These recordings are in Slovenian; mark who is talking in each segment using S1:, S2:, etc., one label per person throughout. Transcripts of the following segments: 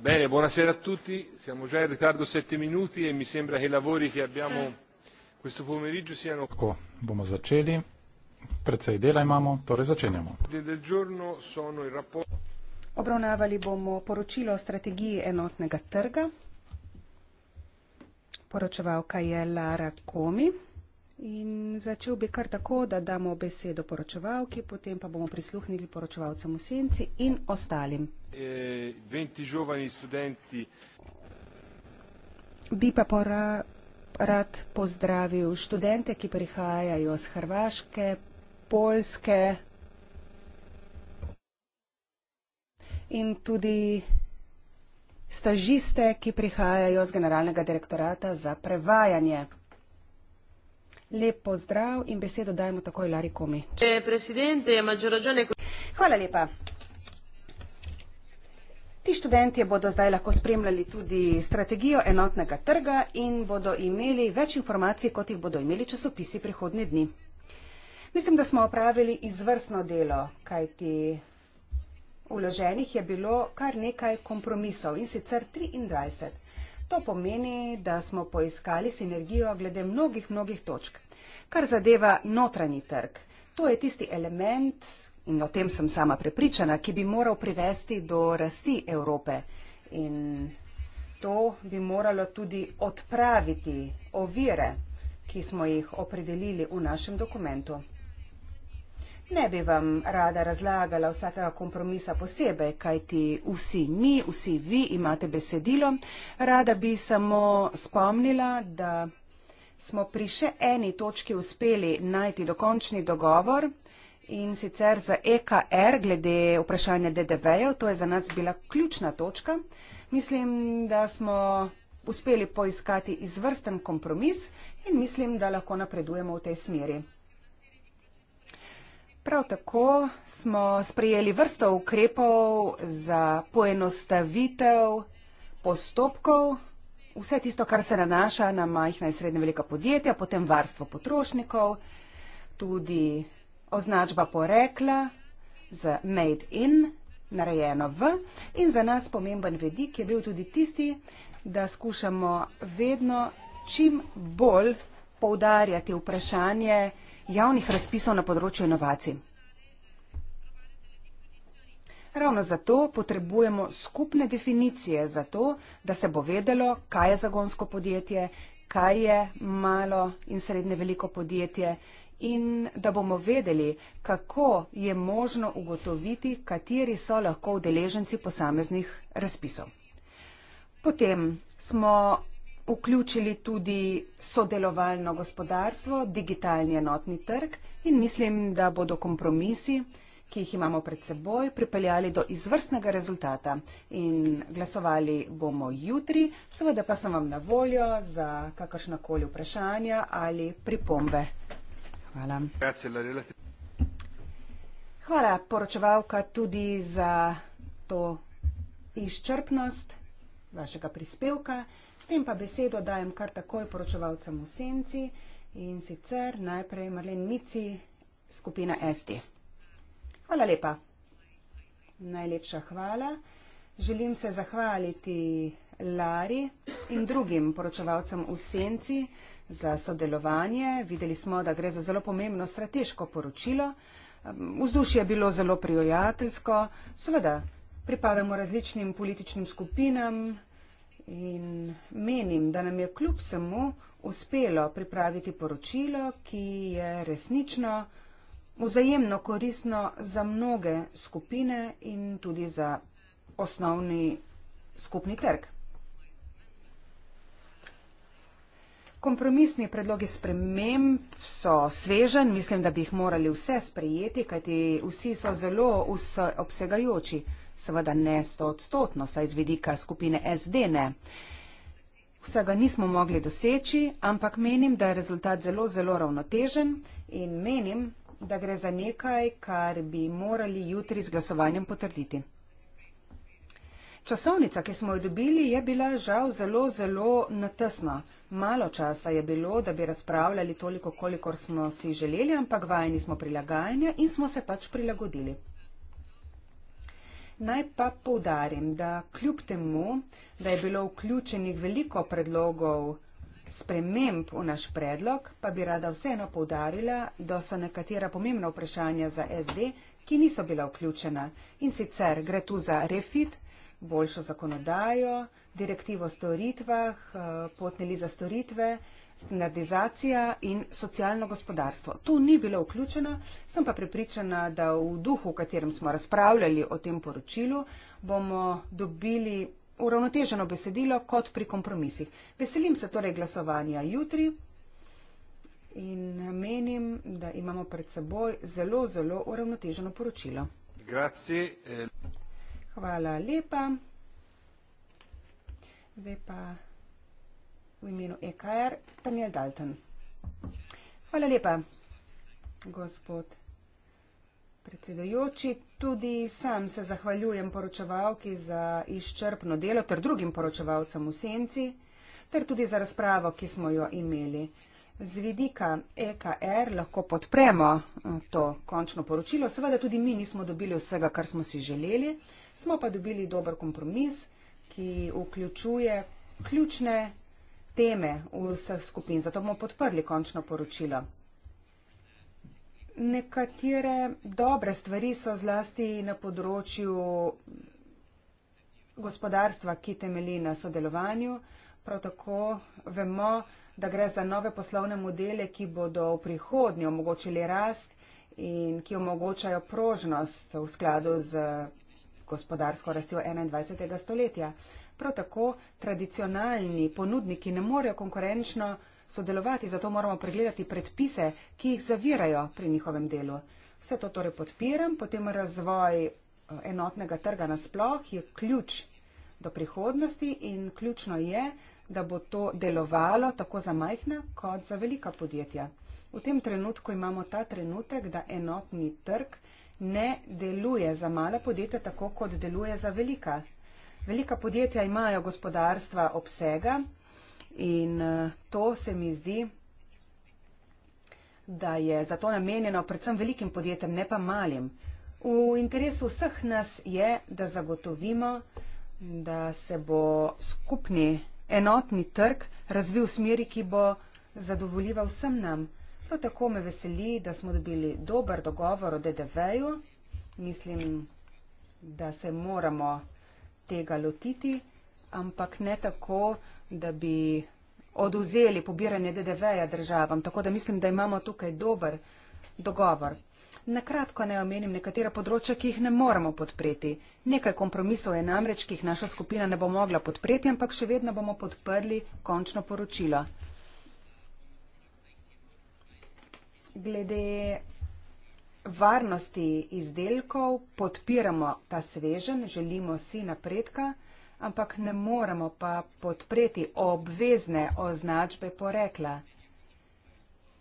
S1: Bene, buonasera a tutti. Siamo già in ritardo sette minuti e mi sembra che i lavori che abbiamo questo pomeriggio siano... Ecco, bomo zaceli, prezzai dela imamo, torre zacenjamo.
S2: ...del giorno sono il rapporto... Obravnavali bomo poročilo o strategiji enotnega trga. Poročeval Kajela Rakomi. In začel bi kar tako, da damo besedo poročevalki, potem pa bomo prisluhnili poročevalcem v senci in ostalim.
S1: Eh,
S2: bi pa rad pozdravil študente, ki prihajajo z Hrvaške, Poljske in tudi stažiste, ki prihajajo z Generalnega direktorata za prevajanje. Lep pozdrav in besedo dajmo takoj Lari Komi.
S3: Eh,
S2: Hvala lepa. Ti študentje bodo zdaj lahko spremljali tudi strategijo enotnega trga in bodo imeli več informacij, kot jih bodo imeli časopisi prihodne dni. Mislim, da smo opravili izvrstno delo, kajti vloženih je bilo kar nekaj kompromisov in sicer 23. To pomeni, da smo poiskali sinergijo glede mnogih, mnogih točk kar zadeva notranji trg. To je tisti element, in o tem sem sama prepričana, ki bi moral privesti do rasti Evrope. In to bi moralo tudi odpraviti ovire, ki smo jih opredelili v našem dokumentu. Ne bi vam rada razlagala vsakega kompromisa posebej, kajti vsi mi, vsi vi imate besedilo. Rada bi samo spomnila, da smo pri še eni točki uspeli najti dokončni dogovor in sicer za EKR glede vprašanja DDV-jev. To je za nas bila ključna točka. Mislim, da smo uspeli poiskati izvrsten kompromis in mislim, da lahko napredujemo v tej smeri. Prav tako smo sprejeli vrsto ukrepov za poenostavitev postopkov vse tisto, kar se nanaša na majhna in srednje velika podjetja, potem varstvo potrošnikov, tudi označba porekla z made in, narejeno v. In za nas pomemben vedik je bil tudi tisti, da skušamo vedno čim bolj poudarjati vprašanje javnih razpisov na področju inovacij. Ravno zato potrebujemo skupne definicije, zato da se bo vedelo, kaj je zagonsko podjetje, kaj je malo in srednje veliko podjetje in da bomo vedeli, kako je možno ugotoviti, kateri so lahko udeleženci posameznih razpisov. Potem smo vključili tudi sodelovalno gospodarstvo, digitalni enotni trg in mislim, da bodo kompromisi, ki jih imamo pred seboj, pripeljali do izvrstnega rezultata. In glasovali bomo jutri, seveda pa sem vam na voljo za kakršnakoli vprašanja ali pripombe. Hvala. Hvala, poročevalka, tudi za to izčrpnost vašega prispevka. S tem pa besedo dajem kar takoj poročevalcem v senci in sicer najprej Marlen Mici, skupina Esti. Hvala lepa. Najlepša hvala. Želim se zahvaliti Lari in drugim poročevalcem v Senci za sodelovanje. Videli smo, da gre za zelo pomembno strateško poročilo. Vzdušje je bilo zelo prijateljsko. Seveda, pripadamo različnim političnim skupinam in menim, da nam je kljub samo uspelo pripraviti poročilo, ki je resnično vzajemno koristno za mnoge skupine in tudi za osnovni skupni trg. Kompromisni predlogi sprememb so svežen, mislim, da bi jih morali vse sprejeti, kajti vsi so zelo obsegajoči, seveda ne stoodstotno, saj z vidika skupine SD ne. Vsega nismo mogli doseči, ampak menim, da je rezultat zelo, zelo ravnotežen in menim, da gre za nekaj, kar bi morali jutri z glasovanjem potrditi. Časovnica, ki smo jo dobili, je bila žal zelo, zelo natesna. Malo časa je bilo, da bi razpravljali toliko, kolikor smo si želeli, ampak vajeni smo prilagajanja in smo se pač prilagodili. Naj pa poudarim, da kljub temu, da je bilo vključenih veliko predlogov, Sprememb v naš predlog pa bi rada vseeno povdarila, da so nekatera pomembna vprašanja za SD, ki niso bila vključena. In sicer gre tu za refit, boljšo zakonodajo, direktivo o storitvah, eh, potneli za storitve, standardizacija in socialno gospodarstvo. Tu ni bilo vključeno, sem pa prepričana, da v duhu, v katerem smo razpravljali o tem poročilu, bomo dobili uravnoteženo besedilo kot pri kompromisih. Veselim se torej glasovanja jutri in menim, da imamo pred seboj zelo, zelo uravnoteženo poročilo.
S1: Grazie. Eh.
S2: Hvala lepa. Zdaj pa v imenu EKR Daniel Dalton. Hvala lepa, gospod predsedujoči. Tudi sam se zahvaljujem poročevalki za izčrpno delo ter drugim poročevalcem v senci ter tudi za razpravo, ki smo jo imeli. Z vidika EKR lahko podpremo eh, to končno poročilo. Seveda tudi mi nismo dobili vsega, kar smo si želeli, smo pa dobili dober kompromis, ki vključuje ključne teme vseh skupin. Zato bomo podprli končno poročilo nekatere dobre stvari so zlasti na področju gospodarstva, ki temeli na sodelovanju. Prav tako vemo, da gre za nove poslovne modele, ki bodo v prihodnje omogočili rast in ki omogočajo prožnost v skladu z gospodarsko rastjo 21. stoletja. Prav tako tradicionalni ponudniki ne morejo konkurenčno sodelovati, zato moramo pregledati predpise, ki jih zavirajo pri njihovem delu. Vse to torej podpiram, potem razvoj eh, enotnega trga nasploh je ključ do prihodnosti in ključno je, da bo to delovalo tako za majhna kot za velika podjetja. V tem trenutku imamo ta trenutek, da enotni trg ne deluje za male podjetja tako, kot deluje za velika. Velika podjetja imajo gospodarstva obsega, In uh, to se mi zdi, da je zato namenjeno predvsem velikim podjetjem, ne pa malim. V interesu vseh nas je, da zagotovimo, da se bo skupni enotni trg razvil v smeri, ki bo zadovoljiva vsem nam. Prav tako me veseli, da smo dobili dober dogovor o DDV-ju. Mislim, da se moramo tega lotiti, ampak ne tako, da bi oduzeli pobiranje DDV-ja državam. Tako da mislim, da imamo tukaj dober dogovor. Nakratko ne omenim nekatera področja, ki jih ne moremo podpreti. Nekaj kompromisov je namreč, ki jih naša skupina ne bo mogla podpreti, ampak še vedno bomo podprli končno poročilo. Glede varnosti izdelkov podpiramo ta svežen, želimo si napredka ampak ne moremo pa podpreti obvezne označbe porekla.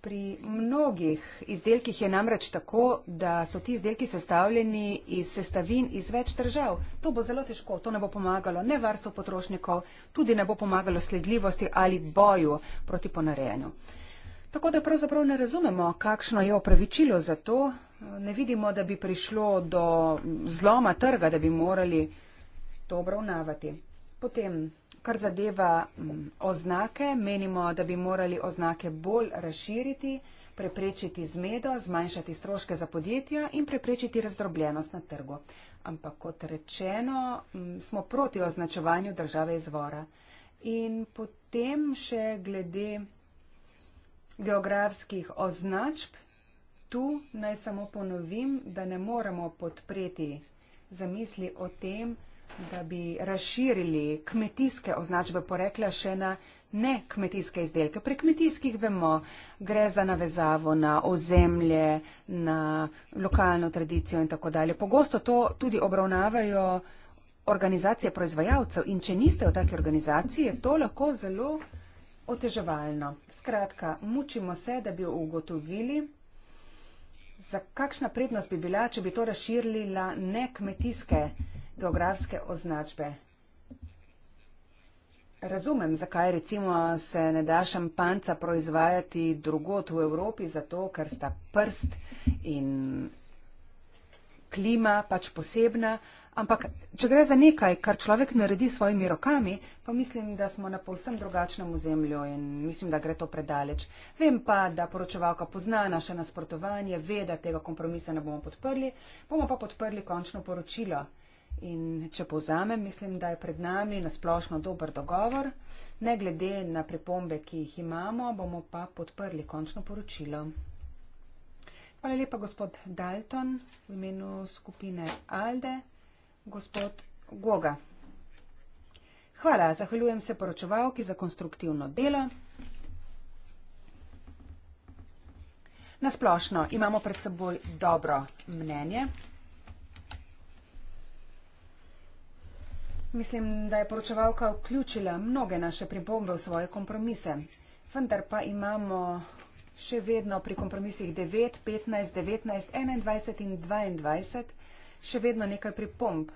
S2: Pri mnogih izdelkih je namreč tako, da so ti izdelki sestavljeni iz sestavin iz več držav. To bo zelo težko, to ne bo pomagalo ne varstvu potrošnikov, tudi ne bo pomagalo sledljivosti ali boju proti ponarejanju. Tako da pravzaprav ne razumemo, kakšno je opravičilo za to. Ne vidimo, da bi prišlo do zloma trga, da bi morali to obravnavati. Potem, kar zadeva mm, oznake, menimo, da bi morali oznake bolj razširiti, preprečiti zmedo, zmanjšati stroške za podjetja in preprečiti razdrobljenost na trgu. Ampak kot rečeno, mm, smo proti označevanju države izvora. In potem še glede geografskih označb, tu naj samo ponovim, da ne moremo podpreti zamisli o tem, da bi razširili kmetijske označbe porekla še na ne kmetijske izdelke. Pri kmetijskih vemo, gre za navezavo na ozemlje, na lokalno tradicijo in tako dalje. Pogosto to tudi obravnavajo organizacije proizvajalcev in če niste v taki organizaciji, je to lahko zelo oteževalno. Skratka, mučimo se, da bi ugotovili, za kakšna prednost bi bila, če bi to razširili na ne kmetijske izdelke geografske označbe. Razumem, zakaj recimo se ne da šampanca proizvajati drugot v Evropi, zato ker sta prst in klima pač posebna, ampak če gre za nekaj, kar človek naredi svojimi rokami, pa mislim, da smo na povsem drugačnem ozemlju in mislim, da gre to predaleč. Vem pa, da poročevalka pozna naše nasprotovanje, ve, da tega kompromisa ne bomo podprli, bomo pa podprli končno poročilo. In če povzamem, mislim, da je pred nami nasplošno dober dogovor. Ne glede na pripombe, ki jih imamo, bomo pa podprli končno poročilo. Hvala lepa, gospod Dalton, v imenu skupine Alde, gospod Goga. Hvala, zahvaljujem se poročevalki za konstruktivno delo. Nasplošno imamo pred seboj dobro mnenje. Mislim, da je poročevalka vključila mnoge naše pripombe v svoje kompromise. Vendar pa imamo še vedno pri kompromisih 9, 15, 19, 21 in 22 še vedno nekaj pripomb.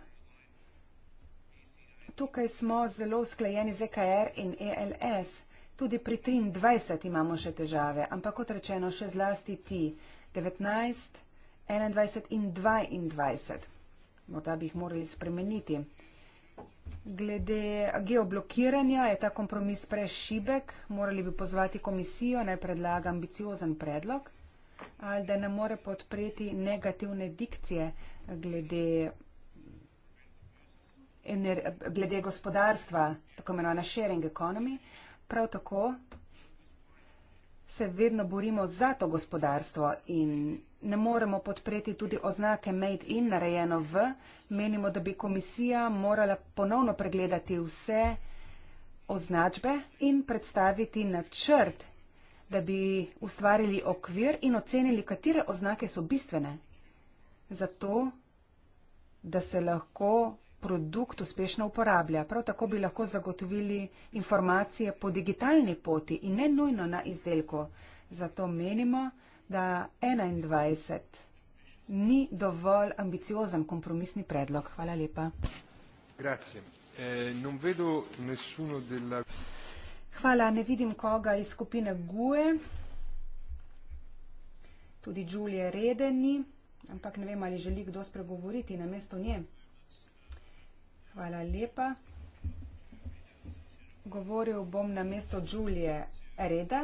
S2: Tukaj smo zelo sklejeni z EKR in ELS. Tudi pri 23 imamo še težave, ampak kot rečeno še zlasti ti 19, 21 in 22. Morda bi jih morali spremeniti. Glede geoblokiranja je ta kompromis prešibek, morali bi pozvati komisijo, naj predlaga ambiciozen predlog, ali da ne more podpreti negativne dikcije glede, ener, glede gospodarstva, tako imenovana sharing economy, prav tako se vedno borimo za to gospodarstvo in ne moremo podpreti tudi oznake made in narejeno v. Menimo, da bi komisija morala ponovno pregledati vse označbe in predstaviti načrt, da bi ustvarili okvir in ocenili, katere oznake so bistvene. Zato, da se lahko produkt uspešno uporablja. Prav tako bi lahko zagotovili informacije po digitalni poti in ne nujno na izdelku. Zato menimo, da 21 ni dovolj ambiciozen kompromisni predlog. Hvala lepa. Eh, Hvala, ne vidim koga iz skupine GUE. Tudi Đulje Redeni, ampak ne vem, ali želi kdo spregovoriti na mesto nje. Hvala lepa. Govoril bom na mesto Đulije Reda.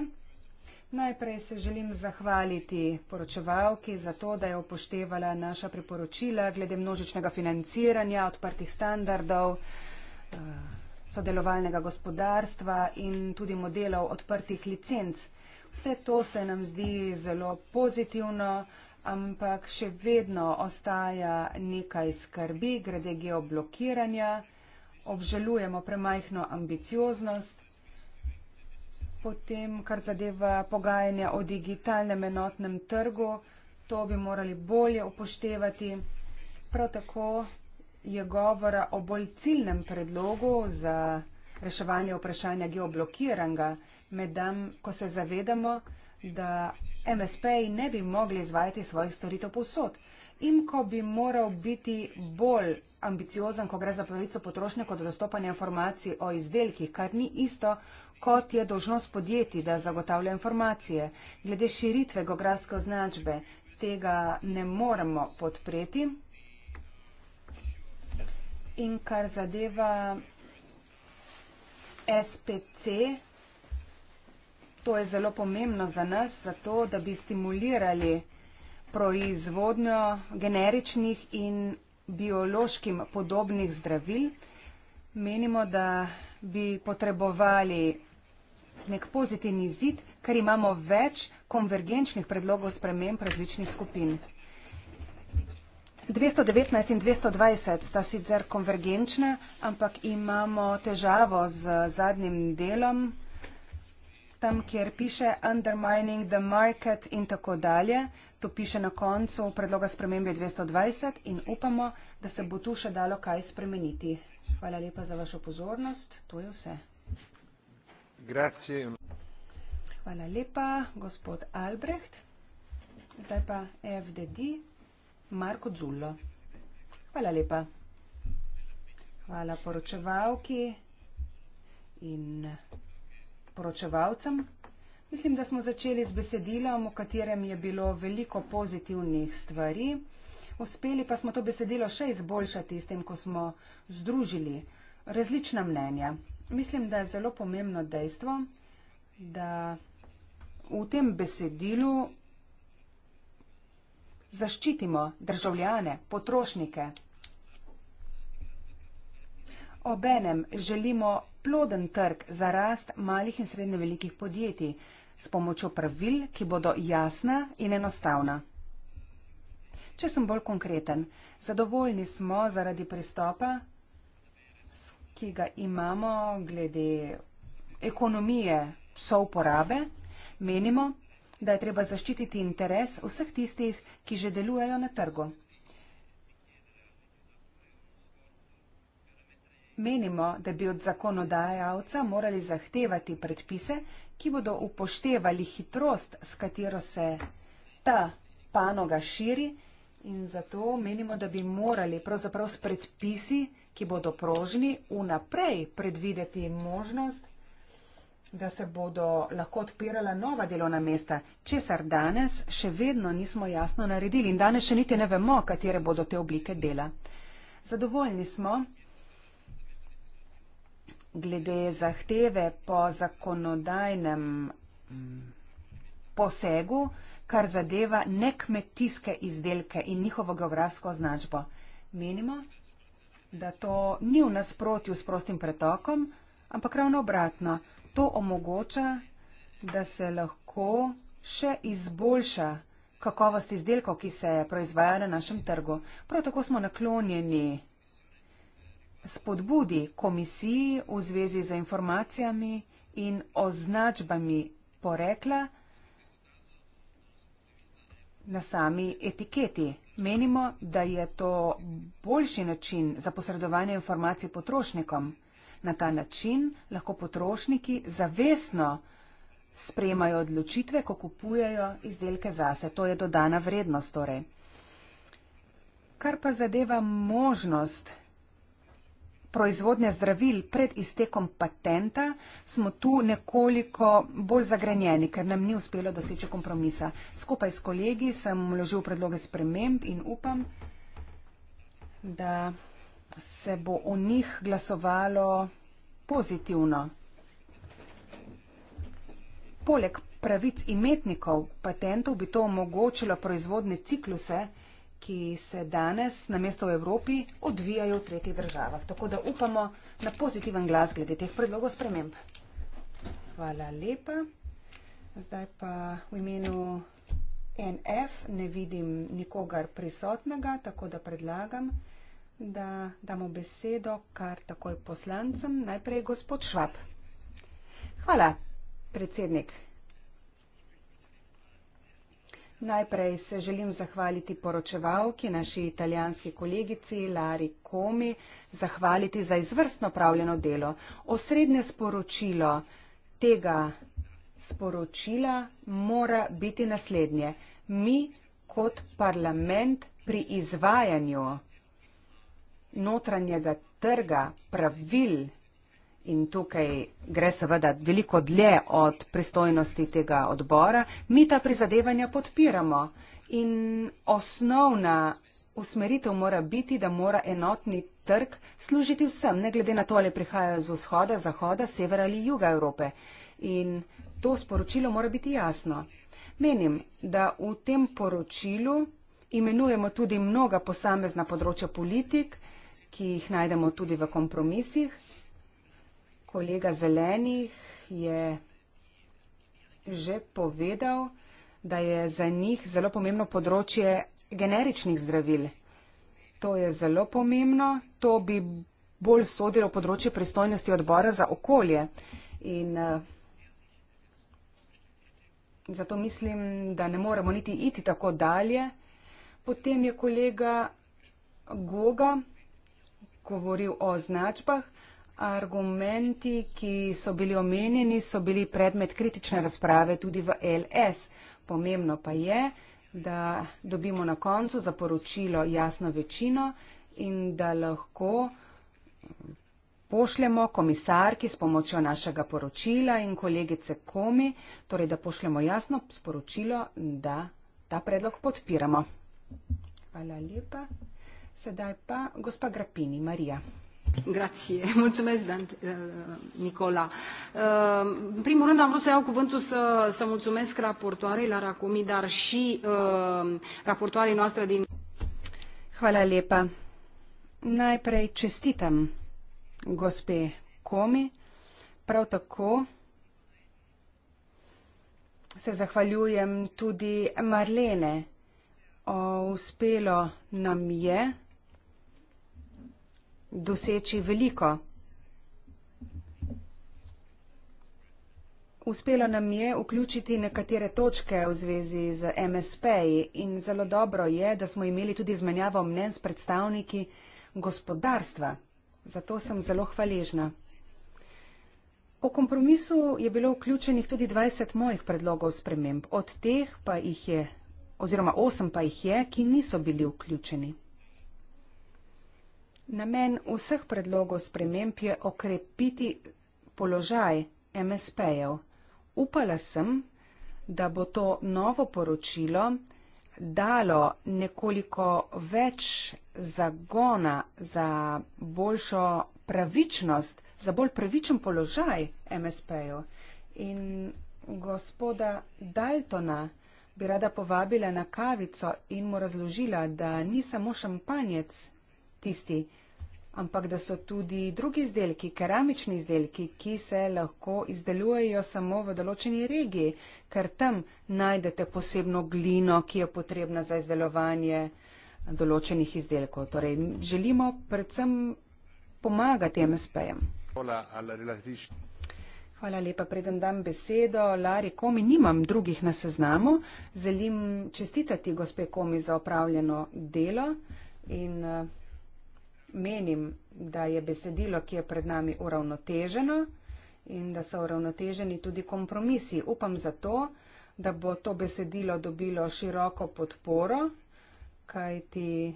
S2: Najprej se želim zahvaliti poročevalki za to, da je upoštevala naša priporočila glede množičnega financiranja, odprtih standardov, eh, sodelovalnega gospodarstva in tudi modelov odprtih licenc. Vse to se nam zdi zelo pozitivno, ampak še vedno ostaja nekaj skrbi glede geoblokiranja, obžalujemo premajhno ambicioznost. Potem, kar zadeva pogajanja o digitalnem enotnem trgu, to bi morali bolje upoštevati. Prav tako je govora o bolj ciljnem predlogu za reševanje vprašanja geoblokiranja medtem ko se zavedamo, da MSP-ji ne bi mogli izvajati svojih storitev posod. IMKO bi moral biti bolj ambiciozen, ko gre za pravico potrošnika do dostopanja informacij o izdelkih, kar ni isto, kot je dožnost podjetij, da zagotavlja informacije. Glede širitve geografske označbe tega ne moremo podpreti. In kar zadeva SPC, to je zelo pomembno za nas, zato da bi stimulirali proizvodnjo generičnih in biološkim podobnih zdravil. Menimo, da bi potrebovali nek pozitivni zid, ker imamo več konvergenčnih predlogov sprememb različnih skupin. 219 in 220 sta sicer konvergenčne, ampak imamo težavo z zadnjim delom tam, kjer piše undermining the market in tako dalje. To piše na koncu predloga spremembe 220 in upamo, da se bo tu še dalo kaj spremeniti. Hvala lepa za vašo pozornost. To je vse. Hvala lepa, gospod Albrecht. Zdaj pa FDD, Marko Zullo. Hvala lepa. Hvala poročevalki in poročevalcem. Mislim, da smo začeli z besedilom, v katerem je bilo veliko pozitivnih stvari. Uspeli pa smo to besedilo še izboljšati s tem, ko smo združili različna mnenja. Mislim, da je zelo pomembno dejstvo, da v tem besedilu zaščitimo državljane, potrošnike. Obenem želimo ploden trg za rast malih in srednje velikih podjetij s pomočjo pravil, ki bodo jasna in enostavna. Če sem bolj konkreten, zadovoljni smo zaradi pristopa, ki ga imamo glede ekonomije souporabe, menimo, da je treba zaščititi interes vseh tistih, ki že delujejo na trgu. Menimo, da bi od zakonodajalca morali zahtevati predpise, ki bodo upoštevali hitrost, s katero se ta panoga širi in zato menimo, da bi morali pravzaprav s predpisi, ki bodo prožni, vnaprej predvideti možnost, da se bodo lahko odpirala nova delovna mesta, česar danes še vedno nismo jasno naredili in danes še niti ne vemo, katere bodo te oblike dela. Zadovoljni smo, glede zahteve po zakonodajnem mm, posegu, kar zadeva nekmetijske izdelke in njihovo geografsko označbo. Menimo, da to ni v nasprotju s prostim pretokom, ampak ravno obratno. To omogoča, da se lahko še izboljša kakovost izdelkov, ki se proizvaja na našem trgu. Prav tako smo naklonjeni spodbudi komisiji v zvezi z informacijami in označbami porekla na sami etiketi. Menimo, da je to boljši način za posredovanje informacij potrošnikom. Na ta način lahko potrošniki zavesno spremajo odločitve, ko kupujejo izdelke zase. To je dodana vrednost torej. Kar pa zadeva možnost proizvodnje zdravil pred iztekom patenta, smo tu nekoliko bolj zagrenjeni, ker nam ni uspelo doseči kompromisa. Skupaj s kolegi sem vložil predloge sprememb in upam, da se bo o njih glasovalo pozitivno. Poleg pravic imetnikov patentov bi to omogočilo proizvodne cikluse, ki se danes na mesto v Evropi odvijajo v tretjih državah. Tako da upamo na pozitiven glas glede teh predlogov sprememb. Hvala lepa. Zdaj pa v imenu NF ne vidim nikogar prisotnega, tako da predlagam, da damo besedo kar takoj poslancem. Najprej gospod Švab. Hvala, predsednik. Najprej se želim zahvaliti poročevalki, naši italijanski kolegici Lari Komi, zahvaliti za izvrstno pravljeno delo. Osrednje sporočilo tega sporočila mora biti naslednje. Mi kot parlament pri izvajanju notranjega trga pravil in tukaj gre seveda veliko dlje od pristojnosti tega odbora, mi ta prizadevanja podpiramo. In osnovna usmeritev mora biti, da mora enotni trg služiti vsem, ne glede na to, ali prihajajo z vzhoda, zahoda, severa ali juga Evrope. In to sporočilo mora biti jasno. Menim, da v tem poročilu imenujemo tudi mnoga posamezna področja politik, ki jih najdemo tudi v kompromisih, Kolega zelenih je že povedal, da je za njih zelo pomembno področje generičnih zdravil. To je zelo pomembno, to bi bolj sodilo področje pristojnosti odbora za okolje. In eh, zato mislim, da ne moremo niti iti tako dalje. Potem je kolega Goga govoril o značbah argumenti, ki so bili omenjeni, so bili predmet kritične razprave tudi v LS. Pomembno pa je, da dobimo na koncu za poročilo jasno večino in da lahko pošljemo komisarki s pomočjo našega poročila in kolegice Komi, torej da pošljemo jasno sporočilo, da ta predlog podpiramo. Hvala lepa. Sedaj pa gospa Grapini Marija. Grazie, mulțumesc Dante, uh, Nicola. Uh, în primul rând am vrut să iau cuvântul să, să mulțumesc raportoarei Lara Cumi, dar și uh, raportoarei noastre din... Hvala lepa. Najprej čestitam gospe Komi, prav tako se zahvaljujem tudi Marlene. O, uspelo nam je, doseči veliko. Uspelo nam je vključiti nekatere točke v zvezi z MSP in zelo dobro je, da smo imeli tudi izmenjavo mnen s predstavniki gospodarstva. Zato sem zelo hvaležna. Po kompromisu je bilo vključenih tudi 20 mojih predlogov sprememb, od teh pa jih je, oziroma 8 pa jih je, ki niso bili vključeni. Namen vseh predlogov sprememb je okrepiti položaj MSP-jev. Upala sem, da bo to novo poročilo dalo nekoliko več zagona za boljšo pravičnost, za bolj pravičen položaj MSP-jev. In gospoda Daltona bi rada povabila na kavico in mu razložila, da ni samo šampanjec tisti, ki ampak da so tudi drugi izdelki, keramični izdelki, ki se lahko izdelujejo samo v določeni regiji, ker tam najdete posebno glino, ki je potrebna za izdelovanje določenih izdelkov. Torej, želimo predvsem pomagati MSP-jem. Hvala lepa, preden dam besedo. Lari Komi, nimam drugih na seznamu. Želim čestitati gospe Komi za opravljeno delo in uh, menim, da je besedilo, ki je pred nami, uravnoteženo in da so uravnoteženi tudi kompromisi. Upam zato, da bo to besedilo dobilo široko podporo, kajti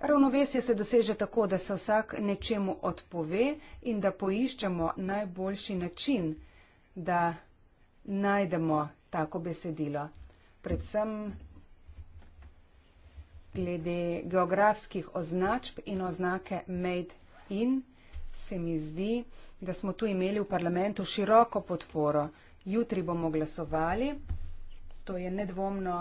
S2: ravnovesje se doseže tako, da se vsak nečemu odpove in da poiščemo najboljši način, da najdemo tako besedilo. Predvsem glede geografskih označb in oznake made in, se mi zdi, da smo tu imeli v parlamentu široko podporo. Jutri bomo glasovali, to je nedvomno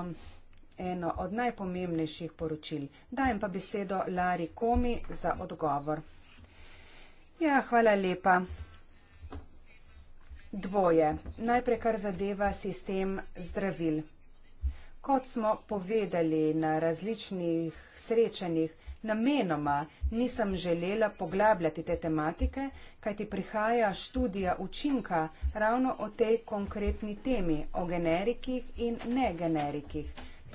S2: eno od najpomembnejših poročil. Dajem pa besedo Lari Komi za odgovor. Ja, hvala lepa. Dvoje. Najprej kar zadeva sistem zdravil kot smo povedali na različnih srečanjih, namenoma nisem želela poglabljati te tematike, kajti prihaja študija učinka ravno o tej konkretni temi, o generikih in ne generikih.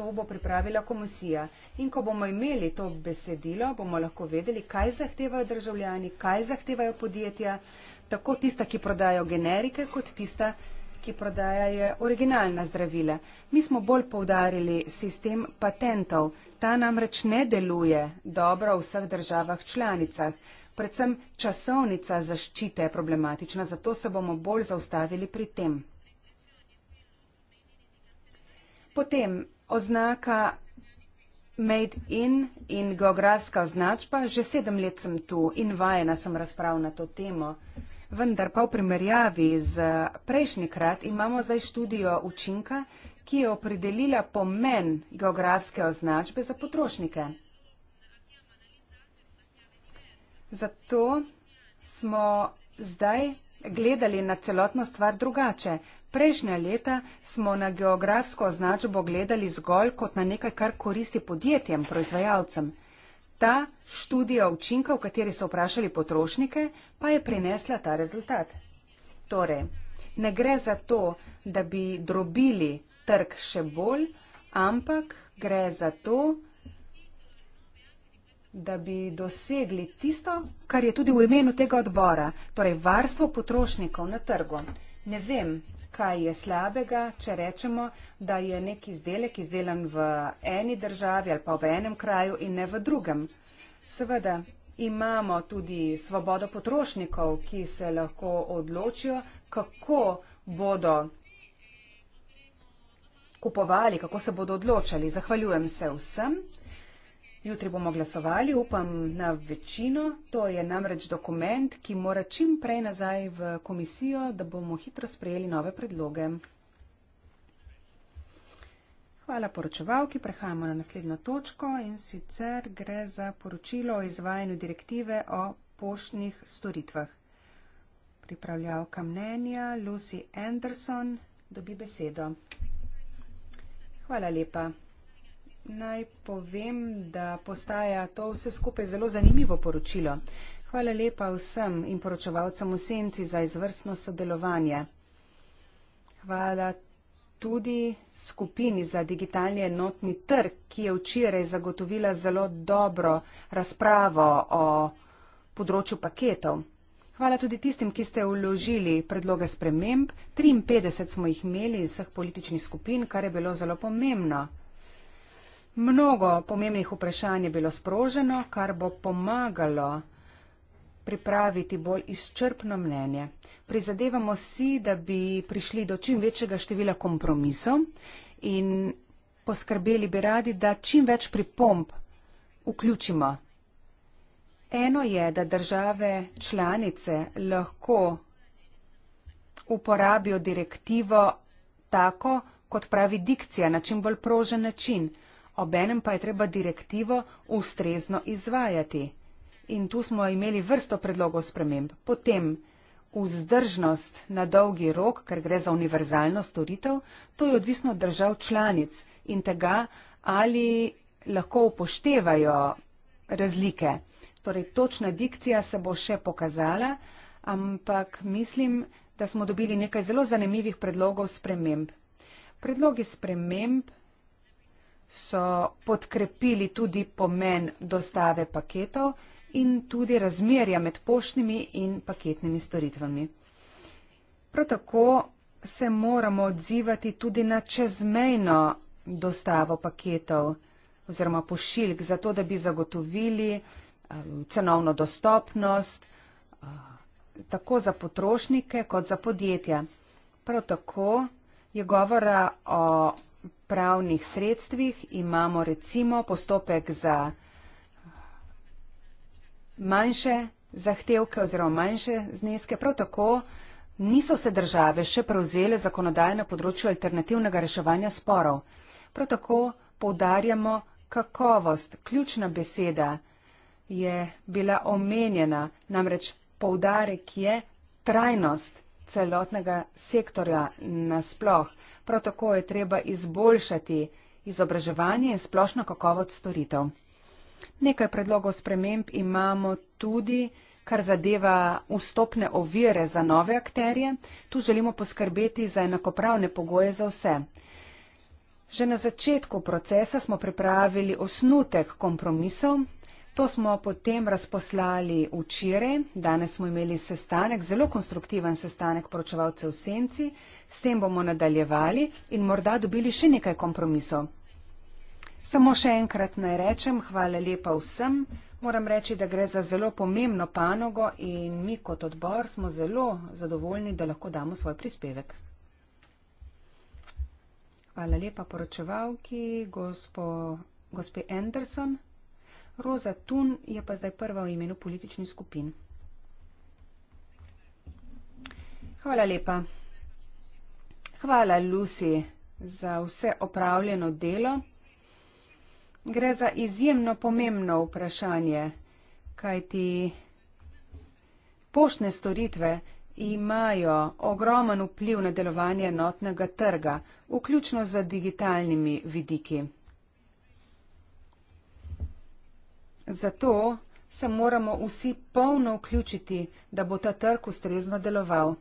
S2: To bo pripravila komisija. In ko bomo imeli to besedilo, bomo lahko vedeli, kaj zahtevajo državljani, kaj zahtevajo podjetja, tako tista, ki prodajo generike, kot tista, ki prodajo generike ki prodajajo originalna zdravila. Mi smo bolj povdarili sistem patentov. Ta namreč ne deluje dobro v vseh državah članicah. Predvsem časovnica zaščite je problematična, zato se bomo bolj zaustavili pri tem. Potem oznaka Made in in geografska označba. Že sedem let sem tu in vajena sem razprav na to temo vendar pa v primerjavi z prejšnjikrat imamo zdaj študijo učinka, ki je opredelila pomen geografske označbe za potrošnike. Zato smo zdaj gledali na celotno stvar drugače. Prejšnja leta smo na geografsko označbo gledali zgolj kot na nekaj, kar koristi podjetjem, proizvajalcem. Ta študija učinkov, v kateri so vprašali potrošnike, pa je prinesla ta rezultat. Torej, ne gre za to, da bi drobili trg še bolj, ampak gre za to, da bi dosegli tisto, kar je tudi v imenu tega odbora, torej varstvo potrošnikov na trgu. Ne vem, kaj je slabega, če rečemo, da je nek izdelek izdelan v eni državi ali pa v enem kraju in ne v drugem. Seveda imamo tudi svobodo potrošnikov, ki se lahko odločijo, kako bodo kupovali, kako se bodo odločali. Zahvaljujem se vsem. Jutri bomo glasovali, upam na večino. To je namreč dokument, ki mora čim prej nazaj v komisijo, da bomo hitro sprejeli nove predloge. Hvala poročevalki, prehajamo na naslednjo točko in sicer gre za poročilo o izvajanju direktive o poštnih storitvah. Pripravljavka mnenja Lucy Anderson dobi besedo. Hvala lepa. Naj povem, da postaja to vse skupaj zelo zanimivo poročilo. Hvala lepa vsem in poročevalcem v senci za izvrstno sodelovanje. Hvala tudi skupini za digitalni enotni trg, ki je včeraj zagotovila zelo dobro razpravo o področju paketov. Hvala tudi tistim, ki ste vložili predloge sprememb. 53 smo jih imeli iz vseh političnih skupin, kar je bilo zelo pomembno. Mnogo pomembnih vprašanj je bilo sproženo, kar bo pomagalo pripraviti bolj izčrpno mnenje. Prizadevamo si, da bi prišli do čim večjega števila kompromisov in poskrbeli bi radi, da čim več pripomp vključimo. Eno je, da države članice lahko uporabijo direktivo tako, kot pravi dikcija, na čim bolj prožen način obenem pa je treba direktivo ustrezno izvajati. In tu smo imeli vrsto predlogov sprememb. Potem vzdržnost na dolgi rok, ker gre za univerzalno storitev, to je odvisno od držav članic in tega, ali lahko upoštevajo razlike. Torej, točna dikcija se bo še pokazala, ampak mislim, da smo dobili nekaj zelo zanimivih predlogov sprememb. Predlogi sprememb so podkrepili tudi pomen dostave paketov in tudi razmerja med poštnimi in paketnimi storitvami. Prav tako se moramo odzivati tudi na čezmejno dostavo paketov oziroma pošiljk, zato da bi zagotovili eh, cenovno dostopnost eh, tako za potrošnike kot za podjetja. Prav tako je govora o pravnih sredstvih imamo recimo postopek za manjše zahtevke oziroma manjše zneske. Prav tako niso se države še prevzele zakonodaje na področju alternativnega reševanja sporov. Prav tako poudarjamo kakovost. Ključna beseda je bila omenjena, namreč poudarek je trajnost celotnega sektorja nasploh prav tako je treba izboljšati izobraževanje in splošno kakovost storitev. Nekaj predlogov sprememb imamo tudi, kar zadeva vstopne ovire za nove akterje. Tu želimo poskrbeti za enakopravne pogoje za vse. Že na začetku procesa smo pripravili osnutek kompromisov, To smo potem razposlali včeraj. Danes smo imeli sestanek, zelo konstruktiven sestanek poročevalcev v Senci. S tem bomo nadaljevali in morda dobili še nekaj kompromisov. Samo še enkrat naj rečem, hvala lepa vsem. Moram reči, da gre za zelo pomembno panogo in mi kot odbor smo zelo zadovoljni, da lahko damo svoj prispevek. Hvala lepa poročevalki, gospo, gospe Anderson. Roza Tun je pa zdaj prva v imenu političnih skupin. Hvala lepa. Hvala, Lucy, za vse opravljeno delo. Gre za izjemno pomembno vprašanje, kajti poštne storitve imajo ogromen vpliv na delovanje notnega trga, vključno z digitalnimi vidiki. Zato se moramo vsi polno vključiti, da bo ta trg ustrezno deloval.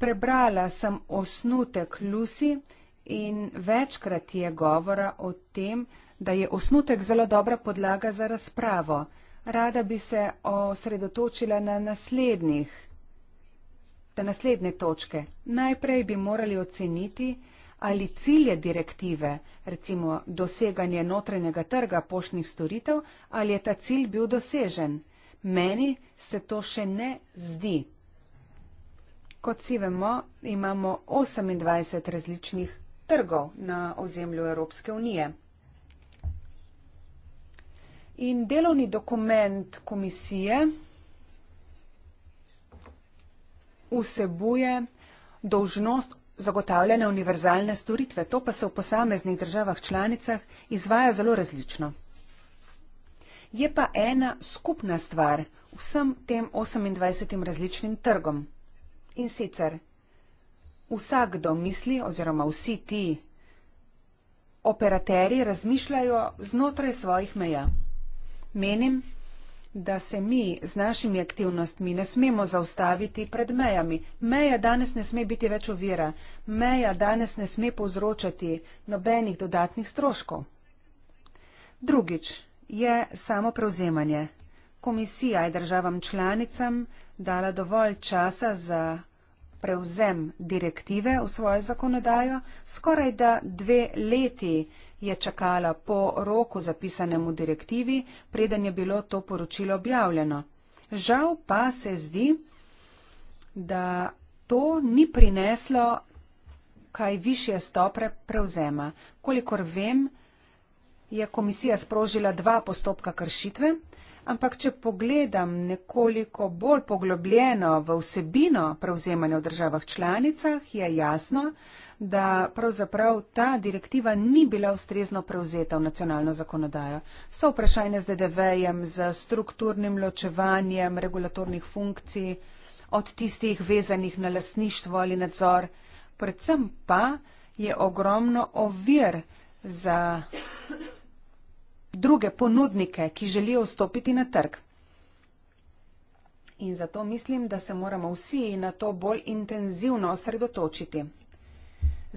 S2: Prebrala sem osnutek Lusi in večkrat je govora o tem, da je osnutek zelo dobra podlaga za razpravo. Rada bi se osredotočila na naslednjih, na naslednje točke. Najprej bi morali oceniti, ali cilje direktive, recimo doseganje notranjega trga poštnih storitev, ali je ta cilj bil dosežen. Meni se to še ne zdi. Kot si vemo, imamo 28 različnih trgov na ozemlju Evropske unije. In delovni dokument komisije vsebuje dolžnost Zagotavljanje univerzalne storitve, to pa se v posameznih državah članicah izvaja zelo različno. Je pa ena skupna stvar vsem tem 28 različnim trgom. In sicer vsakdo misli oziroma vsi ti operateri razmišljajo znotraj svojih meja. Menim, da se mi z našimi aktivnostmi ne smemo zaustaviti pred mejami. Meja danes ne sme biti več ovira. Meja danes ne sme povzročati nobenih dodatnih stroškov. Drugič je samo prevzemanje. Komisija je državam članicam dala dovolj časa za prevzem direktive v svojo zakonodajo, skoraj da dve leti je čakala po roku zapisanem v direktivi, preden je bilo to poročilo objavljeno. Žal pa se zdi, da to ni prineslo kaj višje stopre prevzema. Kolikor vem, je komisija sprožila dva postopka kršitve ampak če pogledam nekoliko bolj poglobljeno v vsebino prevzemanja v državah članicah, je jasno, da pravzaprav ta direktiva ni bila ustrezno prevzeta v nacionalno zakonodajo. So vprašanje z DDV-jem, z strukturnim ločevanjem regulatornih funkcij od tistih vezanih na lasništvo ali nadzor, predvsem pa je ogromno ovir za druge ponudnike, ki želijo vstopiti na trg. In zato mislim, da se moramo vsi na to bolj intenzivno osredotočiti.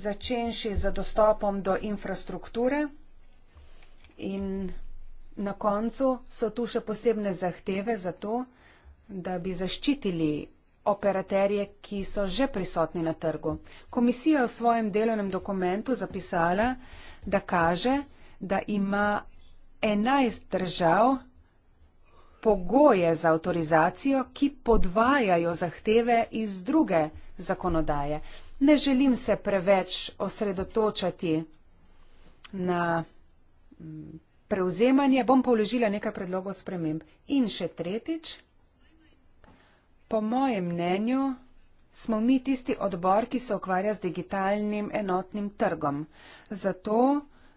S2: Začenši z dostopom do infrastrukture in na koncu so tu še posebne zahteve za to, da bi zaščitili operaterje, ki so že prisotni na trgu. Komisija je v svojem delovnem dokumentu zapisala, da kaže, da ima 11 držav pogoje za avtorizacijo, ki podvajajo zahteve iz druge zakonodaje. Ne želim se preveč osredotočati na mm, prevzemanje, bom pa vložila nekaj predlogov sprememb. In še tretjič, po mojem mnenju smo mi tisti odbor, ki se ukvarja z digitalnim enotnim trgom. Zato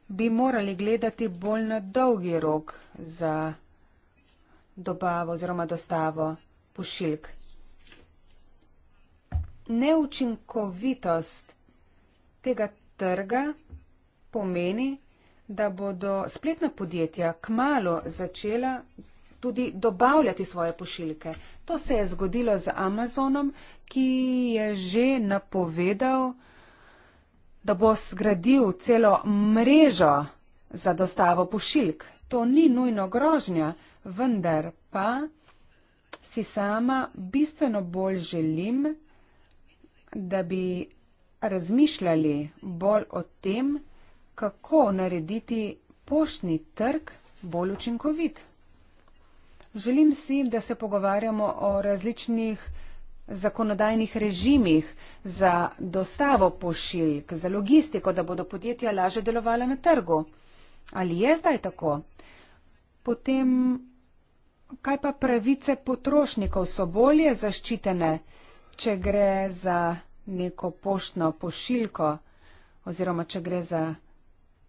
S2: bi morali gledati bolj na dolgi rok za dobavo oziroma dostavo pošiljk. Neučinkovitost tega trga pomeni, da bodo spletna podjetja kmalo začela tudi dobavljati svoje pošiljke. To se je zgodilo z Amazonom, ki je že napovedal, da bo zgradil celo mrežo za dostavo pošiljk. To ni nujno grožnja, vendar pa si sama bistveno bolj želim, da bi razmišljali bolj o tem, kako narediti poštni trg bolj učinkovit. Želim si, da se pogovarjamo o različnih zakonodajnih režimih za dostavo pošiljk, za logistiko, da bodo podjetja laže delovala na trgu. Ali je zdaj tako? Potem, kaj pa pravice potrošnikov so bolje zaščitene, če gre za neko poštno pošiljko oziroma če gre za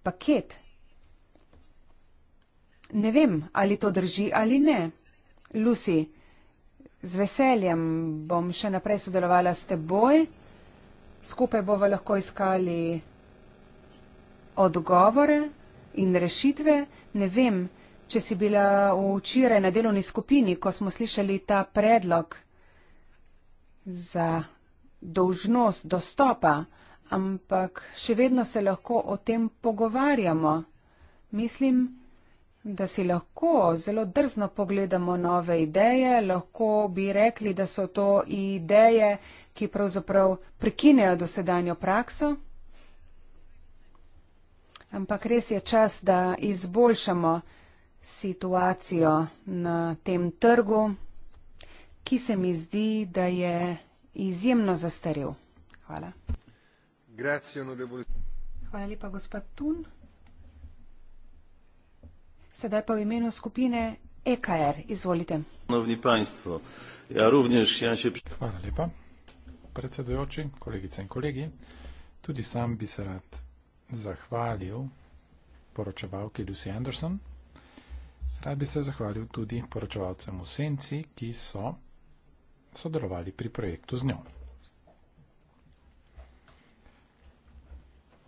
S2: paket? Ne vem, ali to drži ali ne. Lucy z veseljem bom še naprej sodelovala s teboj. Skupaj bomo lahko iskali odgovore in rešitve. Ne vem, če si bila včeraj na delovni skupini, ko smo slišali ta predlog za dolžnost dostopa, ampak še vedno se lahko o tem pogovarjamo. Mislim, da da si lahko zelo drzno pogledamo nove ideje, lahko bi rekli, da so to ideje, ki pravzaprav prekinejo dosedanjo prakso. Ampak res je čas, da izboljšamo situacijo na tem trgu, ki se mi zdi, da je izjemno zastarel. Hvala. Grazie, Hvala lepa, gospod Tun. Sedaj pa v imenu skupine EKR. Izvolite. Ja, również, ja še...
S1: Hvala lepa. Predsedujoči, kolegice in kolegi. Tudi sam bi se rad zahvalil poročevalki Lucy Anderson. Rad bi se zahvalil tudi poročevalcem v Senci, ki so sodelovali pri projektu z njo.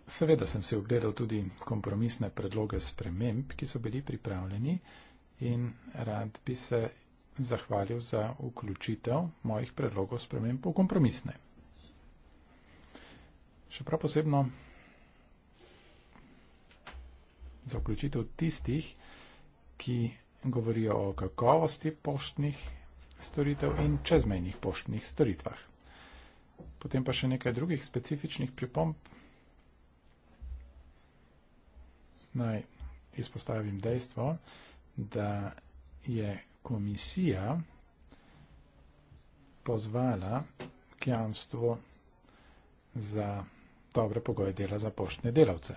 S1: Seveda sem si ogledal tudi kompromisne predloge sprememb, ki so bili pripravljeni in rad bi se zahvalil za vključitev mojih predlogov sprememb v kompromisne. Še prav posebno za vključitev tistih, ki govorijo o kakovosti poštnih storitev in čezmejnih poštnih storitvah. Potem pa še nekaj drugih specifičnih pripomb, naj izpostavim dejstvo, da je komisija pozvala k jamstvu za dobre pogoje dela za poštne delavce.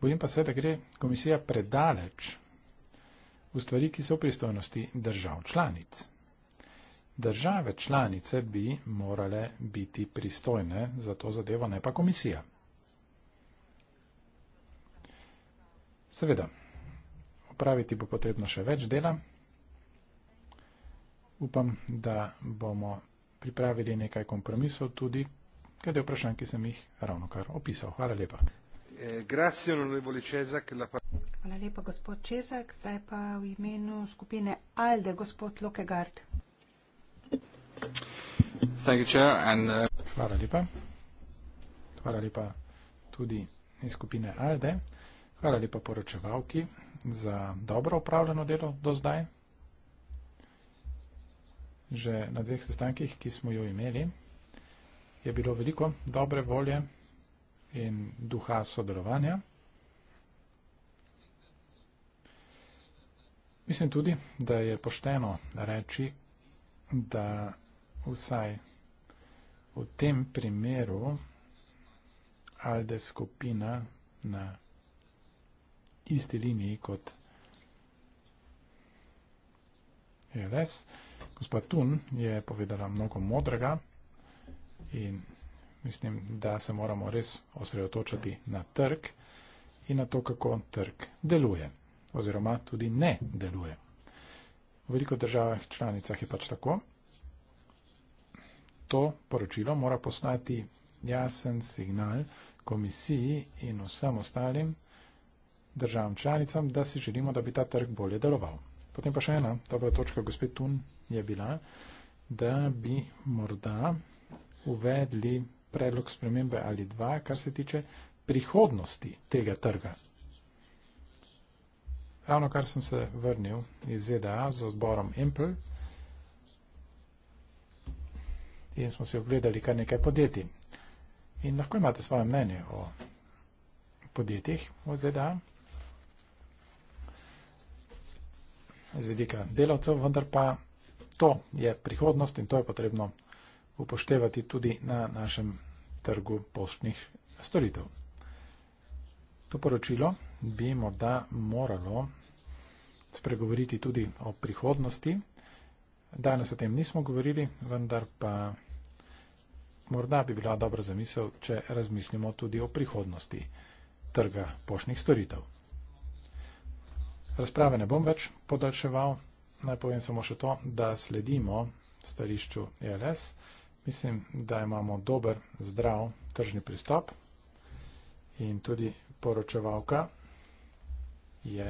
S1: Bojim pa se, da gre komisija predaleč v stvari, ki so v pristojnosti držav članic. Države članice bi morale biti pristojne za to zadevo, ne pa komisija. Seveda, upraviti bo potrebno še več dela. Upam, da bomo pripravili nekaj kompromisov tudi, glede vprašanj, ki sem jih ravno kar opisal. Hvala lepa. Eh,
S2: Hvala lepa, gospod Čezak. Zdaj pa v imenu skupine ALDE, gospod Lokegard.
S1: Uh, Hvala lepa. Hvala lepa tudi iz skupine ALDE. Hvala lepa poročevalki za dobro upravljeno delo do zdaj. Že na dveh sestankih, ki smo jo imeli, je bilo veliko dobre volje in duha sodelovanja. Mislim tudi, da je pošteno reči, da vsaj v tem primeru Alde skupina na isti liniji kot ELS. Gospa Tun je povedala mnogo modrega in mislim, da se moramo res osredotočati na trg in na to, kako trg deluje oziroma tudi ne deluje. V veliko državah članicah je pač tako. To poročilo mora poslati jasen signal komisiji in vsem ostalim, državam članicam, da si želimo, da bi ta trg bolje deloval. Potem pa še ena dobra točka, gospod Tun, je bila, da bi morda uvedli predlog spremembe ali dva, kar se tiče prihodnosti tega trga. Ravno kar sem se vrnil iz ZDA z odborom Impel in smo si ogledali kar nekaj podjetij. In lahko imate svoje mnenje o podjetjih v ZDA. z vidika delavcev, vendar pa to je prihodnost in to je potrebno upoštevati tudi na našem trgu poštnih storitev. To poročilo bi morda moralo spregovoriti tudi o prihodnosti. Danes o tem nismo govorili, vendar pa morda bi bila dobra zamisel, če razmislimo tudi o prihodnosti trga poštnih storitev. Razprave ne bom več podaljševal. Naj povem samo še to, da sledimo stališču ELS. Mislim, da imamo dober, zdrav tržni pristop in tudi poročevalka je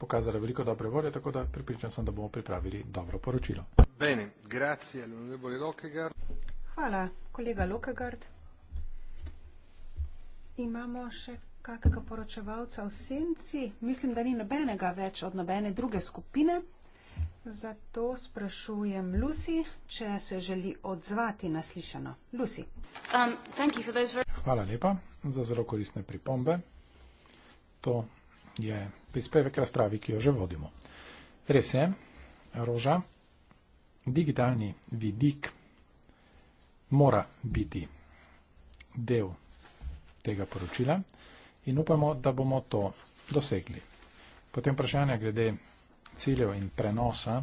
S1: pokazala veliko dobre volje, tako da pripričam sem, da bomo pripravili dobro poročilo. Bene, grazie, l'onorevole Lokegard.
S2: Hvala, kolega Lokegard. Imamo še kakega poročevalca v senci. Mislim, da ni nobenega več od nobene druge skupine. Zato sprašujem Lucy, če se želi odzvati na slišano. Lucy. Um,
S1: Hvala lepa za zelo koristne pripombe. To je prispevek razpravi, ki jo že vodimo. Res je, Roža, digitalni vidik mora biti del tega poročila in upamo, da bomo to dosegli. Potem vprašanje glede ciljev in prenosa.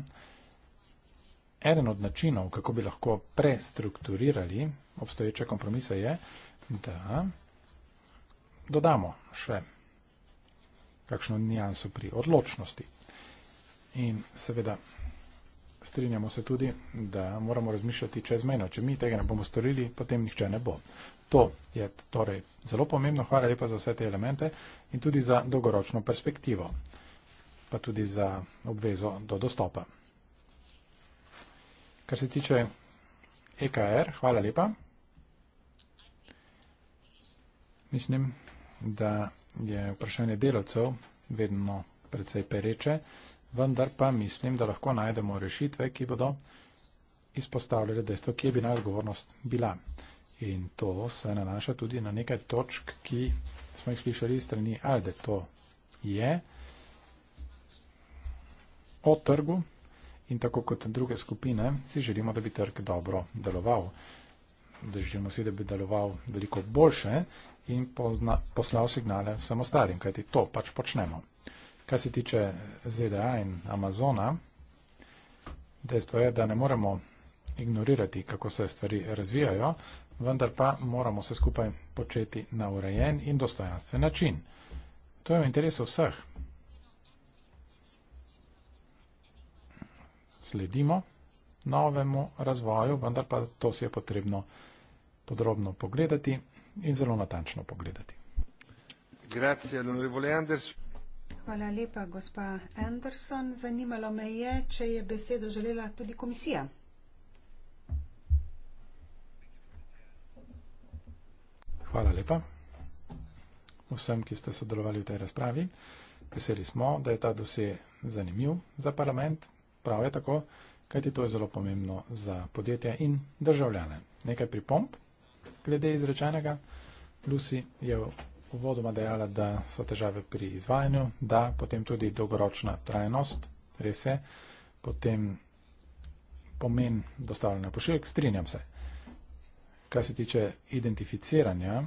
S1: Eden od načinov, kako bi lahko prestrukturirali obstoječe kompromise, je, da dodamo še kakšno nijanso pri odločnosti. In seveda strinjamo se tudi, da moramo razmišljati čezmejno. Če mi tega ne bomo storili, potem nihče ne bo. To je torej zelo pomembno. Hvala lepa za vse te elemente in tudi za dolgoročno perspektivo, pa tudi za obvezo do dostopa. Kar se tiče EKR, hvala lepa. Mislim, da je vprašanje delavcev vedno predvsej pereče, vendar pa mislim, da lahko najdemo rešitve, ki bodo izpostavljali dejstvo, kje bi najodgovornost bila. In to se nanaša tudi na nekaj točk, ki smo jih slišali strani Alde. To je o trgu in tako kot druge skupine si želimo, da bi trg dobro deloval. Da želimo si, da bi deloval veliko boljše in pozna, poslal signale vsem ostalim, kajti to pač počnemo. Kar se tiče ZDA in Amazona, dejstvo je, da ne moremo ignorirati, kako se stvari razvijajo, vendar pa moramo vse skupaj početi na urejen in dostojanstven način. To je v interesu vseh. Sledimo novemu razvoju, vendar pa to si je potrebno podrobno pogledati in zelo natančno pogledati.
S2: Hvala lepa, gospa Anderson. Zanimalo me je, če je besedo želela tudi komisija.
S1: Hvala lepa vsem, ki ste sodelovali v tej razpravi. Veseli smo, da je ta dosje zanimiv za parlament. Prav je tako, kajti to je zelo pomembno za podjetja in državljane. Nekaj pripomp glede izrečenega. Lucy je uvodoma dejala, da so težave pri izvajanju, da potem tudi dolgoročna trajnost, res je, potem pomen dostavljanja pošiljk, strinjam se kar se tiče identificiranja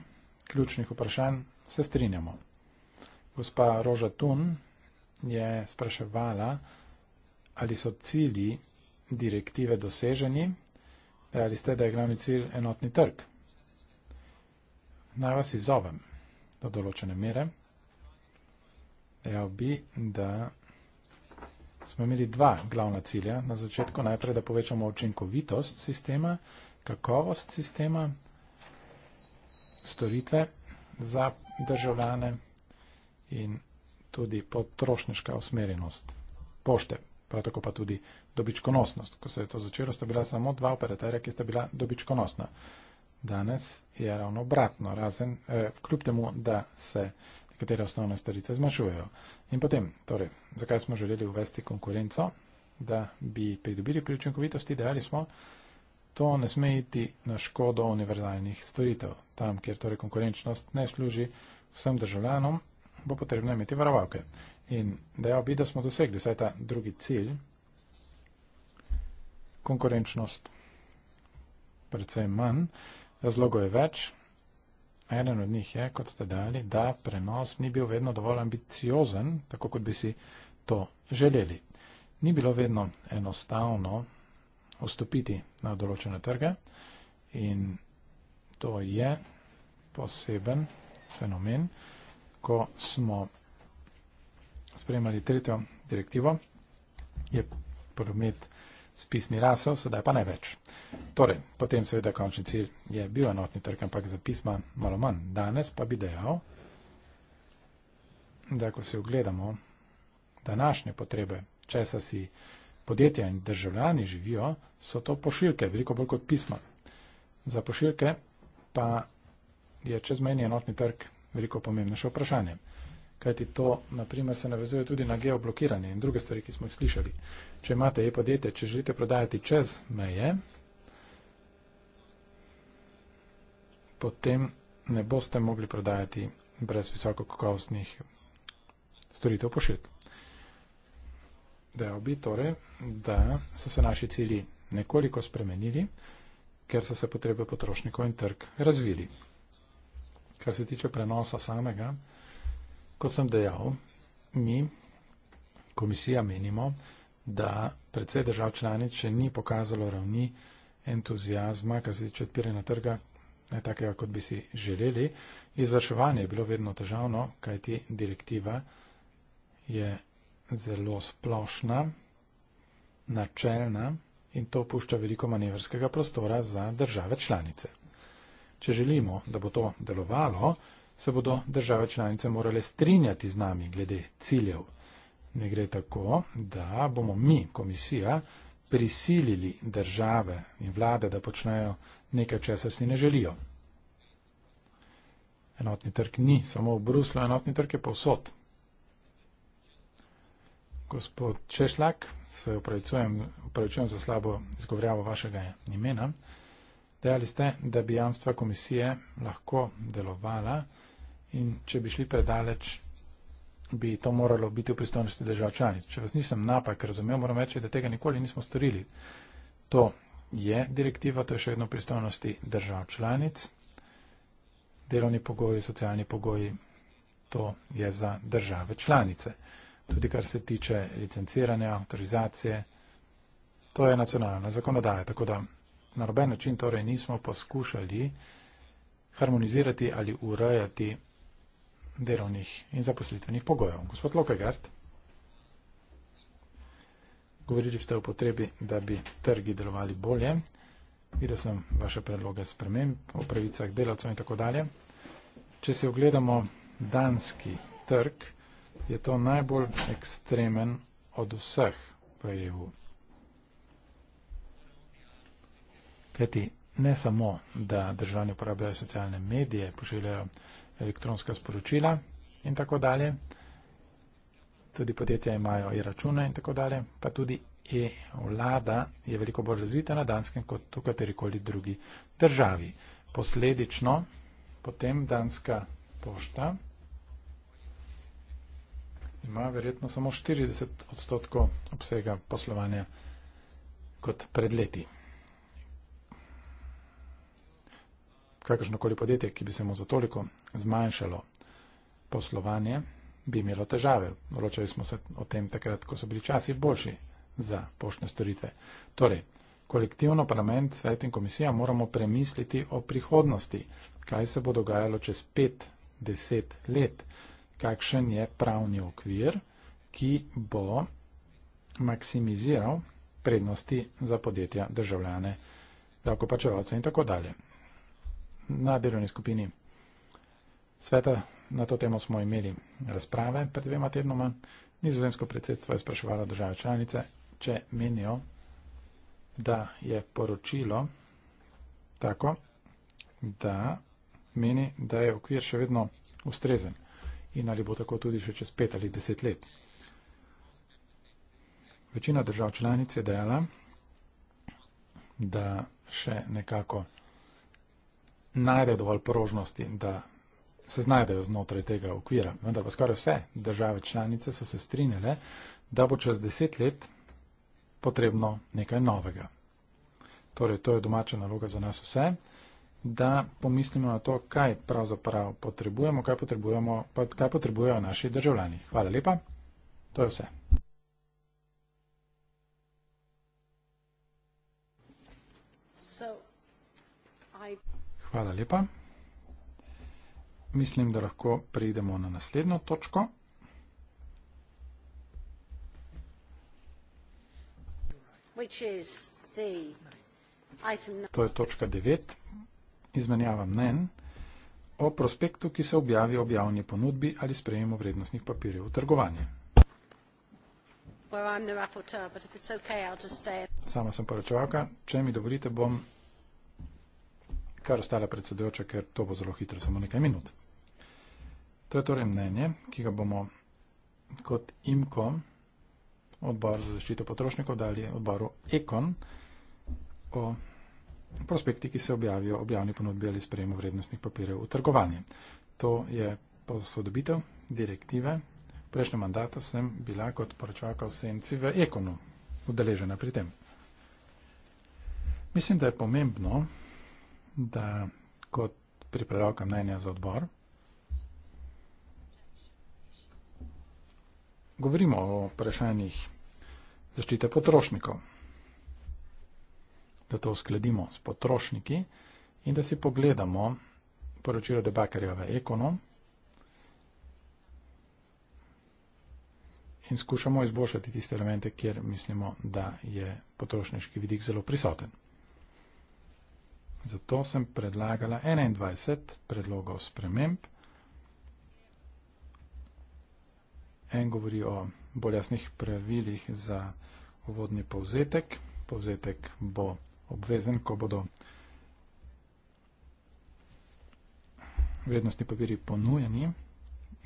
S1: ključnih vprašanj, se strinjamo. Gospa Roža Tun je spraševala, ali so cilji direktive doseženi, ali ste, da je glavni cilj enotni trg. Naj vas izovem do določene mere. Dejal bi, da smo imeli dva glavna cilja. Na začetku najprej, da povečamo učinkovitost sistema kakovost sistema, storitve za državljane in tudi potrošniška usmerjenost pošte, prav tako pa tudi dobičkonosnost. Ko se je to začelo, sta bila samo dva operaterja, ki sta bila dobičkonosna. Danes je ravno obratno, razen eh, kljub temu, da se nekatere osnovne storitve zmanjšujejo. In potem, torej, zakaj smo želeli uvesti konkurenco, da bi pridobili pri učinkovitosti, dejali smo, To ne sme iti na škodo univerzalnih storitev. Tam, kjer torej konkurenčnost ne služi vsem državljanom, bo potrebno imeti varovalke. In dejal bi, da smo dosegli vsaj ta drugi cilj, konkurenčnost predvsem manj, razlogov je več. Eden od njih je, kot ste dali, da prenos ni bil vedno dovolj ambiciozen, tako kot bi si to želeli. Ni bilo vedno enostavno vstopiti na določene trge in to je poseben fenomen, ko smo spremljali tretjo direktivo, je promet s pismi rasov, sedaj pa ne več. Torej, potem seveda končni cilj je bil enotni trg, ampak za pisma malo manj. Danes pa bi dejal, da ko se ogledamo današnje potrebe, česa si podjetja in državljani živijo, so to pošiljke, veliko bolj kot pisma. Za pošiljke pa je čezmejni enotni trg veliko pomembnejše vprašanje. Kajti to, naprimer, se navezuje tudi na geoblokiranje in druge stvari, ki smo jih slišali. Če imate e-podjetje, če želite prodajati čez meje, potem ne boste mogli prodajati brez visokokakovostnih storitev pošiljk. Dejal bi torej, da so se naši cilji nekoliko spremenili, ker so se potrebe potrošnikov in trg razvili. Kar se tiče prenosa samega, kot sem dejal, mi, komisija, menimo, da predvsej držav članic še ni pokazalo ravni entuzijazma, kar se tiče odpiranja trga, ne takega, kot bi si želeli. Izvrševanje je bilo vedno težavno, kajti direktiva je zelo splošna, načelna in to pušča veliko manevrskega prostora za države članice. Če želimo, da bo to delovalo, se bodo države članice morale strinjati z nami glede ciljev. Ne gre tako, da bomo mi, komisija, prisilili države in vlade, da počnejo nekaj, česar si ne želijo. Enotni trg ni samo v Bruslu, enotni trg je povsod. Gospod Češlak, se upravičujem, upravičujem za slabo izgovorjavo vašega imena. Dejali ste, da bi jamstva komisije lahko delovala in če bi šli predaleč, bi to moralo biti v pristojnosti držav članic. Če vas nisem napak razumel, moram reči, da tega nikoli nismo storili. To je direktiva, to je še vedno v pristojnosti držav članic. Delovni pogoji, socialni pogoji, to je za države članice tudi kar se tiče licenciranja, avtorizacije. To je nacionalna zakonodaja, tako da na roben način torej nismo poskušali harmonizirati ali urejati delovnih in zaposlitvenih pogojev. Gospod Lokegard, govorili ste o potrebi, da bi trgi delovali bolje. Videl sem vaše predloge sprememb o pravicah delavcev in tako dalje. Če si ogledamo danski trg, je to najbolj ekstremen od vseh v EU. Kajti ne samo, da državni uporabljajo socialne medije, pošiljajo elektronska sporočila in tako dalje, tudi podjetja imajo e-račune in tako dalje, pa tudi e-vlada je veliko bolj razvita na Danskem kot v katerikoli drugi državi. Posledično potem Danska pošta ima verjetno samo 40 odstotkov obsega poslovanja kot pred leti. Kakršnokoli podjetje, ki bi se mu za toliko zmanjšalo poslovanje, bi imelo težave. Določali smo se o tem takrat, ko so bili časi boljši za poštne storitve. Torej, kolektivno parlament, svet in komisija moramo premisliti o prihodnosti, kaj se bo dogajalo čez pet, deset let kakšen je pravni okvir, ki bo maksimiziral prednosti za podjetja, državljane, davkoplačevalce in tako dalje. Na delovni skupini sveta na to temo smo imeli razprave pred dvema tednoma. Nizozemsko predsedstvo je spraševalo države članice, če menijo, da je poročilo tako, da meni, da je okvir še vedno ustrezen in ali bo tako tudi še čez pet ali deset let. Večina držav članic je dejala, da še nekako najde dovolj porožnosti, da se znajdejo znotraj tega okvira. Vendar pa skoraj vse države članice so se strinjale, da bo čez deset let potrebno nekaj novega. Torej, to je domača naloga za nas vse da pomislimo na to, kaj pravzaprav potrebujemo, kaj, potrebujemo, kaj potrebujejo naši državljani. Hvala lepa. To je vse. Hvala lepa. Mislim, da lahko prejdemo na naslednjo točko. To je točka 9 izmenjava mnen o prospektu, ki se objavi o objavni ponudbi ali sprejemu vrednostnih papirjev v trgovanje. Sama sem poročevalka, če mi dovolite, bom kar ostala predsedujoča, ker to bo zelo hitro, samo nekaj minut. To je torej mnenje, ki ga bomo kot IMKO, odbor za zaščito potrošnikov, dali odboru EKON o prospekti, ki se objavijo ob javni ponudbi ali sprejemu vrednostnih papirjev v trgovanje. To je posodobitev direktive. V prejšnjem mandatu sem bila kot poročevalka v senci v Ekonu udeležena pri tem. Mislim, da je pomembno, da kot pripravljavka mnenja za odbor, govorimo o vprašanjih zaščite potrošnikov da to uskladimo s potrošniki in da si pogledamo poročilo Debakarjeve ekonom in skušamo izboljšati tiste elemente, kjer mislimo, da je potrošniški vidik zelo prisoten. Zato sem predlagala 21 predlogov sprememb. En govori o bolj jasnih pravilih za uvodni povzetek. Povzetek bo obvezen, ko bodo vrednostni papiri ponujeni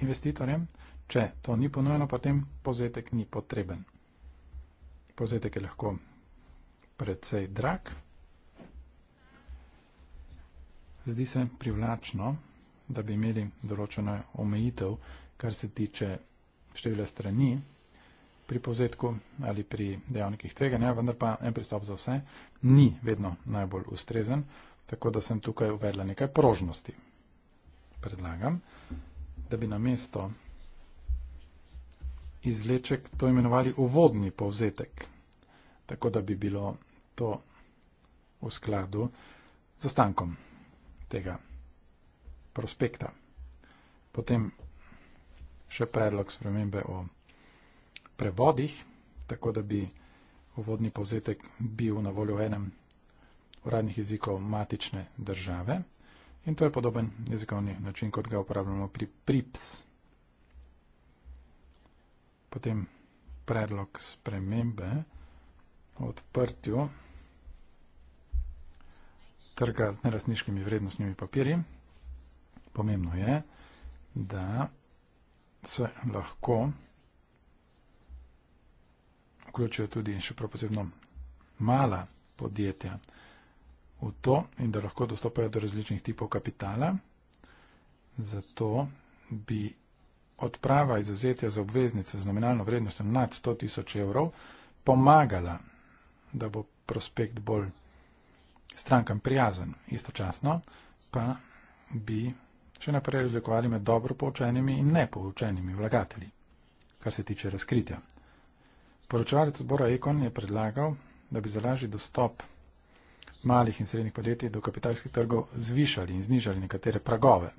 S1: investitorjem. Če to ni ponujeno, potem pozetek ni potreben. Pozetek je lahko predvsej drag. Zdi se privlačno, da bi imeli določeno omejitev, kar se tiče števila strani, pri povzetku ali pri dejavnikih tveganja, vendar pa en pristop za vse ni vedno najbolj ustrezen, tako da sem tukaj uvedla nekaj prožnosti. Predlagam, da bi na mesto izleček to imenovali uvodni povzetek, tako da bi bilo to v skladu z ostankom tega prospekta. Potem še predlog spremembe o prevodih, tako da bi uvodni povzetek bil na voljo enem uradnih jezikov matične države. In to je podoben jezikovni način, kot ga uporabljamo pri PRIPS. Potem predlog spremembe o odprtju trga z nerasniškimi vrednostnimi papiri. Pomembno je, da se lahko vsega, vključijo tudi in še prav posebno mala podjetja v to in da lahko dostopajo do različnih tipov kapitala. Zato bi odprava izuzetja za obveznice z nominalno vrednostjo nad 100 tisoč evrov pomagala, da bo prospekt bolj strankam prijazen. Istočasno pa bi še naprej razlikovali med dobro poučenimi in nepoučenimi vlagatelji, kar se tiče razkritja. Poročevalec Bora Ekon je predlagal, da bi za lažji dostop malih in srednjih podjetij do kapitalskih trgov zvišali in znižali nekatere pragove.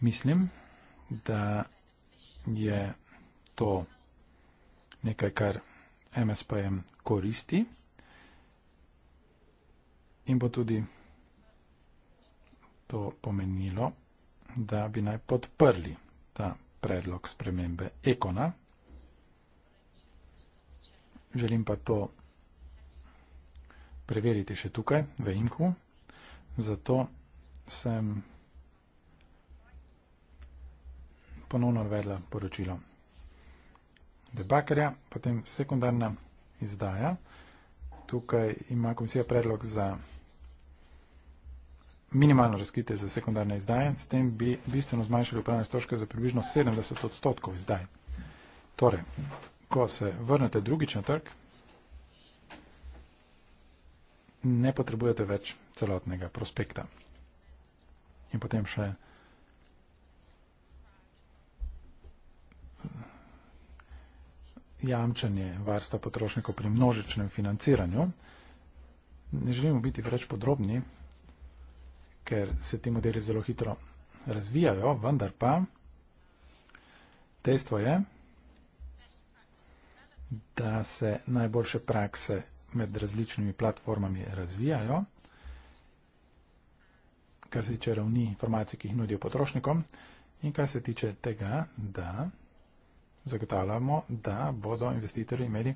S1: Mislim, da je to nekaj, kar MSPM koristi in bo tudi to pomenilo da bi naj podprli ta predlog spremembe ekona. Želim pa to preveriti še tukaj, v inku. Zato sem ponovno vedla poročilo debakerja, potem sekundarna izdaja. Tukaj ima komisija predlog za izdaj minimalno razkrite za sekundarne izdaje, s tem bi bistveno zmanjšali upravne stroške za približno 70 odstotkov izdaj. Torej, ko se vrnete drugič na trg, ne potrebujete več celotnega prospekta. In potem še jamčanje varstva potrošnikov pri množičnem financiranju. Ne želimo biti preveč podrobni, ker se ti modeli zelo hitro razvijajo, vendar pa dejstvo je, da se najboljše prakse med različnimi platformami razvijajo, kar se tiče ravni informacij, ki jih nudijo potrošnikom in kar se tiče tega, da zagotavljamo, da bodo investitorji imeli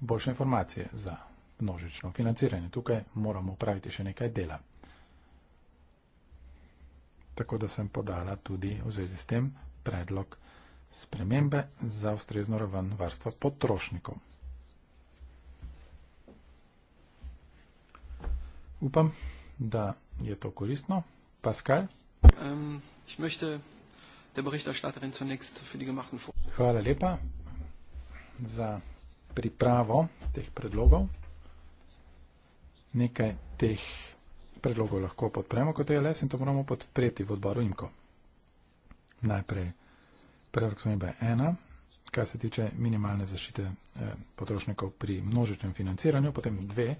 S1: boljše informacije za množično financiranje. Tukaj moramo upraviti še nekaj dela tako da sem podala tudi v zvezi s tem predlog spremembe za ustrezno raven varstva potrošnikov. Upam, da je to koristno. Pascal? Um, ich der für die Hvala lepa za pripravo teh predlogov. Nekaj teh predlogov lahko podpremo kot ALS e in to moramo podpreti v odboru IMKO. Najprej predlog smembe ena, kar se tiče minimalne zašite eh, potrošnikov pri množičnem financiranju, potem dve.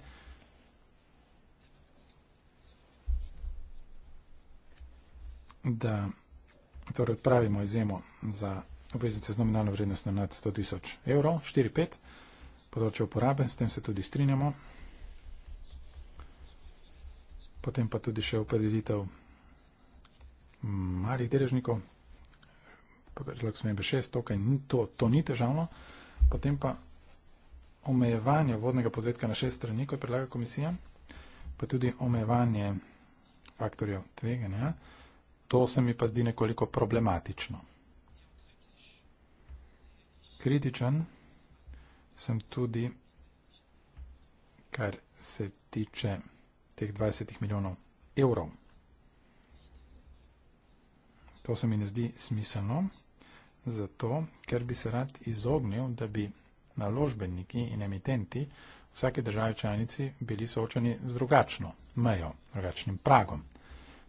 S1: da torej odpravimo izjemo za obveznice z nominalno vrednostjo nad 100 tisoč evrov, 4-5, področje uporabe, s tem se tudi strinjamo potem pa tudi še opredelitev malih deležnikov, predlog smembe 6, to, to, to ni težavno, potem pa omejevanje vodnega povzetka na šest strani, ko je predlaga komisija, pa tudi omejevanje faktorjev tveganja, to se mi pa zdi nekoliko problematično. Kritičen sem tudi, kar se tiče teh 20 milijonov evrov. To se mi ne zdi smiselno, zato ker bi se rad izognil, da bi naložbeniki in emitenti vsake države članici bili soočeni z drugačno mejo, drugačnim pragom.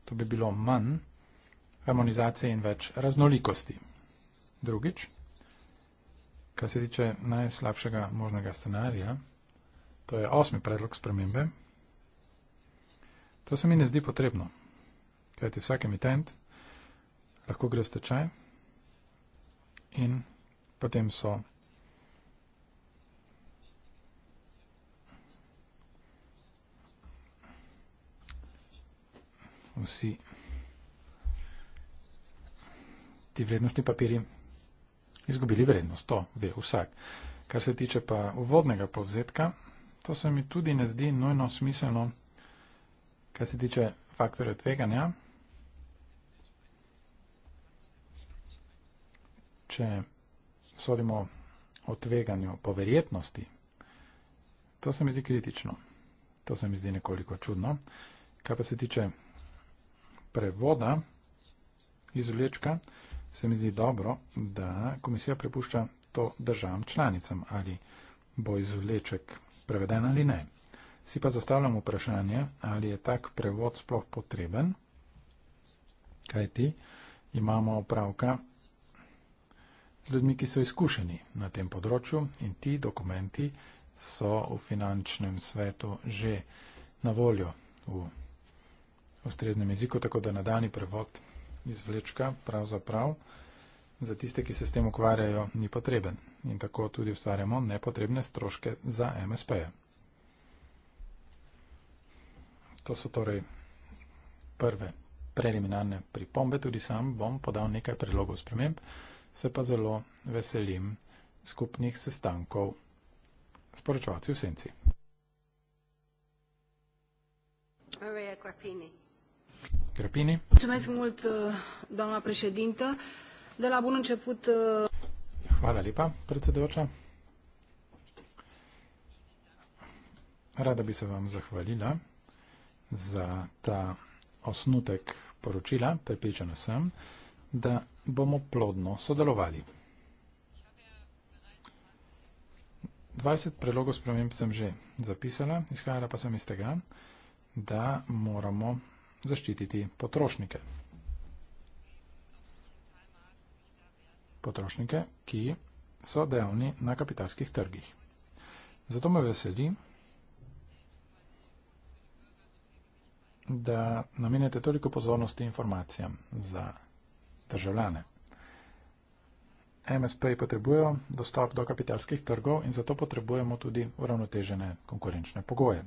S1: To bi bilo manj harmonizacije in več raznolikosti. Drugič, kar se tiče najslabšega možnega scenarija, to je osmi predlog spremembe, To se mi ne zdi potrebno, kajti vsak emitent lahko gre stečaj in potem so vsi ti vrednostni papiri izgubili vrednost, to ve vsak. Kar se tiče pa uvodnega povzetka, to se mi tudi ne zdi nojno smiselno vrednost kar se tiče faktorja tveganja, če sodimo o tveganju po verjetnosti, to se mi zdi kritično, to se mi zdi nekoliko čudno. Kar pa se tiče prevoda iz vlečka, se mi zdi dobro, da komisija prepušča to državam članicam ali bo iz vleček preveden ali ne. Si pa zastavljam vprašanje, ali je tak prevod sploh potreben, kaj ti imamo opravka z ljudmi, ki so izkušeni na tem področju in ti dokumenti so v finančnem svetu že na voljo v ustreznem jeziku, tako da nadani prevod iz vlečka pravzaprav za tiste, ki se s tem ukvarjajo, ni potreben. In tako tudi ustvarjamo nepotrebne stroške za MSP. -je. To so torej prve preliminarne pripombe, tudi sam bom podal nekaj predlogov sprememb, se pa zelo veselim skupnih sestankov s poročovalci v Senci. Grapini. Hvala lepa, predsedujoča. Rada bi se vam zahvalila za ta osnutek poročila. Prepričana sem, da bomo plodno sodelovali. 20 predlogov sprememb sem že zapisala, izhajala pa sem iz tega, da moramo zaščititi potrošnike. Potrošnike, ki so dejavni na kapitalskih trgih. Zato me veseli, da namenjate toliko pozornosti informacijam za državljane. MSP-ji potrebujejo dostop do kapitalskih trgov in zato potrebujemo tudi uravnotežene konkurenčne pogoje.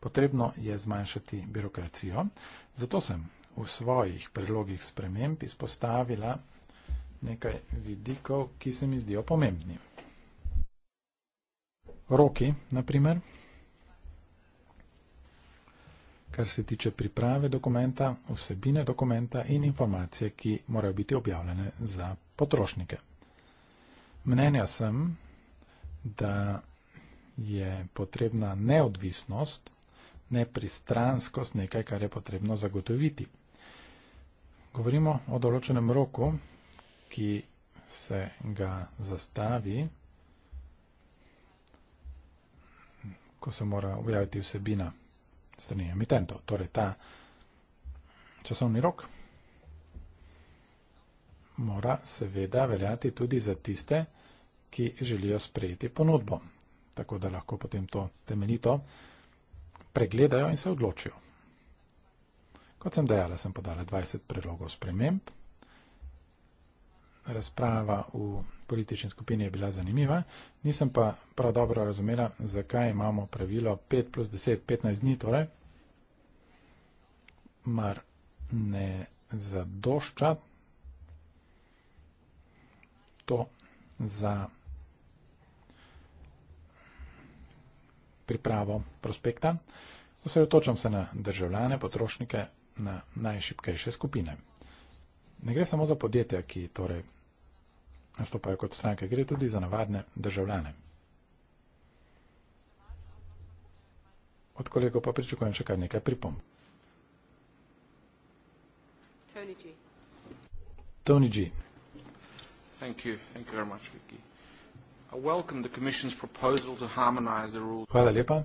S1: Potrebno je zmanjšati birokracijo, zato sem v svojih predlogih sprememb izpostavila nekaj vidikov, ki se mi zdijo pomembni. Roki, naprimer, kar se tiče priprave dokumenta, vsebine dokumenta in informacije, ki morajo biti objavljene za potrošnike. Mnenja sem, da je potrebna neodvisnost, nepristranskost nekaj, kar je potrebno zagotoviti. Govorimo o določenem roku, ki se ga zastavi, ko se mora objaviti vsebina strani emitentov. Torej, ta časovni rok mora seveda veljati tudi za tiste, ki želijo sprejeti ponudbo, tako da lahko potem to temeljito pregledajo in se odločijo. Kot sem dejala, sem podala 20 predlogov sprememb. Razprava v politične skupine je bila zanimiva, nisem pa prav dobro razumela, zakaj imamo pravilo 5 plus 10, 15 dni, torej, mar ne zadošča to za pripravo prospekta. Osredotočam se na državljane, potrošnike, na najšipkejše skupine. Ne gre samo za podjetja, ki torej nastopajo kot stranke, gre tudi za navadne državljane. Od kolegov pa pričakujem še kar nekaj pripomb. Tony G. Hvala lepa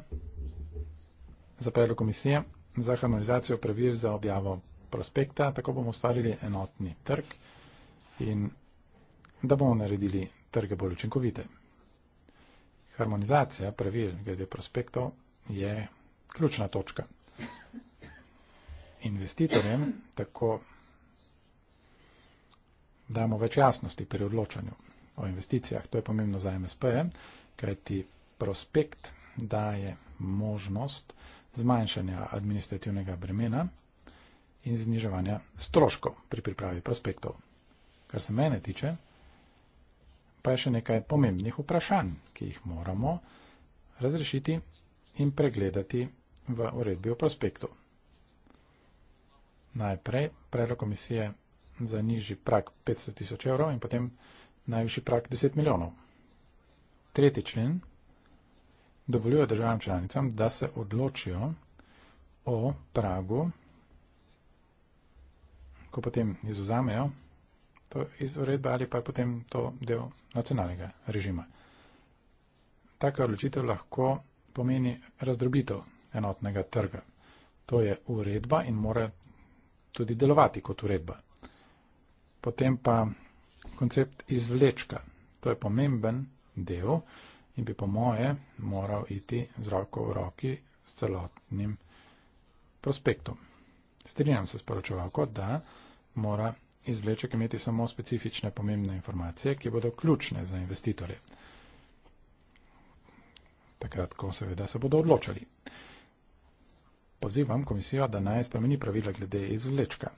S1: za predlog komisije za harmonizacijo pravil za objavo prospekta. Tako bomo ustvarili enotni trg in da bomo naredili trge bolj učinkovite. Harmonizacija pravil glede prospektov je ključna točka. Investitorjem tako damo več jasnosti pri odločanju o investicijah. To je pomembno za MSP, kajti prospekt daje možnost zmanjšanja administrativnega bremena in zniževanja stroškov pri pripravi prospektov. Kar se mene tiče, pa je še nekaj pomembnih vprašanj, ki jih moramo razrešiti in pregledati v uredbi o prospektu. Najprej predlog komisije za nižji prak 500 tisoč evrov in potem najvišji prak 10 milijonov. Tretji člen dovoljuje državam članicam, da se odločijo o pragu, ko potem izuzamejo to iz uredbe ali pa je potem to del nacionalnega režima. Taka odločitev lahko pomeni razdrobitev enotnega trga. To je uredba in mora tudi delovati kot uredba. Potem pa koncept izvlečka. To je pomemben del in bi po moje moral iti z roko v roki s celotnim prospektom. Strinjam se s poročevalko, da mora izleček imeti samo specifične pomembne informacije, ki bodo ključne za investitorje. Takrat, ko seveda se bodo odločali. Pozivam komisijo, da naj spremeni pravila glede izvlečka.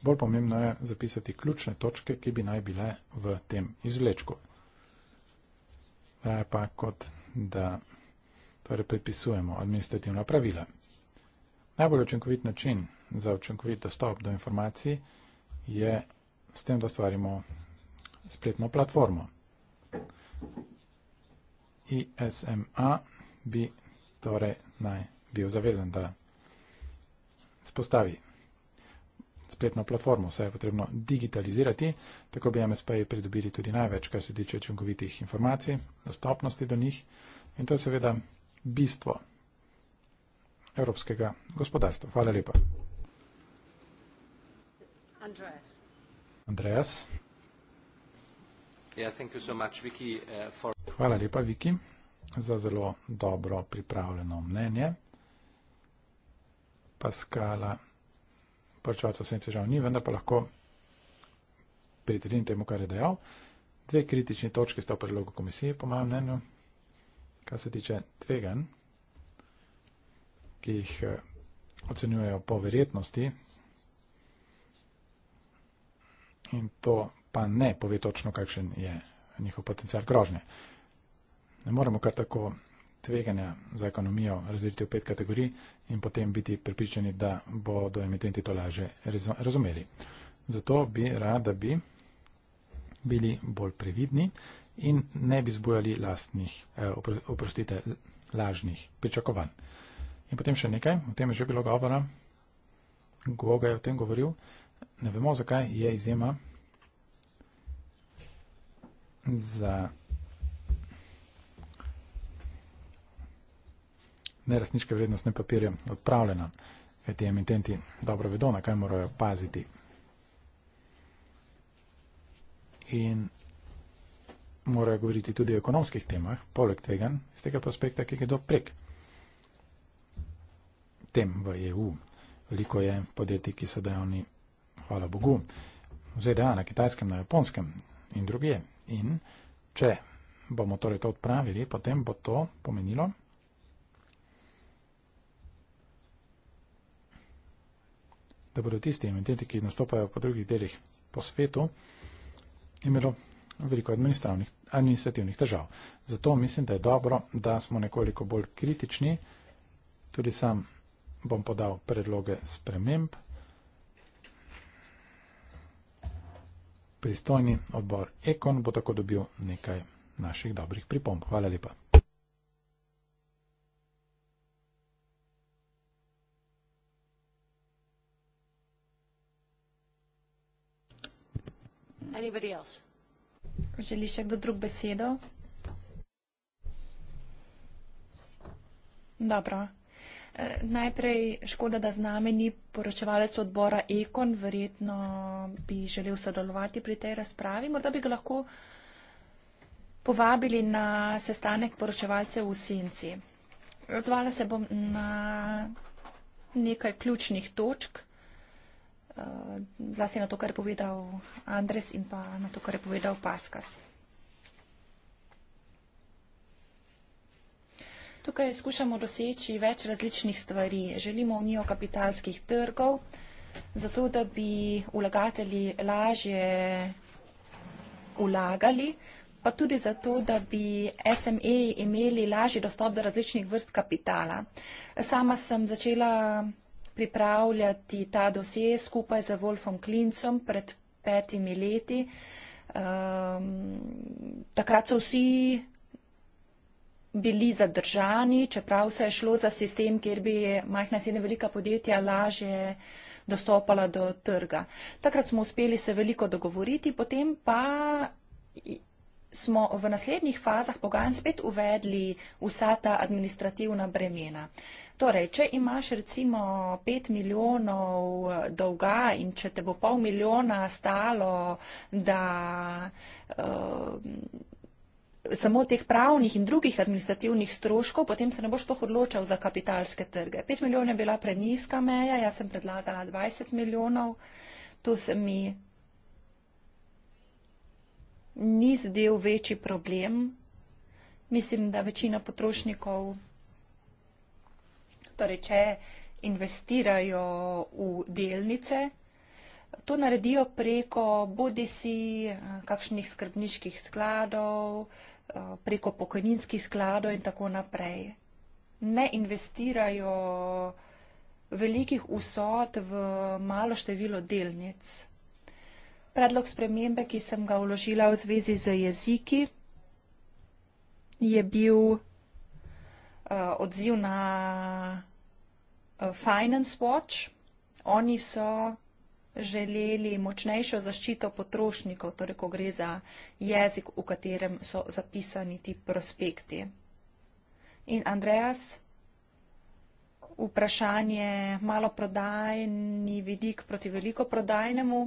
S1: Bolj pomembno je zapisati ključne točke, ki bi naj bile v tem izvlečku. Raje pa kot da torej predpisujemo administrativna pravila. Najbolj učinkovit način za učinkovit dostop do informacij je s tem, da ustvarimo spletno platformo. ISMA bi torej naj bil zavezan, da spostavi spletno platformo, vse je potrebno digitalizirati, tako bi MSP-ji pridobili tudi največ, kar se tiče učinkovitih informacij, dostopnosti do njih in to je seveda bistvo evropskega gospodarstva. Hvala lepa. Andreas. Andreas.
S3: Yeah, thank you so much, Vicky, uh, for...
S1: Hvala lepa, Viki, za zelo dobro pripravljeno mnenje. Paskala, pačovacov se je žal ni, vendar pa lahko pritrdim temu, kar je dejal. Dve kritični točke sta v predlogu komisije, po mojem mnenju, kar se tiče tvegan, ki jih eh, ocenjujejo po verjetnosti in to pa ne pove točno, kakšen je njihov potencial grožnje. Ne moremo kar tako tveganja za ekonomijo razdeliti v pet kategorij in potem biti pripričani, da bodo emitenti to laže razumeli. Zato bi rada bi bili bolj previdni in ne bi zbujali lastnih, eh, oprostite, lažnih pričakovanj. In potem še nekaj, o tem je že bilo govora, Gogo je o tem govoril, ne vemo zakaj, je izjema za neresničke vrednostne papirje odpravljena. Kaj ti emitenti dobro vedo, na kaj morajo paziti. In morajo govoriti tudi o ekonomskih temah, poleg tega, iz tega prospekta, ki gredo prek tem v EU. Veliko je podjetij, ki so dejavni hvala Bogu, v ZDA, na kitajskem, na japonskem in druge. In če bomo torej to odpravili, potem bo to pomenilo. da bodo tisti emitenti, ki nastopajo po drugih delih po svetu, imelo veliko administrativnih težav. Zato mislim, da je dobro, da smo nekoliko bolj kritični. Tudi sam bom podal predloge sprememb. Pristojni odbor Ekon bo tako dobil nekaj naših dobrih pripomb. Hvala lepa.
S4: Želi še kdo drug besedo? Dobro. Najprej škoda, da z nami ni poročevalec odbora Ekon, verjetno bi želel sodelovati pri tej razpravi. Morda bi ga lahko povabili na sestanek poročevalcev v Senci. Odzvala se bom na nekaj ključnih točk, eh, zlasti na to, kar je povedal Andres in pa na to, kar je povedal Paskas. Tukaj skušamo doseči več različnih stvari. Želimo unijo kapitalskih trgov, zato da bi vlagatelji lažje vlagali, pa tudi zato, da bi SME imeli lažji dostop do različnih vrst kapitala. Sama sem začela pripravljati ta dosje skupaj z Wolfom Klincom pred petimi leti. Um, takrat so vsi bili zadržani, čeprav se je šlo za sistem, kjer bi majhna in srednja velika podjetja lažje dostopala do trga. Takrat smo uspeli se veliko dogovoriti, potem pa smo v naslednjih fazah pogajanj spet uvedli vsa ta administrativna bremena. Torej, če imaš recimo 5 milijonov dolga in če te bo pol milijona stalo, da. Uh, samo teh pravnih in drugih administrativnih stroškov, potem se ne boš sploh odločal za kapitalske trge. 5 milijonov je bila preniska meja, jaz sem predlagala 20 milijonov, to se mi ni zdel večji problem. Mislim, da večina potrošnikov, torej če investirajo v delnice, to naredijo preko bodisi eh, kakšnih skrbniških skladov, eh, preko pokojninskih skladov in tako naprej. Ne investirajo velikih usod v malo število delnic. Predlog spremembe, ki sem ga vložila v zvezi z jeziki, je bil eh, odziv na Finance Watch. Oni so želeli močnejšo zaščito potrošnikov, torej ko gre za jezik, v katerem so zapisani ti prospekti. In Andreas, vprašanje malo prodajni vidik proti veliko prodajnemu.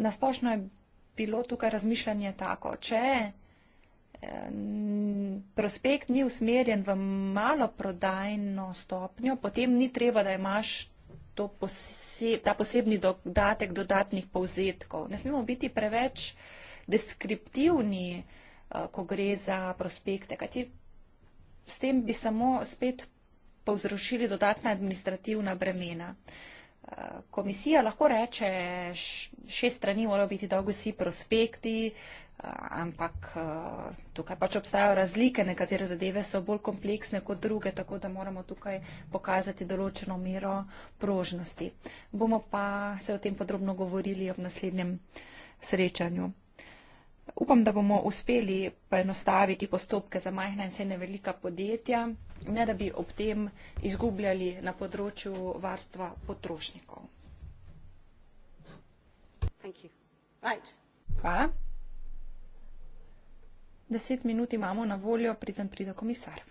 S4: Nasplošno je bilo tukaj razmišljanje tako, če eh, prospekt ni usmerjen v malo prodajno stopnjo, potem ni treba, da imaš poseb, ta posebni dodatek dodatnih povzetkov. Ne smemo biti preveč deskriptivni, eh, ko gre za prospekte, kajti s tem bi samo spet povzročili dodatna administrativna bremena. Uh, komisija lahko reče, šest strani morajo biti dolgi vsi prospekti, ampak tukaj pač obstajajo razlike, nekatere zadeve so bolj kompleksne kot druge, tako da moramo tukaj pokazati določeno mero prožnosti. Bomo pa se o tem podrobno govorili ob naslednjem srečanju. Upam, da bomo uspeli poenostaviti postopke za majhna in srednja velika podjetja, ne da bi ob tem izgubljali na področju varstva potrošnikov.
S3: Right.
S4: Hvala. Deset minut imamo na voljo, pridem pride komisar.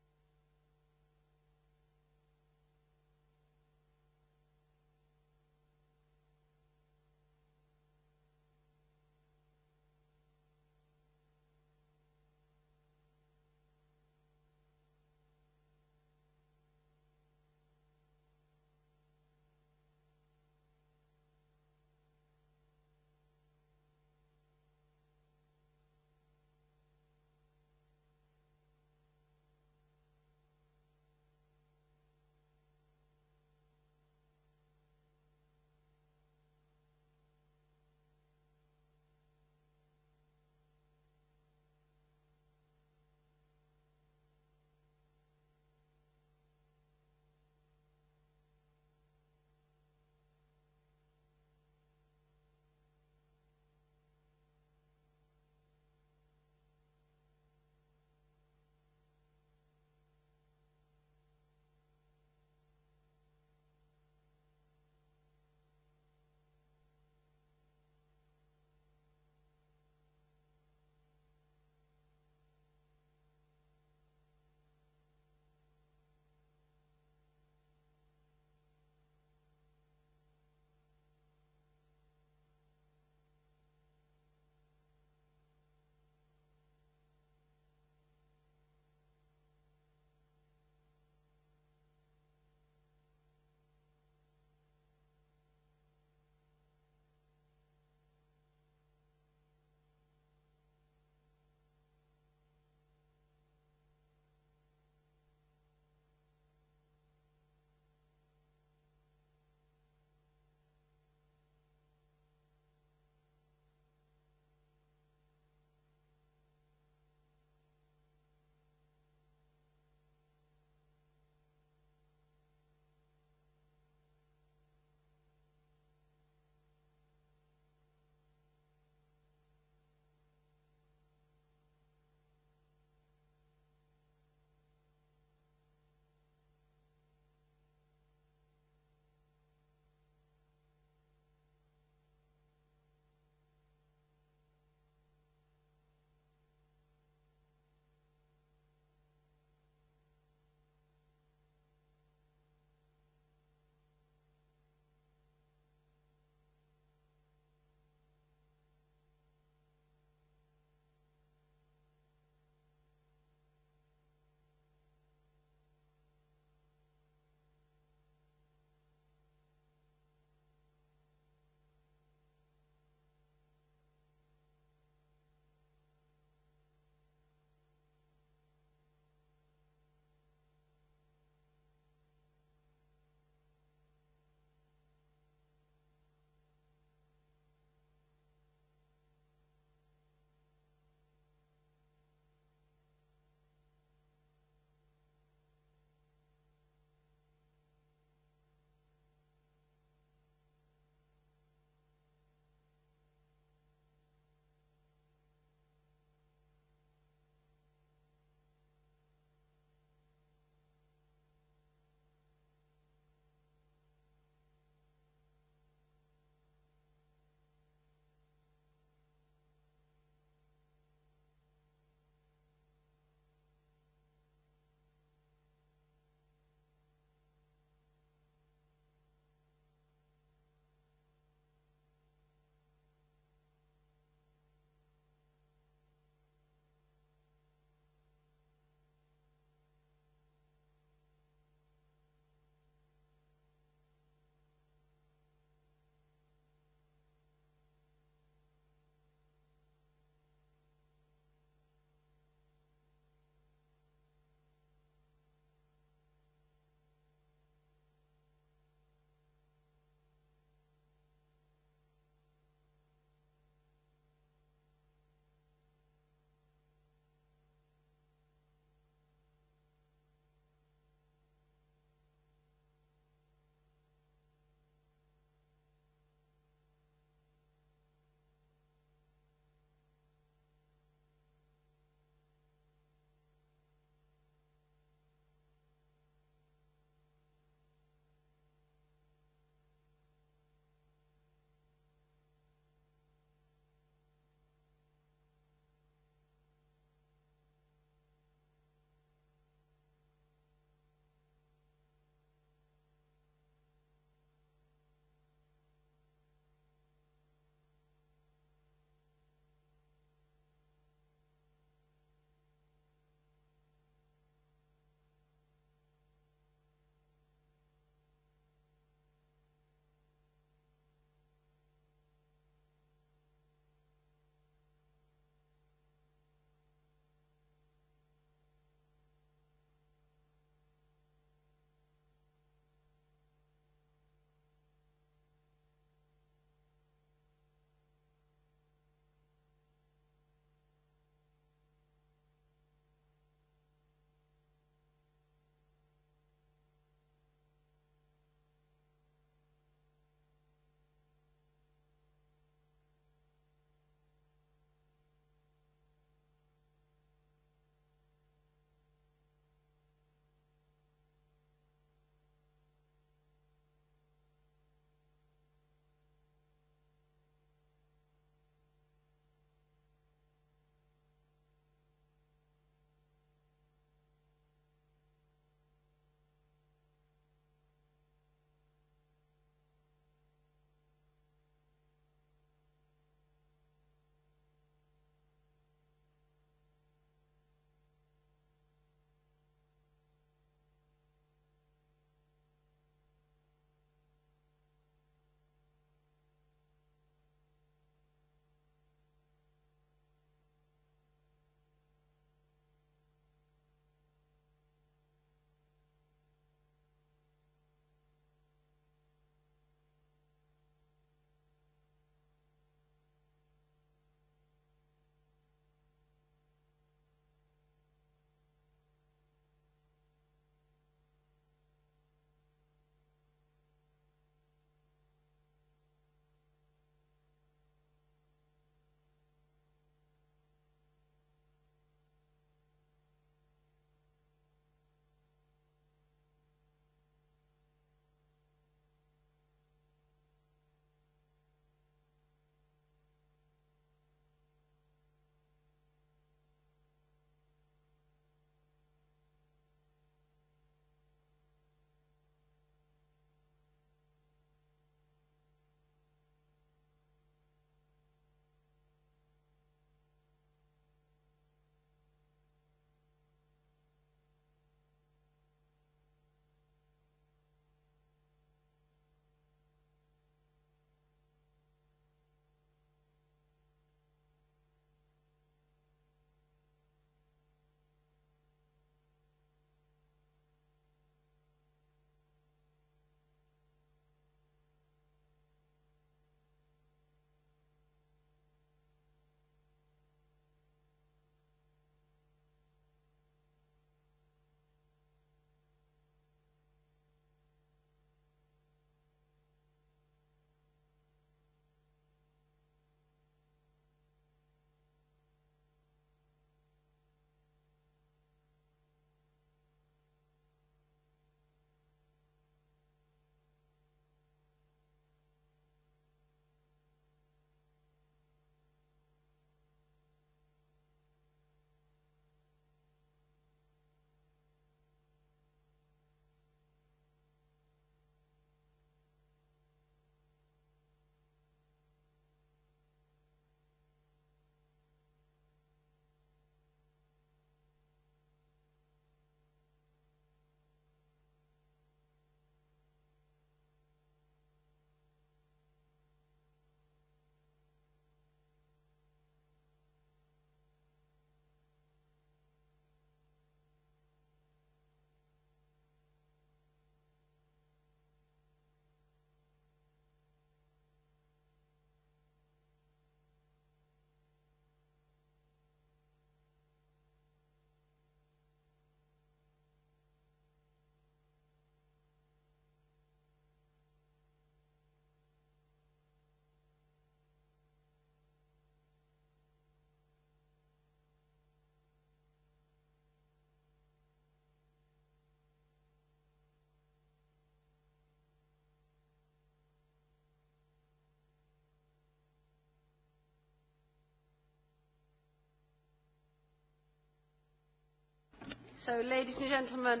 S3: So, ladies and gentlemen,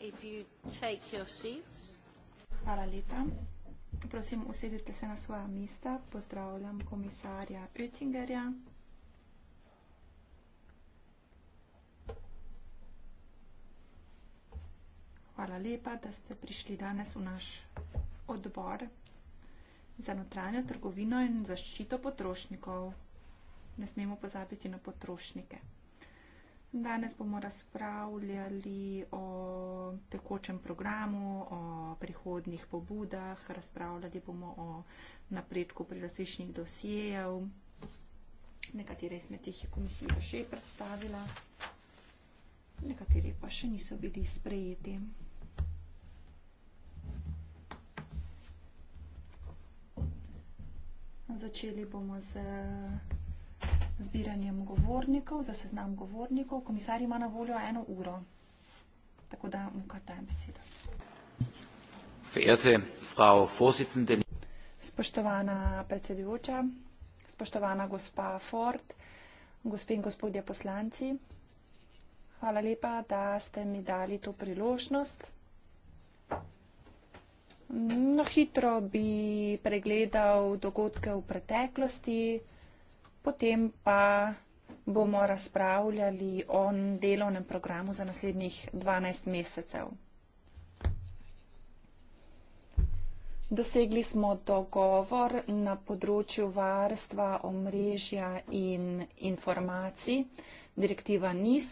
S3: if you take your seats.
S4: Hvala lepa. Prosim, usedite se na svoja mesta. Pozdravljam komisarja Oettingerja. Hvala lepa, da ste prišli danes v naš odbor za notranjo trgovino in zaščito potrošnikov. Ne smemo pozabiti na potrošnike. Danes bomo razpravljali o tekočem programu, o prihodnih pobudah, razpravljali bomo o napredku pri različnih dosijev. Nekatere izmed teh je komisija že predstavila, nekateri pa še niso bili sprejeti. Začeli bomo z zbiranjem govornikov, za seznam govornikov. Komisar ima na voljo eno uro, tako da mu kar dajem besedo. Spoštovana predsedujoča, spoštovana gospa Ford, gospe in gospodje poslanci, hvala lepa, da ste mi dali to priložnost. No, hitro bi pregledal dogodke v preteklosti potem pa bomo razpravljali o delovnem programu za naslednjih 12 mesecev. Dosegli smo dogovor na področju varstva, omrežja in informacij, direktiva NIS.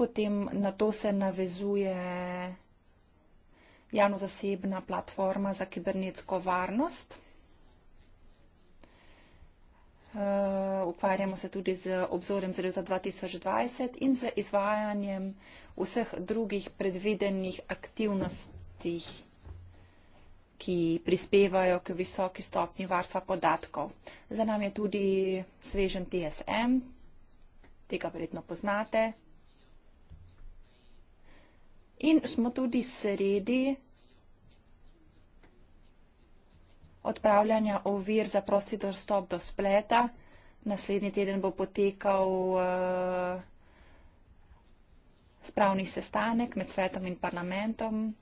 S4: Potem na to se navezuje javno-zasebna platforma za kibernetsko varnost. Eh, ukvarjamo se tudi z obzorjem za leto 2020 in z izvajanjem vseh drugih predvidenih aktivnosti, ki prispevajo k visoki stopni varstva podatkov. Za nami je tudi svežen TSM, tega verjetno poznate. In smo tudi sredi odpravljanja ovir za prosti dostop do spleta. Naslednji teden bo potekal uh, spravni sestanek med svetom in parlamentom.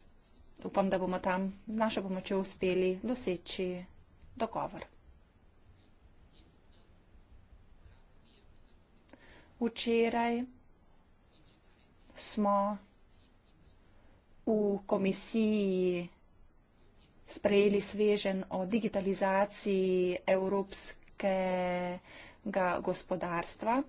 S4: Upam, da bomo tam z našo pomočjo uspeli doseči dogovor. Včeraj smo v komisiji sprejeli svežen o digitalizaciji evropskega gospodarstva.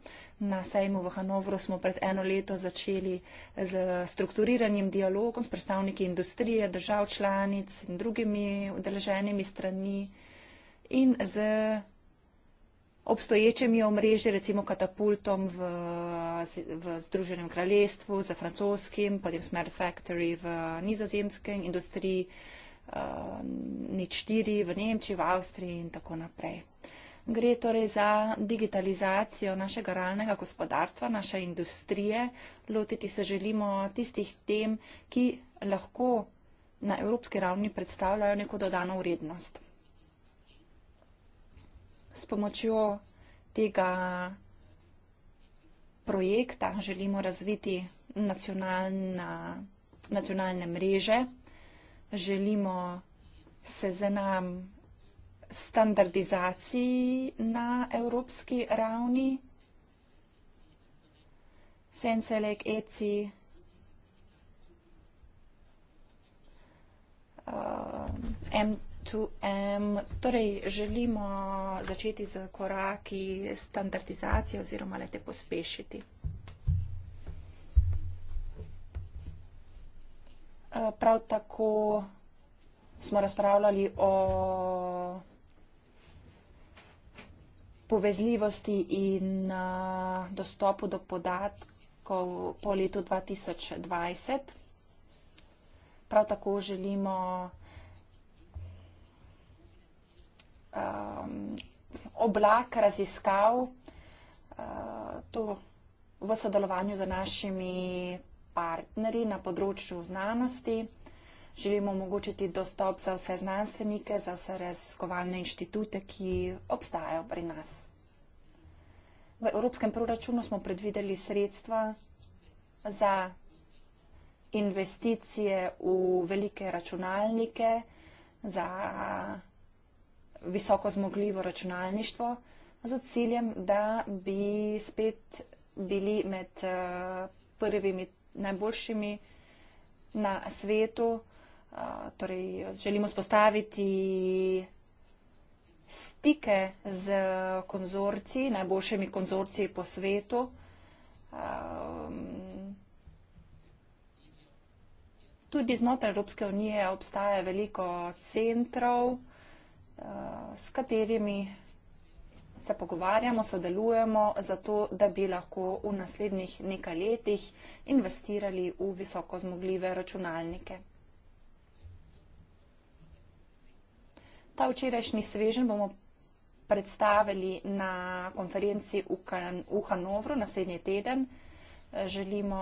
S4: Na sejmu v Hanovru smo pred eno leto začeli z strukturiranjem dialogom s predstavniki industrije, držav članic in drugimi udeleženimi strani in z obstoječimi omrežji, recimo katapultom v, v Združenem kraljestvu, za francoskim, potem Smart Factory v nizozemskem industriji. Eh, nič štiri v Nemčiji, v Avstriji in tako naprej. Gre torej za digitalizacijo našega realnega gospodarstva, naše industrije. Lotiti se želimo tistih tem, ki lahko na evropski ravni predstavljajo neko dodano vrednost. S pomočjo tega projekta želimo razviti nacionalne mreže želimo se zanam standardizaciji na evropski ravni. Senselek, ECI, uh, M2M, torej želimo začeti z koraki standardizacije oziroma lete pospešiti. Eh, prav tako smo razpravljali o povezljivosti in eh, dostopu do podatkov po letu 2020. Prav tako želimo um, oblak raziskav uh, to v sodelovanju z našimi partnerji na področju znanosti. Želimo omogočiti dostop za vse znanstvenike, za vse raziskovalne inštitute, ki obstajajo pri nas. V evropskem proračunu smo predvideli sredstva za investicije v velike računalnike, za visoko zmogljivo računalništvo, za ciljem, da bi spet bili med eh, prvimi najboljšimi na svetu. Torej, želimo spostaviti stike z konzorci, najboljšimi konzorci po svetu. Tudi znotraj Evropske unije obstaja veliko centrov, s katerimi se pogovarjamo, sodelujemo, zato da bi lahko v naslednjih nekaj letih investirali v visoko zmogljive računalnike. Ta včerajšnji svežen bomo predstavili na konferenci v Hanovru naslednji teden. Želimo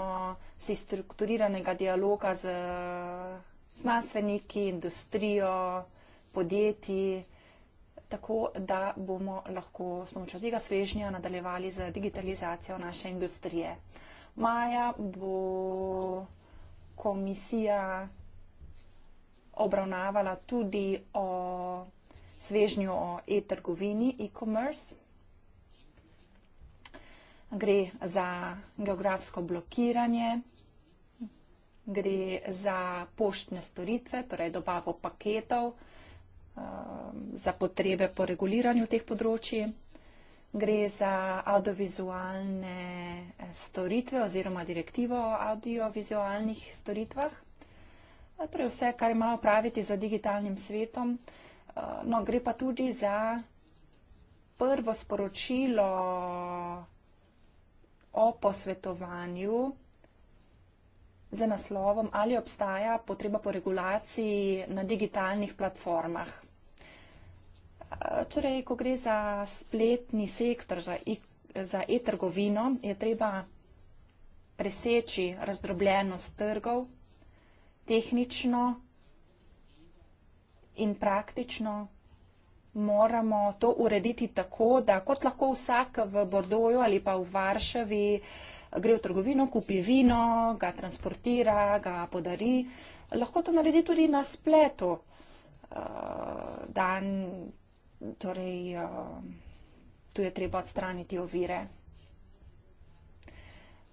S4: si strukturiranega dialoga z znanstveniki, industrijo, podjetji, tako da bomo lahko s pomočjo tega svežnja nadaljevali z digitalizacijo naše industrije. Maja bo komisija obravnavala tudi o svežnju o e-trgovini, e-commerce. Gre za geografsko blokiranje, gre za poštne storitve, torej dobavo paketov, Um, za potrebe po reguliranju teh področji. Gre za audiovizualne eh, storitve oziroma direktivo o audiovizualnih storitvah. Eh, torej vse, kar ima opraviti za digitalnim svetom. Eh, no, gre pa tudi za prvo sporočilo o posvetovanju z naslovom Ali obstaja potreba po regulaciji na digitalnih platformah. Torej, ko gre za spletni sektor, za e-trgovino, je treba preseči razdrobljenost trgov tehnično in praktično moramo to urediti tako, da kot lahko vsak v Bordoju ali pa v Varšavi eh, gre v trgovino, kupi vino, ga transportira, ga podari. Lahko to naredi tudi na spletu. Uh, dan, torej, uh, tu je treba odstraniti ovire.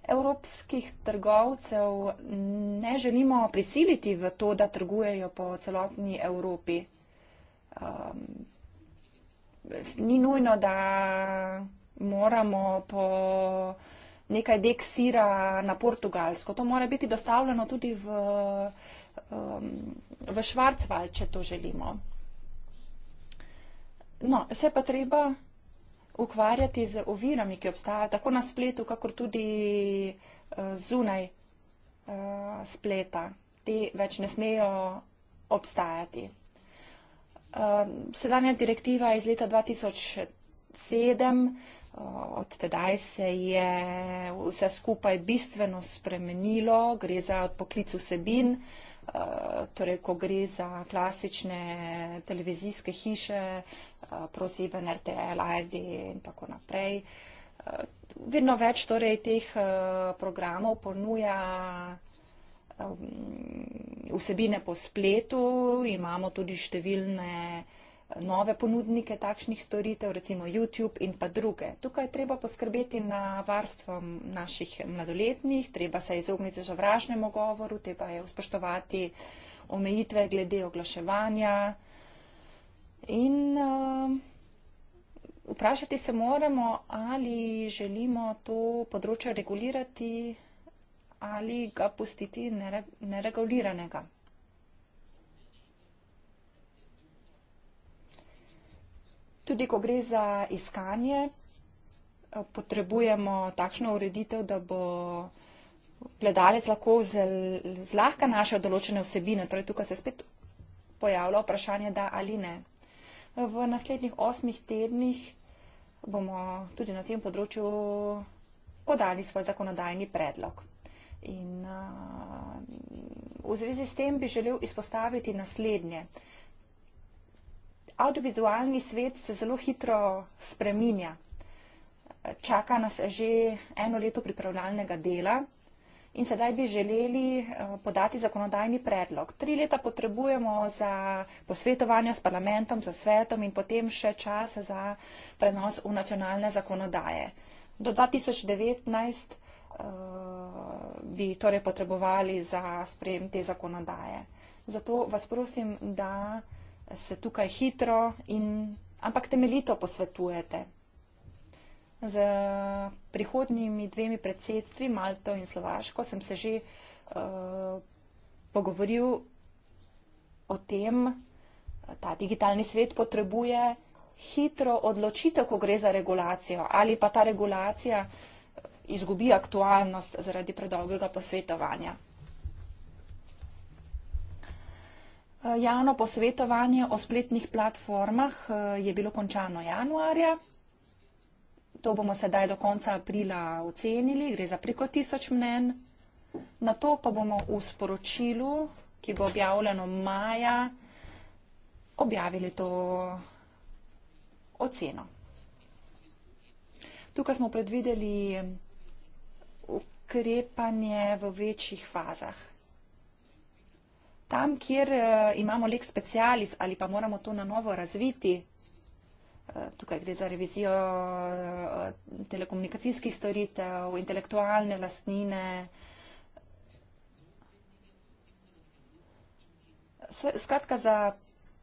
S4: Evropskih trgovcev ne želimo prisiliti v to, da trgujejo po celotni Evropi. Um, ni nujno, da moramo po uh, nekaj dek sira na portugalsko. To mora biti dostavljeno tudi v, um, v Švarcval, če to želimo. No, se pa treba ukvarjati z ovirami, ki obstajajo tako na spletu, kakor tudi uh, zunaj uh, spleta. Te več ne smejo obstajati. Uh, sedanja direktiva iz leta 2007 od tedaj se je vse skupaj bistveno spremenilo, gre za odpoklic vsebin, eh, torej ko gre za klasične televizijske hiše, eh, prosiben RTL, ARD in tako naprej. Eh, vedno več torej teh programov ponuja ehm, vsebine po spletu, imamo tudi številne programe, nove ponudnike takšnih storitev, recimo YouTube in pa druge. Tukaj je treba poskrbeti na varstvo naših mladoletnih, treba se izogniti zavražnemu govoru, treba je uspoštovati omejitve glede oglaševanja in uh, vprašati se moramo, ali želimo to področje regulirati ali ga pustiti nereguliranega. Nere Tudi ko gre za iskanje, eh, potrebujemo takšno ureditev, da bo gledalec lahko zlahka našel določene vsebine. Torej, tukaj se spet pojavlja vprašanje, da ali ne. V naslednjih osmih tednih bomo tudi na tem področju podali svoj zakonodajni predlog. In uh, v zvezi s tem bi želel izpostaviti naslednje. Uh, audiovizualni svet se zelo hitro spreminja. Čaka nas že eno leto pripravljalnega dela in sedaj bi želeli eh, podati zakonodajni predlog. Tri leta potrebujemo za posvetovanja s parlamentom, za svetom in potem še čas za prenos v nacionalne zakonodaje. Do 2019 eh, bi torej potrebovali za sprejem te zakonodaje. Zato vas prosim, da se tukaj hitro in ampak temeljito posvetujete. Z prihodnjimi dvemi predsedstvi, Malto in Slovaško, sem se že uh, pogovoril o tem, ta digitalni svet potrebuje hitro odločitev, ko gre za regulacijo ali pa ta regulacija eh, izgubi aktualnost zaradi predolgega posvetovanja. Eh, javno posvetovanje o spletnih platformah eh, je bilo končano januarja. To bomo sedaj do konca aprila ocenili, gre za preko tisoč mnen. Na to pa bomo v sporočilu, ki bo objavljeno maja, objavili to oceno. Tukaj smo predvideli ukrepanje v večjih fazah tam, kjer uh, imamo lek specialis ali pa moramo to na novo razviti, uh, tukaj gre za revizijo uh, telekomunikacijskih storitev, intelektualne lastnine. Skratka, za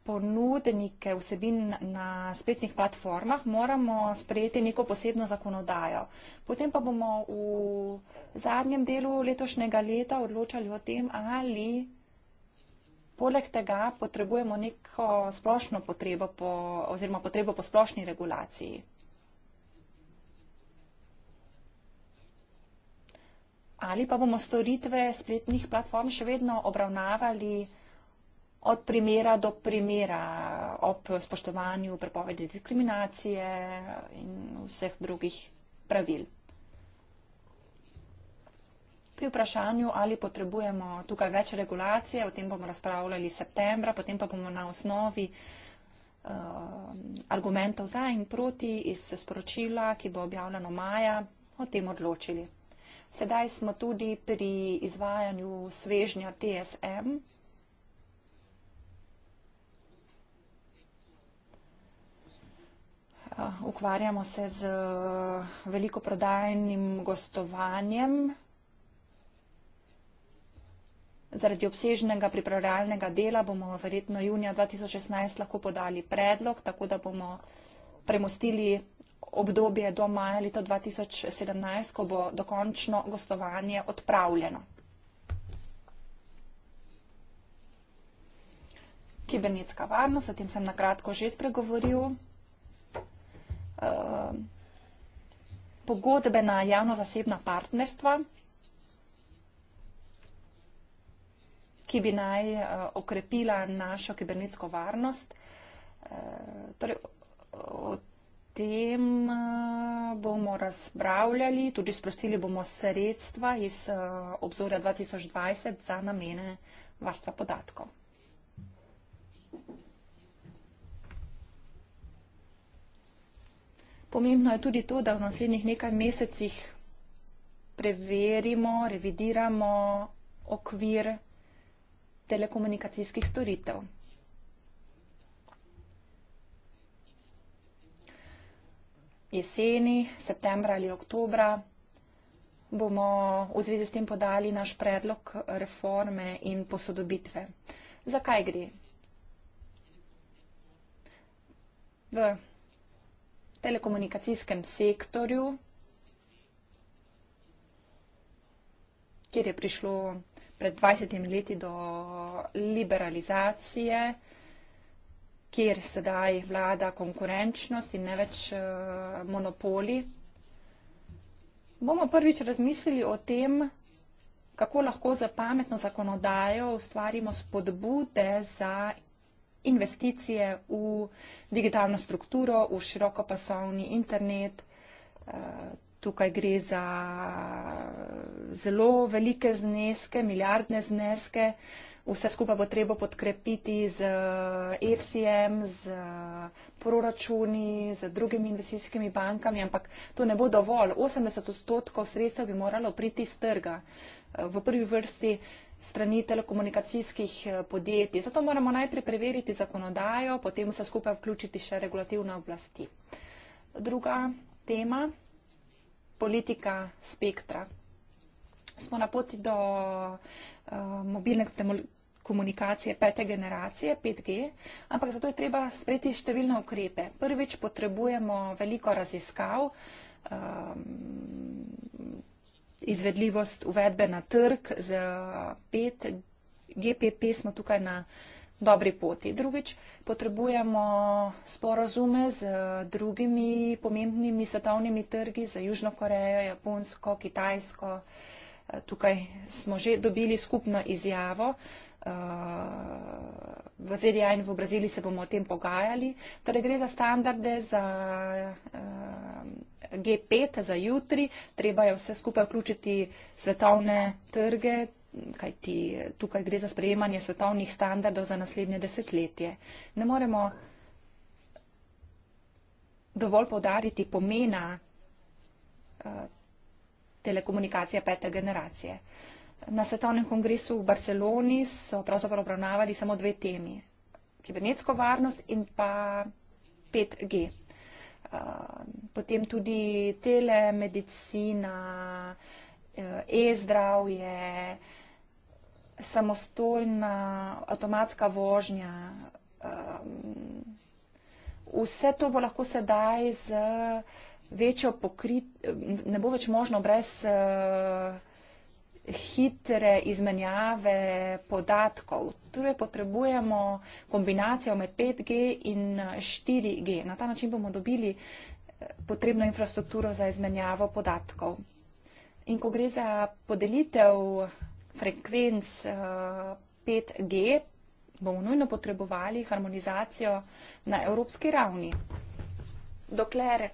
S4: ponudnike vsebin na spletnih platformah moramo sprejeti neko posebno zakonodajo. Potem pa bomo v zadnjem delu letošnjega leta odločali o tem, ali Poleg tega potrebujemo neko splošno potrebo po, oziroma potrebo po splošni regulaciji. Ali pa bomo storitve spletnih platform še vedno obravnavali od primera do primera ob spoštovanju prepovedi diskriminacije in vseh drugih pravil pri vprašanju, ali potrebujemo tukaj več regulacije, o tem bomo razpravljali septembra, potem pa bomo na osnovi eh, argumentov za in proti iz sporočila, ki bo objavljeno maja, o tem odločili. Sedaj smo tudi pri izvajanju svežnja TSM. Eh, ukvarjamo se z eh, veliko prodajnim gostovanjem. Zaradi obsežnega pripravljalnega dela bomo verjetno junija 2016 lahko podali predlog, tako da bomo premostili obdobje do maja leta 2017, ko bo dokončno gostovanje odpravljeno. Kibernetska varnost, o tem sem nakratko že spregovoril. Ehm, pogodbe na javno-zasebna partnerstva. ki bi naj eh, okrepila našo kibernetsko varnost. Eh, torej, o tem eh, bomo razpravljali, tudi sprostili bomo sredstva iz obzorja 2020 za namene varstva podatkov. Pomembno je tudi to, da v naslednjih nekaj mesecih preverimo, revidiramo okvir telekomunikacijskih storitev. Jeseni, septembra ali oktobra bomo v zvezi s tem podali naš predlog reforme in posodobitve. Zakaj gre? V telekomunikacijskem sektorju, kjer je prišlo pred 20 leti do liberalizacije, kjer sedaj vlada konkurenčnost in ne več eh, monopoli, bomo prvič razmislili o tem, kako lahko za pametno zakonodajo ustvarimo spodbude za investicije v digitalno strukturo, v širokopasovni internet, eh, Tukaj gre za eh, zelo velike zneske, milijardne zneske. Vse skupaj bo treba podkrepiti z eh, FCM, z eh, proračuni, z drugimi investicijskimi bankami, ampak to ne bo dovolj. 80 odstotkov sredstev bi moralo priti iz trga v prvi vrsti strani telekomunikacijskih podjetij. Zato moramo najprej preveriti zakonodajo, potem vse skupaj vključiti še regulativne oblasti. Druga tema politika spektra. Smo na poti do uh, mobilne komunikacije pete generacije, 5G, ampak zato je treba sprejeti številne ukrepe. Prvič potrebujemo veliko raziskav, um, izvedljivost uvedbe na trg z 5G. GPP smo tukaj na uh, dobri poti. Drugič, potrebujemo sporozume z drugimi pomembnimi svetovnimi trgi, za Južno Korejo, Japonsko, Kitajsko. Eh, tukaj smo že dobili skupno izjavo. Eh, v ZDA in v Braziliji se bomo o tem pogajali. Torej gre za standarde za eh, G5 za jutri. Treba je vse skupaj vključiti svetovne trge, kajti tukaj gre za sprejemanje svetovnih standardov za naslednje desetletje. Ne moremo dovolj povdariti pomena eh, telekomunikacije pete generacije. Na svetovnem kongresu v Barceloni so pravzaprav obravnavali samo dve temi. Kibernetsko varnost in pa 5G. Eh, potem tudi telemedicina, eh, e-zdravje, samostojna avtomatska vožnja. Um, vse to bo lahko sedaj z večjo pokrit, ne bo več možno brez uh, hitre izmenjave podatkov. Torej potrebujemo kombinacijo med 5G in 4G. Uh, Na ta način bomo dobili uh, potrebno infrastrukturo za izmenjavo podatkov. In ko gre za podelitev frekvenc 5G, eh, bomo nujno potrebovali harmonizacijo na evropski ravni. Dokler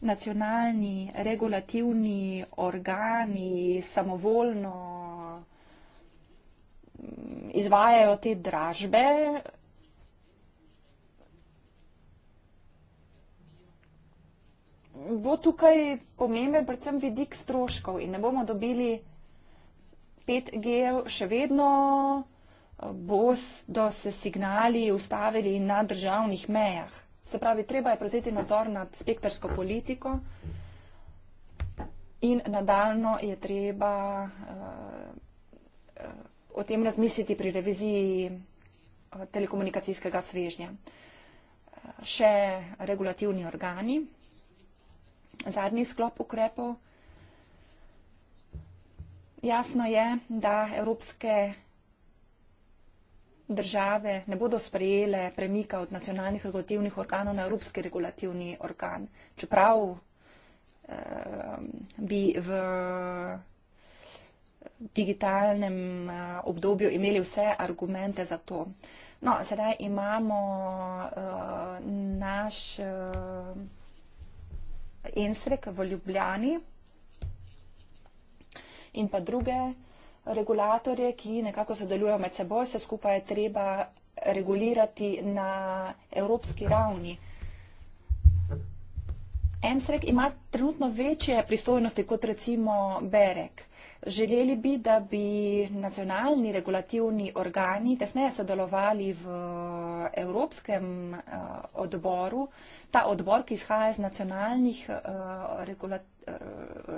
S4: nacionalni regulativni organi samovoljno mm, izvajajo te dražbe, bo tukaj pomemben predvsem vidik stroškov in ne bomo dobili 5G-jev, še vedno eh, bodo se signali ustavili na državnih mejah. Se pravi, treba je prevzeti nadzor nad spektrsko politiko in nadaljno je treba eh, eh, o tem razmisliti pri reviziji telekomunikacijskega svežnja. Še regulativni organi, zadnji sklop ukrepov, Jasno je, da evropske države ne bodo sprejele premika od nacionalnih regulativnih organov na evropski regulativni organ. Čeprav eh, bi v eh, digitalnem eh, obdobju imeli vse argumente za to. No, sedaj imamo eh, naš eh, ensrek v Ljubljani in pa druge regulatorje, ki nekako sodelujejo med seboj, se skupaj je treba regulirati na evropski ravni. Ensrek ima trenutno večje pristojnosti kot recimo Berek. Želeli bi, da bi nacionalni regulativni organi tesneje sodelovali v evropskem uh, odboru. Ta odbor, ki izhaja iz nacionalnih uh, regula, uh,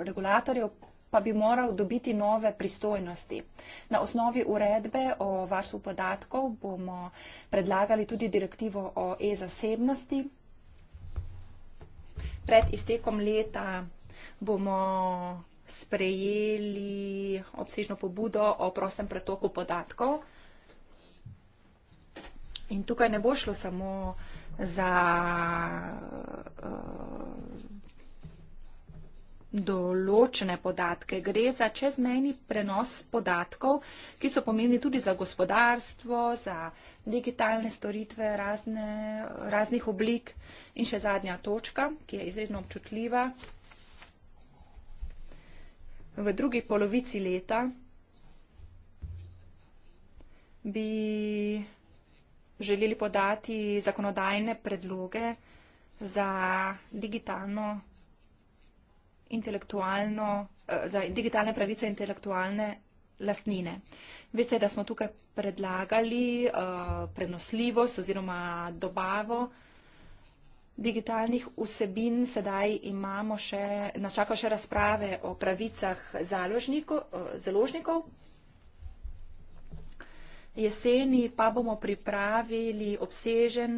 S4: regulatorjev, pa bi moral dobiti nove pristojnosti. Na osnovi uredbe o varstvu podatkov bomo predlagali tudi direktivo o e-zasebnosti. Pred iztekom leta bomo sprejeli obsežno pobudo o prostem pretoku podatkov. In tukaj ne bo šlo samo za uh, določene podatke. Gre za čezmejni prenos podatkov, ki so pomeni tudi za gospodarstvo, za digitalne storitve razne, raznih oblik in še zadnja točka, ki je izredno občutljiva. V drugi polovici leta bi želeli podati zakonodajne predloge za digitalno intelektualno, eh, za digitalne pravice intelektualne lastnine. Veste, da smo tukaj predlagali eh, prenosljivost oziroma dobavo digitalnih vsebin, sedaj imamo še, načaka še razprave o pravicah eh, založnikov. Jeseni pa bomo pripravili obsežen,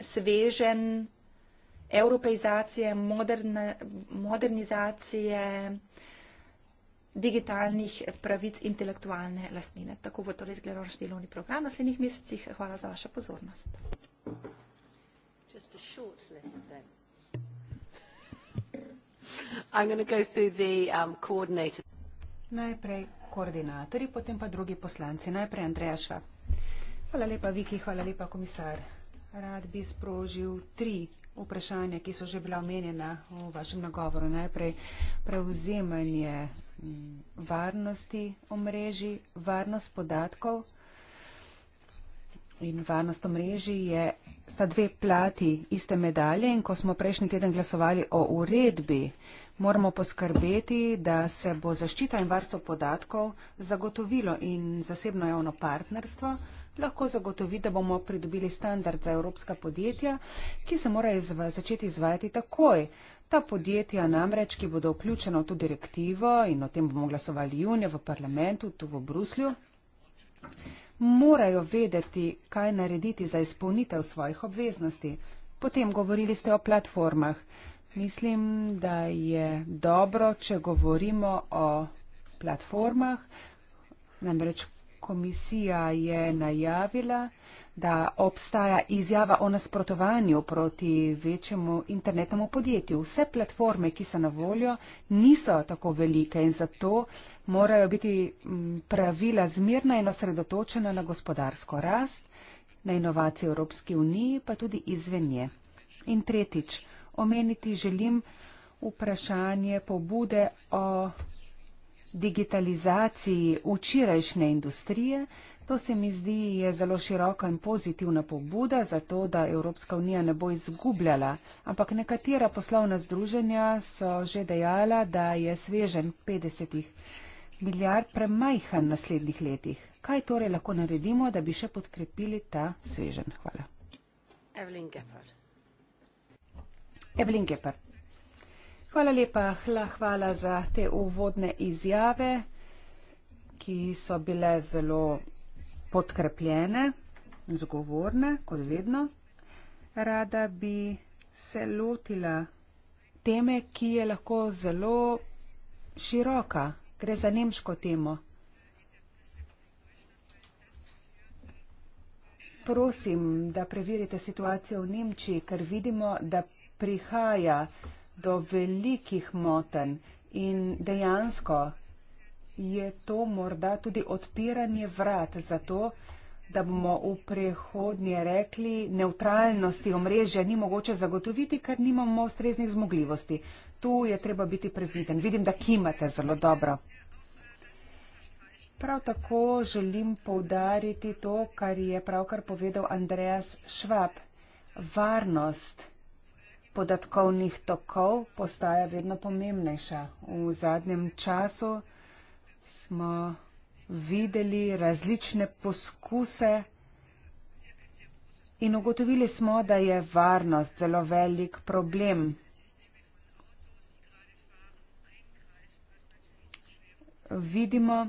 S4: svežen, evropeizacije, moderne, modernizacije digitalnih pravic intelektualne lastnine. Tako bo torej izgledal naš delovni program v naslednjih mesecih. Hvala za vašo pozornost. Um,
S2: Najprej koordinatorji, potem pa drugi poslanci. Najprej Andreja Šva. Hvala lepa, Viki, hvala lepa, komisar. Rad bi sprožil tri vprašanja, ki so že bila omenjena v vašem nagovoru. Najprej preuzemanje mm, varnosti omrežji, varnost podatkov in varnost omrežji je, sta dve plati iste medalje in ko smo prejšnji teden glasovali o uredbi, moramo poskrbeti, da se bo zaščita in varstvo podatkov zagotovilo in zasebno javno partnerstvo lahko zagotovi, da bomo pridobili standard za evropska podjetja, ki se morajo izva, začeti izvajati takoj. Ta podjetja namreč, ki bodo vključena v to direktivo in o tem bomo glasovali junija v parlamentu, tu v Bruslju, morajo vedeti, kaj narediti za izpolnitev svojih obveznosti. Potem govorili ste o platformah. Mislim, da je dobro, če govorimo o platformah, namreč komisija je najavila, da obstaja izjava o nasprotovanju proti večjemu internetnemu podjetju. Vse platforme, ki so na voljo, niso tako velike in zato morajo biti pravila zmirna in osredotočena na gospodarsko rast, na inovacije Evropske unije, pa tudi izven nje. In tretjič, omeniti želim vprašanje pobude o digitalizaciji včerajšnje industrije. To se mi zdi je zelo široka in pozitivna pobuda za to, da Evropska unija ne bo izgubljala. Ampak nekatera poslovna združenja so že dejala, da je svežen 50 milijard premajhan v naslednjih letih. Kaj torej lahko naredimo, da bi še podkrepili ta svežen? Hvala.
S3: Evelyn Geppert.
S2: Evelyn Geppert. Hvala lepa, hvala za te uvodne izjave, ki so bile zelo podkrepljene in zgovorne, kot vedno. Rada bi se lotila teme, ki je lahko zelo široka. Gre za nemško temo. Prosim, da preverite situacijo v Nemčiji, ker vidimo, da prihaja do velikih moten in dejansko je to morda tudi odpiranje vrat za to, da bomo v prihodnje rekli, neutralnosti omrežja ni mogoče zagotoviti, ker nimamo ustreznih zmogljivosti. Tu je treba biti previden. Vidim, da kimate zelo dobro. Prav tako želim poudariti to, kar je pravkar povedal Andreas Švab. Varnost podatkovnih tokov postaja vedno pomembnejša. V zadnjem času smo videli različne poskuse in ugotovili smo, da je varnost zelo velik problem. Vidimo,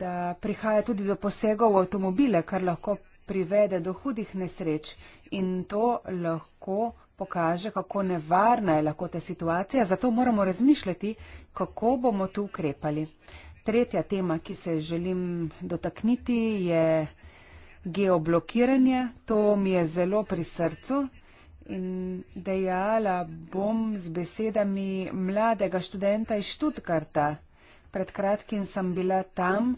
S2: da prihaja tudi do posegov v avtomobile, kar lahko privede do hudih nesreč in to lahko pokaže, kako nevarna je lahko ta situacija, zato moramo razmišljati, kako bomo tu ukrepali. Tretja tema, ki se želim dotakniti, je geoblokiranje. To mi je zelo pri srcu in dejala bom z besedami mladega študenta iz Študkarta. Pred kratkim sem bila tam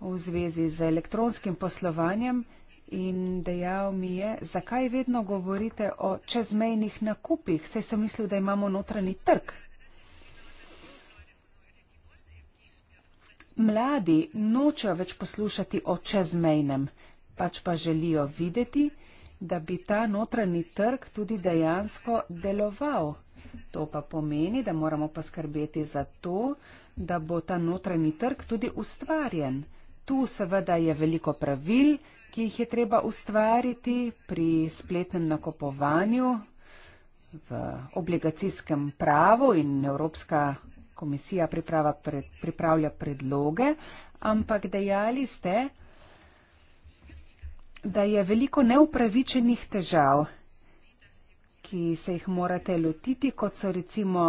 S2: v zvezi z elektronskim poslovanjem in dejal mi je, zakaj vedno govorite o čezmejnih nakupih, saj sem mislil, da imamo notranji trg. Mladi nočejo več poslušati o čezmejnem, pač pa želijo videti, da bi ta notranji trg tudi dejansko deloval. To pa pomeni, da moramo poskrbeti za to, da bo ta notranji trg tudi ustvarjen. Tu seveda je veliko pravil, ki jih je treba ustvariti pri spletnem nakupovanju v obligacijskem pravu in Evropska komisija pred, pripravlja predloge, ampak dejali ste, da je veliko neupravičenih težav, ki se jih morate lotiti, kot so recimo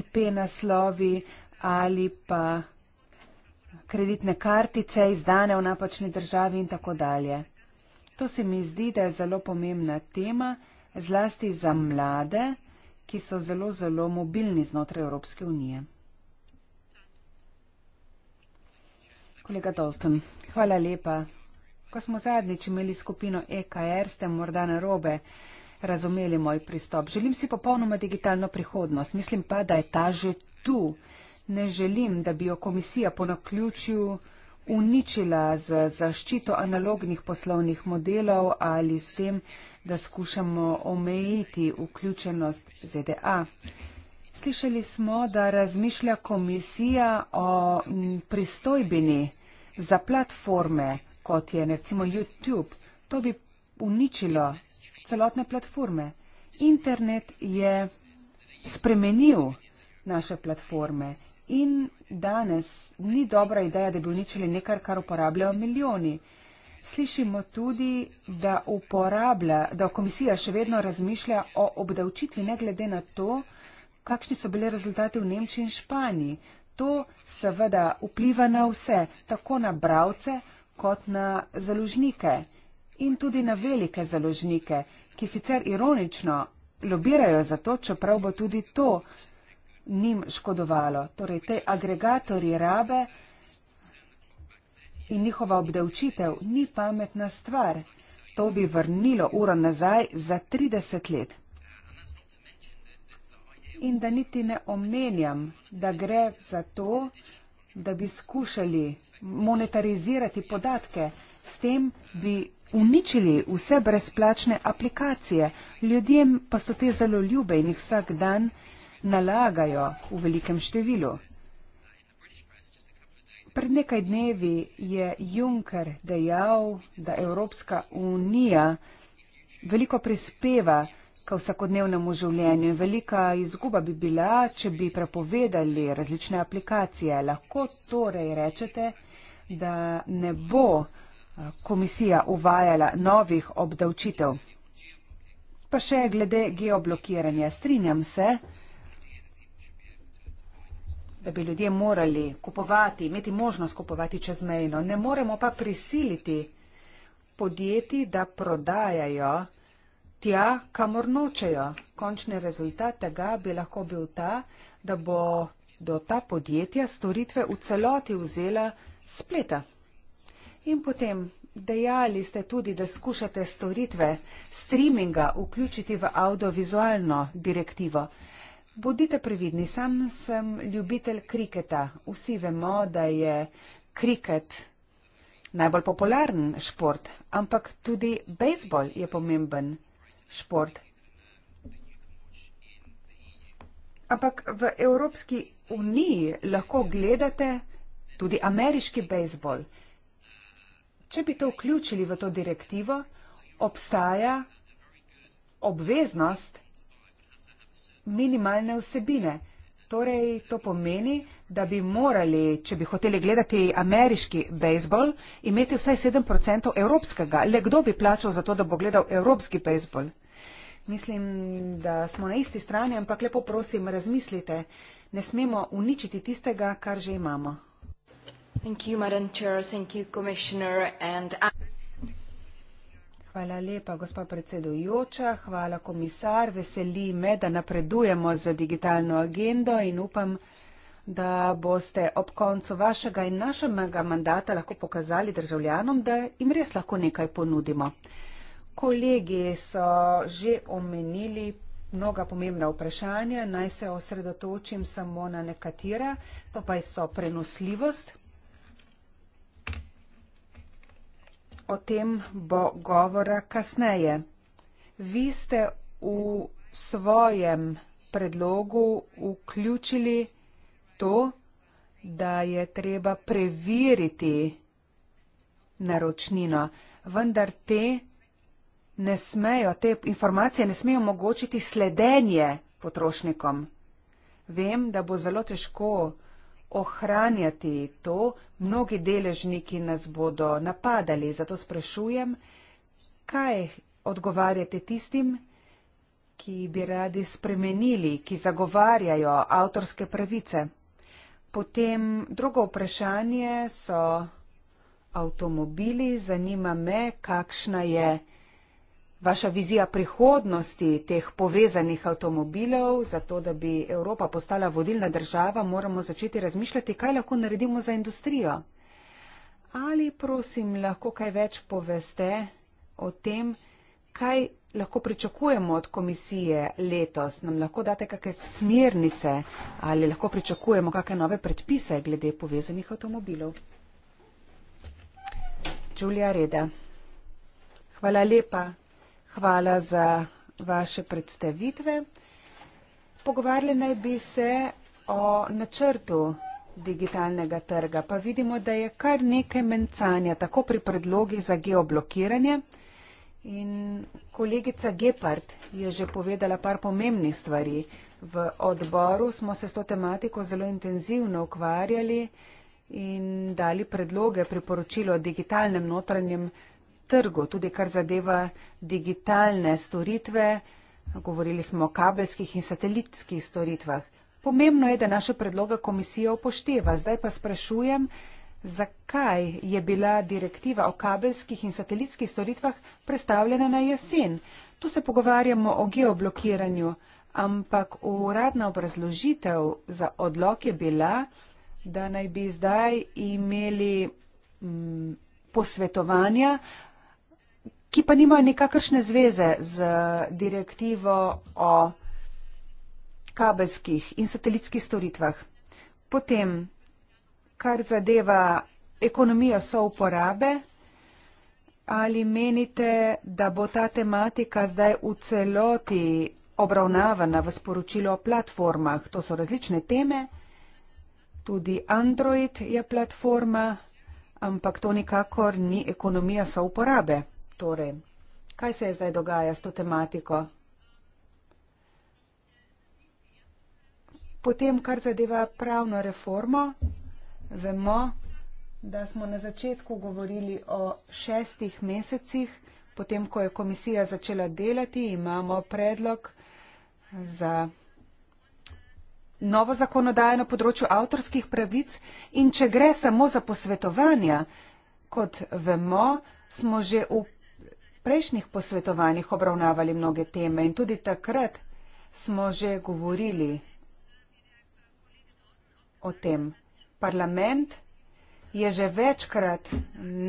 S2: IP naslovi ali pa kreditne kartice izdane v napačni državi in tako dalje. To se mi zdi, da je zelo pomembna tema, zlasti za mlade, ki so zelo, zelo mobilni znotraj Evropske unije. Kolega Dalton, hvala lepa. Ko smo zadnjič imeli skupino EKR, ste morda na robe razumeli moj pristop. Želim si popolnoma digitalno prihodnost. Mislim pa, da je ta že tu ne želim, da bi jo komisija po naključju uničila z zaščito analognih poslovnih modelov ali s tem, da skušamo omejiti vključenost ZDA. Slišali smo, da razmišlja komisija o pristojbini za platforme, kot je recimo YouTube. To bi uničilo celotne platforme. Internet je spremenil naše platforme. In danes ni dobra ideja, da bi uničili nekaj, kar uporabljajo milijoni. Slišimo tudi, da, uporablja, da komisija še vedno razmišlja o obdavčitvi, ne glede na to, kakšni so bili rezultati v Nemčiji in Španiji. To seveda vpliva na vse, tako na bravce kot na založnike in tudi na velike založnike, ki sicer ironično lobirajo za to, čeprav bo tudi to njim škodovalo. Torej, te agregatori rabe in njihova obdavčitev ni pametna stvar. To bi vrnilo uro nazaj za 30 let. In da niti ne omenjam, da gre za to, da bi skušali monetarizirati podatke, s tem bi uničili vse brezplačne aplikacije. Ljudjem pa so te zelo ljube in jih vsak dan nalagajo v velikem številu. Pred nekaj dnevi je Juncker dejal, da Evropska unija veliko prispeva k vsakodnevnemu življenju in velika izguba bi bila, če bi prepovedali različne aplikacije. Lahko torej rečete, da ne bo komisija uvajala novih obdavčitev. Pa še glede geoblokiranja. Strinjam se, da bi ljudje morali kupovati, imeti možnost kupovati čezmejno. Ne moremo pa prisiliti podjetij, da prodajajo tja, kamor nočejo. Končni rezultat tega bi lahko bil ta, da bo do ta podjetja storitve v celoti vzela spleta. In potem dejali ste tudi, da skušate storitve streaminga vključiti v audiovizualno direktivo. Bodite previdni, sam sem ljubitelj kriketa. Vsi vemo, da je kriket najbolj popularen šport, ampak tudi bejzbol je pomemben šport. Ampak v Evropski uniji lahko gledate tudi ameriški bejzbol. Če bi to vključili v to direktivo, obstaja obveznost minimalne vsebine. Torej, to pomeni, da bi morali, če bi hoteli gledati ameriški bejzbol, imeti vsaj 7% evropskega. Le kdo bi plačal za to, da bo gledal evropski bejzbol? Mislim, da smo na isti strani, ampak lepo prosim, razmislite. Ne smemo uničiti tistega, kar že imamo. Thank you, Hvala lepa, gospa predsedujoča. Hvala, komisar. Veseli me, da napredujemo z digitalno agendo in upam, da boste ob koncu vašega in našega mandata lahko pokazali državljanom, da jim res lahko nekaj ponudimo. Kolegi so že omenili mnoga pomembna vprašanja, naj se osredotočim samo na nekatera, to pa so prenosljivost, o tem bo govora kasneje. Vi ste v svojem predlogu vključili to, da je treba preveriti naročnino, vendar te ne smejo, te informacije ne smejo omogočiti sledenje potrošnikom. Vem, da bo zelo težko ohranjati to. Mnogi deležniki nas bodo napadali, zato sprašujem, kaj odgovarjate tistim, ki bi radi spremenili, ki zagovarjajo avtorske pravice. Potem drugo vprašanje so avtomobili. Zanima me, kakšna je vaša vizija prihodnosti teh povezanih avtomobilov, zato da bi Evropa postala vodilna država, moramo začeti razmišljati, kaj lahko naredimo za industrijo. Ali prosim lahko kaj več poveste o tem, kaj lahko pričakujemo od komisije letos? Nam lahko date kakšne smernice ali lahko pričakujemo kakšne nove predpise glede povezanih avtomobilov? Julija Reda. Hvala lepa Hvala za vaše predstavitve. Pogovarjali naj bi se o načrtu digitalnega trga, pa vidimo, da je kar nekaj mencanja, tako pri predlogi za geoblokiranje. In kolegica Gepard je že povedala par pomembnih stvari. V odboru smo se s to tematiko zelo intenzivno ukvarjali in dali predloge priporočilo o digitalnem notranjem trgu trgu, tudi kar zadeva digitalne storitve, govorili smo o kabelskih in satelitskih storitvah. Pomembno je, da naše predloge komisija upošteva. Zdaj pa sprašujem, zakaj je bila direktiva o kabelskih in satelitskih storitvah predstavljena na jesen. Tu se pogovarjamo o geoblokiranju, ampak uradna obrazložitev za odlok je bila, da naj bi zdaj imeli mm, posvetovanja ki pa nimajo nikakršne zveze z direktivo o kabelskih in satelitskih storitvah. Potem, kar zadeva ekonomijo souporabe, ali menite, da bo ta tematika zdaj v celoti obravnavana v sporočilo o platformah? To so različne teme, tudi Android je platforma, ampak to nikakor ni ekonomija souporabe. Torej, kaj se je zdaj dogaja s to tematiko? Potem, kar zadeva pravno reformo, vemo, da smo na začetku govorili o šestih mesecih, potem, ko je komisija začela delati, imamo predlog za novo zakonodajo na področju avtorskih pravic in če gre samo za posvetovanja, kot vemo, smo že v prejšnjih posvetovanjih obravnavali mnoge teme in tudi takrat smo že govorili o tem. Parlament je že večkrat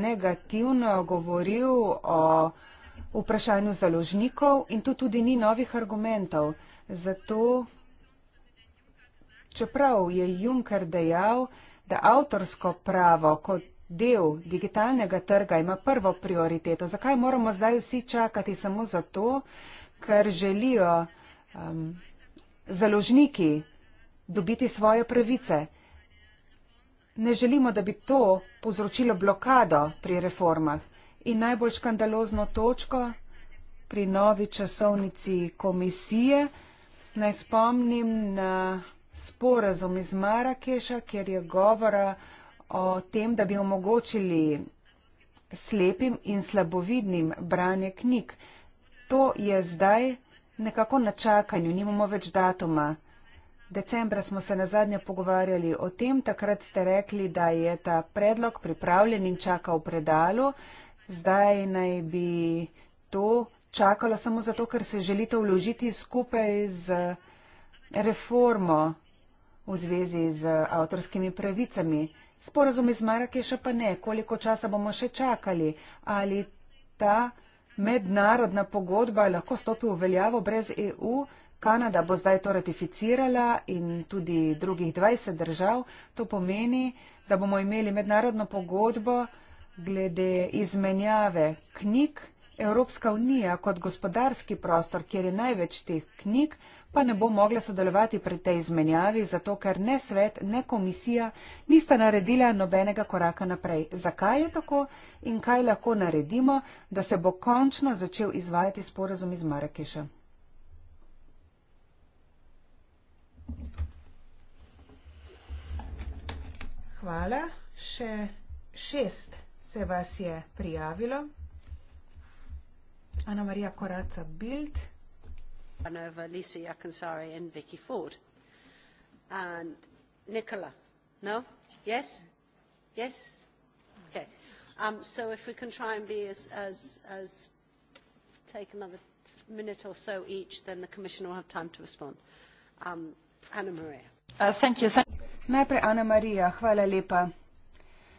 S2: negativno govoril o vprašanju založnikov in tu tudi ni novih argumentov. Zato, čeprav je Juncker dejal, da avtorsko pravo kot del digitalnega trga ima prvo prioriteto. Zakaj moramo zdaj vsi čakati samo zato, ker želijo um, založniki dobiti svoje pravice? Ne želimo, da bi to povzročilo blokado pri reformah. In najbolj škandalozno točko pri novi časovnici komisije naj spomnim na sporazum iz Marakeša, kjer je govora, o tem, da bi omogočili slepim in slabovidnim branje knjig. To je zdaj nekako na čakanju, nimamo več datuma. Decembra smo se nazadnje pogovarjali o tem, takrat ste rekli, da je ta predlog pripravljen in čaka v predalu. Zdaj naj bi to čakalo samo zato, ker se želite vložiti skupaj z reformo v zvezi z avtorskimi pravicami. Sporazum iz Marakeša pa ne. Koliko časa bomo še čakali? Ali ta mednarodna pogodba lahko stopi v veljavo brez EU? Kanada bo zdaj to ratificirala in tudi drugih 20 držav. To pomeni, da bomo imeli mednarodno pogodbo glede izmenjave knjig. Evropska unija kot gospodarski prostor, kjer je največ teh knjig, pa ne bo mogla sodelovati pri tej izmenjavi, zato ker ne svet, ne komisija nista naredila nobenega koraka naprej. Zakaj je tako in kaj lahko naredimo, da se bo končno začel izvajati sporazum iz Marakeša? Hvala. Še šest se vas je prijavilo. Ana Marija Koraca Bild.
S3: Panova, Lisa Yakansari, and Vicky Ford. And Nicola, no? Yes? Yes? Okay. Um, so if we can try and be as, as, as take another minute or so each, then the Commission will have time to respond. Um, Anna Maria.
S2: Uh, thank you. Thank Najprej Ana Marija, hvala lepa.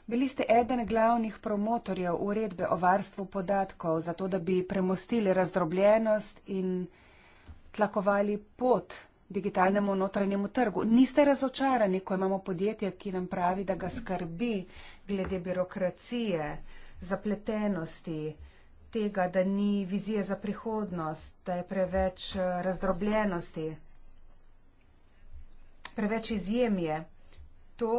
S2: Bili ste eden glavnih promotorjev uredbe o varstvu podatkov, zato da bi premostili razdrobljenost in tlakovali pot digitalnemu notranjemu trgu. Niste razočarani, ko imamo podjetje, ki nam pravi, da ga skrbi glede birokracije, zapletenosti, tega, da ni vizije za prihodnost, da je preveč eh, razdrobljenosti, preveč izjemje. To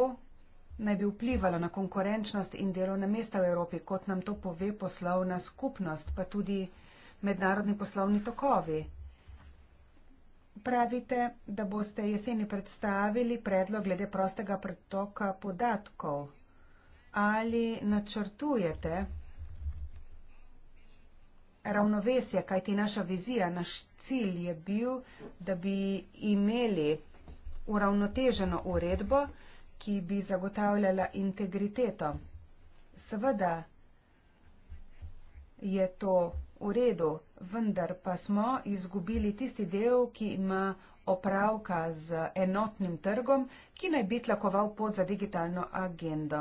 S2: naj bi vplivalo na konkurenčnost in delovna mesta v Evropi, kot nam to pove poslovna skupnost, pa tudi mednarodni poslovni tokovi pravite, da boste jeseni predstavili predlog glede prostega pretoka podatkov. Ali načrtujete ravnovesje, kaj ti naša vizija, naš cilj je bil, da bi imeli uravnoteženo uredbo, ki bi zagotavljala integriteto. Seveda je to v redu, vendar pa smo izgubili tisti del, ki ima opravka z enotnim trgom, ki naj bi tlakoval pot za digitalno agendo.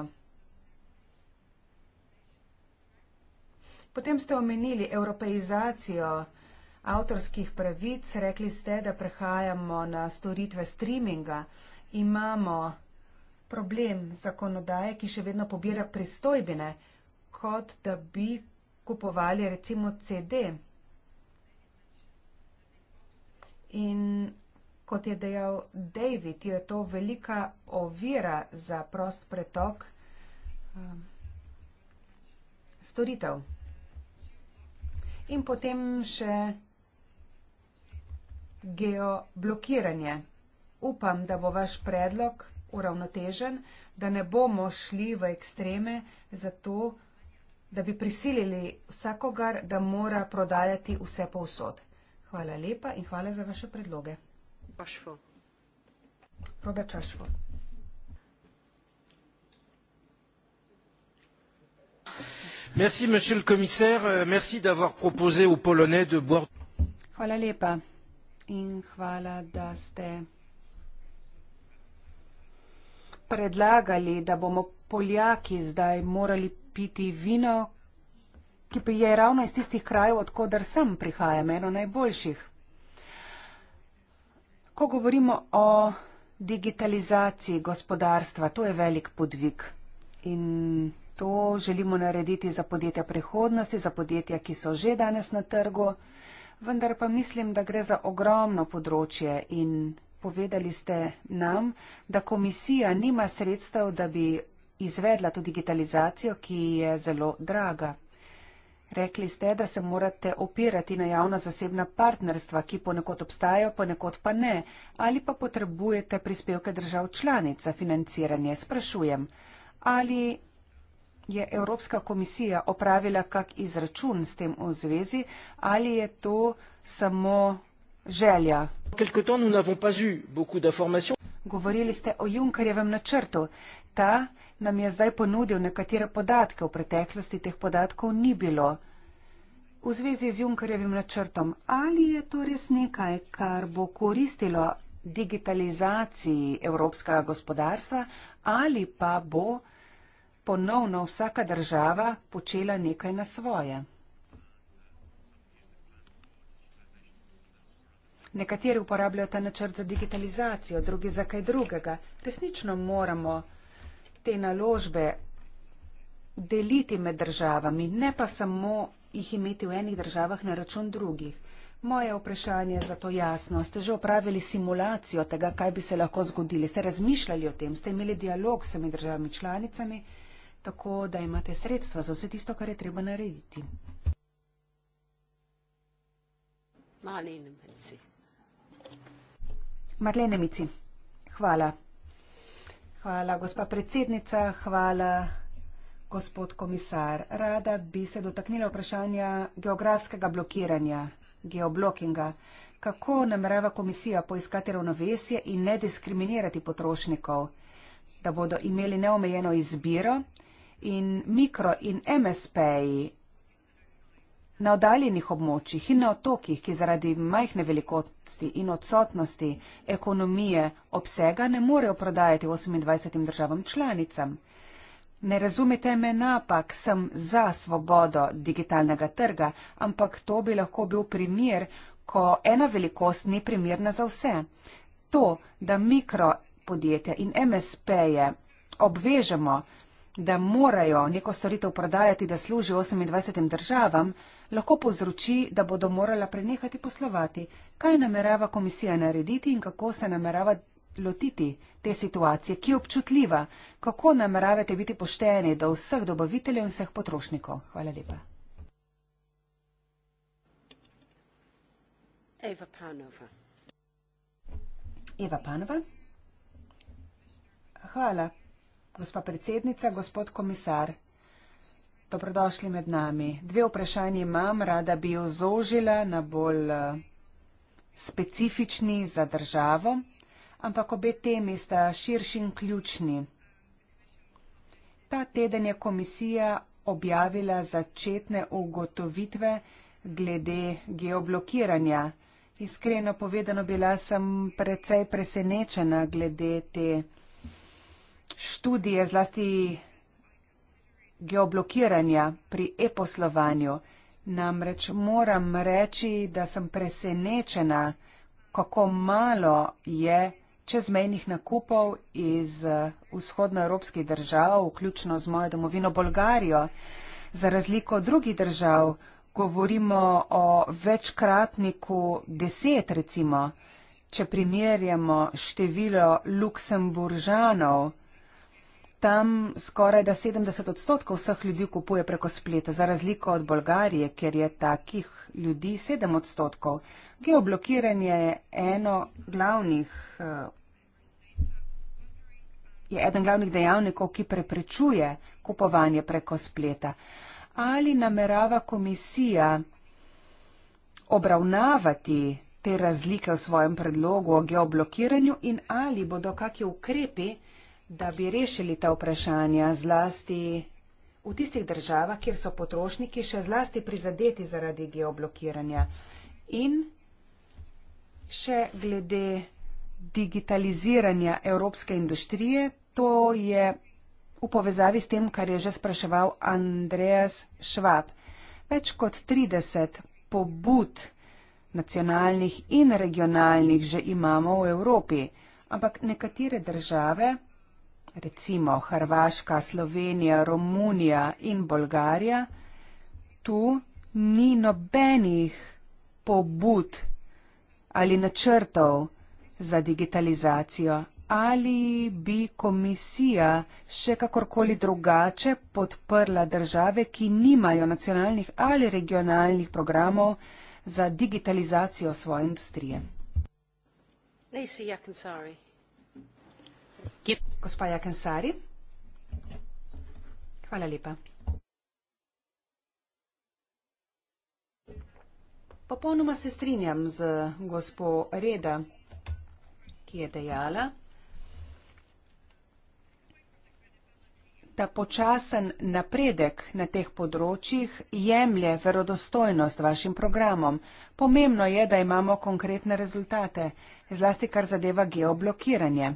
S2: Potem ste omenili evropeizacijo avtorskih pravic, rekli ste, da prehajamo na storitve streaminga. Imamo problem zakonodaje, ki še vedno pobira pristojbine, kot da bi kupovali recimo CD. In kot je dejal David, je to velika ovira za prost pretok um, storitev. In potem še geoblokiranje. Upam, da bo vaš predlog uravnotežen, da ne bomo šli v ekstreme, zato da bi prisilili vsakogar, da mora prodajati vse povsod. Hvala lepa in hvala za vaše predloge. Rašfo. Robert Rašfo.
S1: Merci, monsieur le commissaire. Euh, merci d'avoir proposé aux Polonais de boire.
S2: Hvala lepa in hvala, da ste predlagali, da bomo Poljaki zdaj morali piti vino, ki je ravno iz tistih krajev, odkudar sem prihajam, eno najboljših. Ko govorimo o digitalizaciji gospodarstva, to je velik podvig in to želimo narediti za podjetja prihodnosti, za podjetja, ki so že danes na trgu, vendar pa mislim, da gre za ogromno področje in povedali ste nam, da komisija nima sredstev, da bi izvedla to digitalizacijo, ki je zelo draga. Rekli ste, da se morate opirati na javna zasebna partnerstva, ki ponekod obstajajo, ponekod pa ne, ali pa potrebujete prispevke držav članic za financiranje. Sprašujem, ali je Evropska komisija opravila kak izračun s tem v zvezi, ali je to samo želja. Govorili ste o Junkerjevem načrtu. Ta nam je zdaj ponudil nekatere podatke, v preteklosti teh podatkov ni bilo. V zvezi z Junkerjevim načrtom, ali je to res nekaj, kar bo koristilo digitalizaciji evropskega gospodarstva ali pa bo ponovno vsaka država počela nekaj na svoje. Nekateri uporabljajo ta načrt za digitalizacijo, drugi za kaj drugega. Resnično moramo te naložbe deliti med državami, ne pa samo jih imeti v enih državah na račun drugih. Moje vprašanje za to jasno. Ste že opravili simulacijo tega, kaj bi se lahko zgodili? Ste razmišljali o tem? Ste imeli dialog s temi državami članicami, tako da imate sredstva za vse tisto, kar je treba narediti?
S3: Marlene Mici.
S2: Marlene Mici, hvala. Hvala, gospa predsednica. Hvala, gospod komisar. Rada bi se dotaknila vprašanja geografskega blokiranja, geoblokinga. Kako namerava komisija poiskati ravnovesje in ne diskriminirati potrošnikov, da bodo imeli neomejeno izbiro in mikro in MSP-ji Na oddaljenih območjih in na otokih, ki zaradi majhne velikosti in odsotnosti ekonomije obsega ne morejo prodajati 28 državam članicam. Ne razumete me napak, sem za svobodo digitalnega trga, ampak to bi lahko bil primer, ko ena velikost ni primerna za vse. To, da mikropodjetja in MSP-je obvežemo, da morajo neko storitev prodajati, da služi 28 državam, lahko povzroči, da bodo morala prenehati poslovati. Kaj namerava komisija narediti in kako se namerava lotiti te situacije, ki je občutljiva? Kako nameravate biti pošteni do vseh dobaviteljev in vseh potrošnikov? Hvala lepa.
S3: Eva Panova.
S2: Eva Panova. Hvala, gospa predsednica, gospod komisar. Dobrodošli med nami. Dve vprašanji imam, rada bi jo zožila na bolj eh, specifični za državo, ampak obe temi sta širši in ključni. Ta teden je komisija objavila začetne ugotovitve glede geoblokiranja. Iskreno povedano, bila sem precej presenečena glede te študije, zlasti geoblokiranja pri e-poslovanju. Namreč moram reči, da sem presenečena, kako malo je čezmejnih nakupov iz eh, vzhodnoevropskih držav, vključno z mojo domovino Bolgarijo. Za razliko od drugih držav, govorimo o večkratniku deset, recimo, če primerjamo število Luksemburžanov, Tam skoraj da 70 odstotkov vseh ljudi kupuje preko spleta, za razliko od Bolgarije, kjer je takih ljudi 7 odstotkov. Geoblokiranje je eno glavnih, eh, je eden glavnih dejavnikov, ki preprečuje kupovanje preko spleta. Ali namerava komisija obravnavati te razlike v svojem predlogu o geoblokiranju in ali bodo kakšni ukrepi, da bi rešili ta vprašanja zlasti v tistih državah, kjer so potrošniki še zlasti prizadeti zaradi geoblokiranja in še glede digitaliziranja evropske industrije, to je v povezavi s tem, kar je že spraševal Andreas Schwab. Več kot 30 pobud nacionalnih in regionalnih že imamo v Evropi, ampak nekatere države recimo Hrvaška, Slovenija, Romunija in Bolgarija, tu ni nobenih pobud ali načrtov za digitalizacijo ali bi komisija še kakorkoli drugače podprla države, ki nimajo nacionalnih ali regionalnih programov za digitalizacijo svoje industrije.
S3: Lisa Yakinsari,
S2: Gospa Jakensari. Hvala lepa. Popolnoma se strinjam z gospo Reda, ki je dejala, da počasen napredek na teh področjih jemlje verodostojnost vašim programom. Pomembno je, da imamo konkretne rezultate, zlasti kar zadeva geoblokiranje.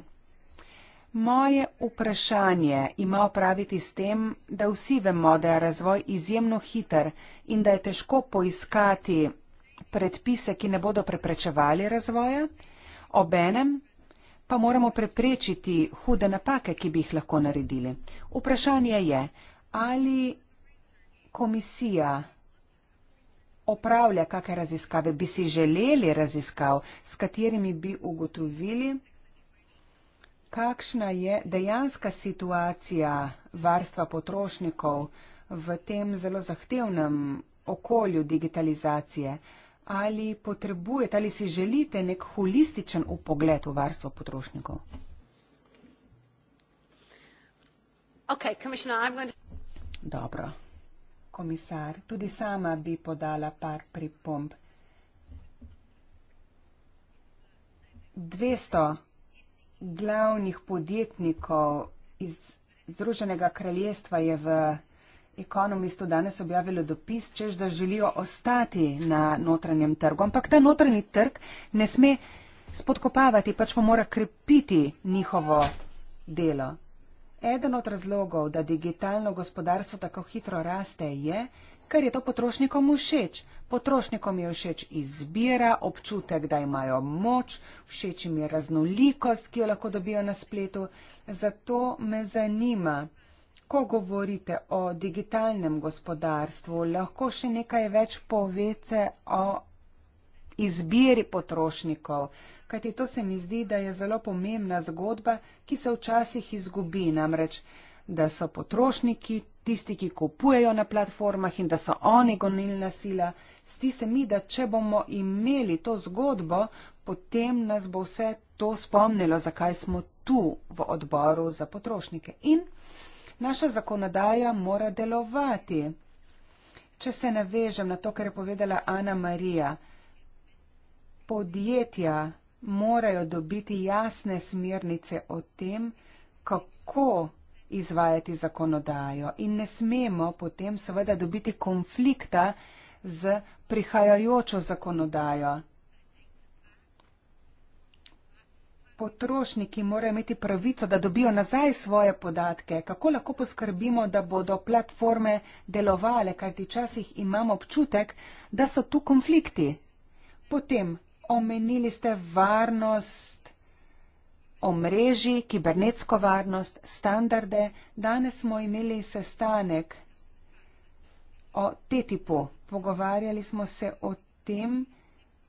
S2: Moje vprašanje ima opraviti s tem, da vsi vemo, da je razvoj izjemno hiter in da je težko poiskati predpise, ki ne bodo preprečevali razvoja, obenem pa moramo preprečiti hude napake, ki bi jih lahko naredili. Vprašanje je, ali komisija opravlja kakšne raziskave, bi si želeli raziskav, s katerimi bi ugotovili, kakšna je dejanska situacija varstva potrošnikov v tem zelo zahtevnem okolju digitalizacije. Ali potrebujete, ali si želite nek holističen upogled v varstvo potrošnikov?
S3: Okay, gonna...
S2: Dobro. Komisar, tudi sama bi podala par pripomb. 200 glavnih podjetnikov iz Združenega kraljestva je v ekonomistu danes objavilo dopis, čež da želijo ostati na notranjem trgu. Ampak ta notranji trg ne sme spodkopavati, pač pa mora krepiti njihovo delo. Eden od razlogov, da digitalno gospodarstvo tako hitro raste, je, ker je to potrošnikom všeč. Potrošnikom je všeč izbira, občutek, da imajo moč, všeč jim je raznolikost, ki jo lahko dobijo na spletu. Zato me zanima, ko govorite o digitalnem gospodarstvu, lahko še nekaj več povete o izbiri potrošnikov, kajti to se mi zdi, da je zelo pomembna zgodba, ki se včasih izgubi, namreč, da so potrošniki tisti, ki kupujejo na platformah in da so oni gonilna sila. Zdi se mi, da če bomo imeli to zgodbo, potem nas bo vse to spomnilo, zakaj smo tu v odboru za potrošnike. In naša zakonodaja mora delovati. Če se navežem na to, kar je povedala Ana Marija, podjetja morajo dobiti jasne smernice o tem, kako izvajati zakonodajo in ne smemo potem seveda dobiti konflikta z prihajajočo zakonodajo. Potrošniki morajo imeti pravico, da dobijo nazaj svoje podatke. Kako lahko poskrbimo, da bodo platforme delovale, kajti včasih imamo občutek, da so tu konflikti. Potem omenili ste varnost omrežji, kibernetsko varnost, standarde. Danes smo imeli sestanek o TTIP-u. Pogovarjali smo se o tem,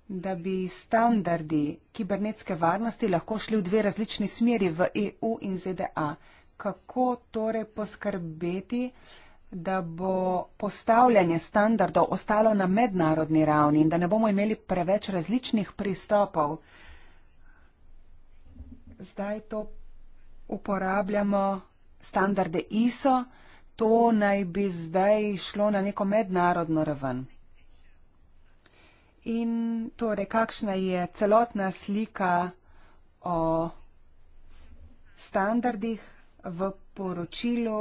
S2: da bi standardi kibernetske varnosti lahko šli v dve različni smeri v EU in ZDA. Kako torej poskrbeti, da bo postavljanje standardov ostalo na mednarodni ravni in da ne bomo imeli preveč različnih pristopov? zdaj to uporabljamo standarde ISO, to naj bi zdaj šlo na neko mednarodno raven. In torej, kakšna je celotna slika o standardih v poročilu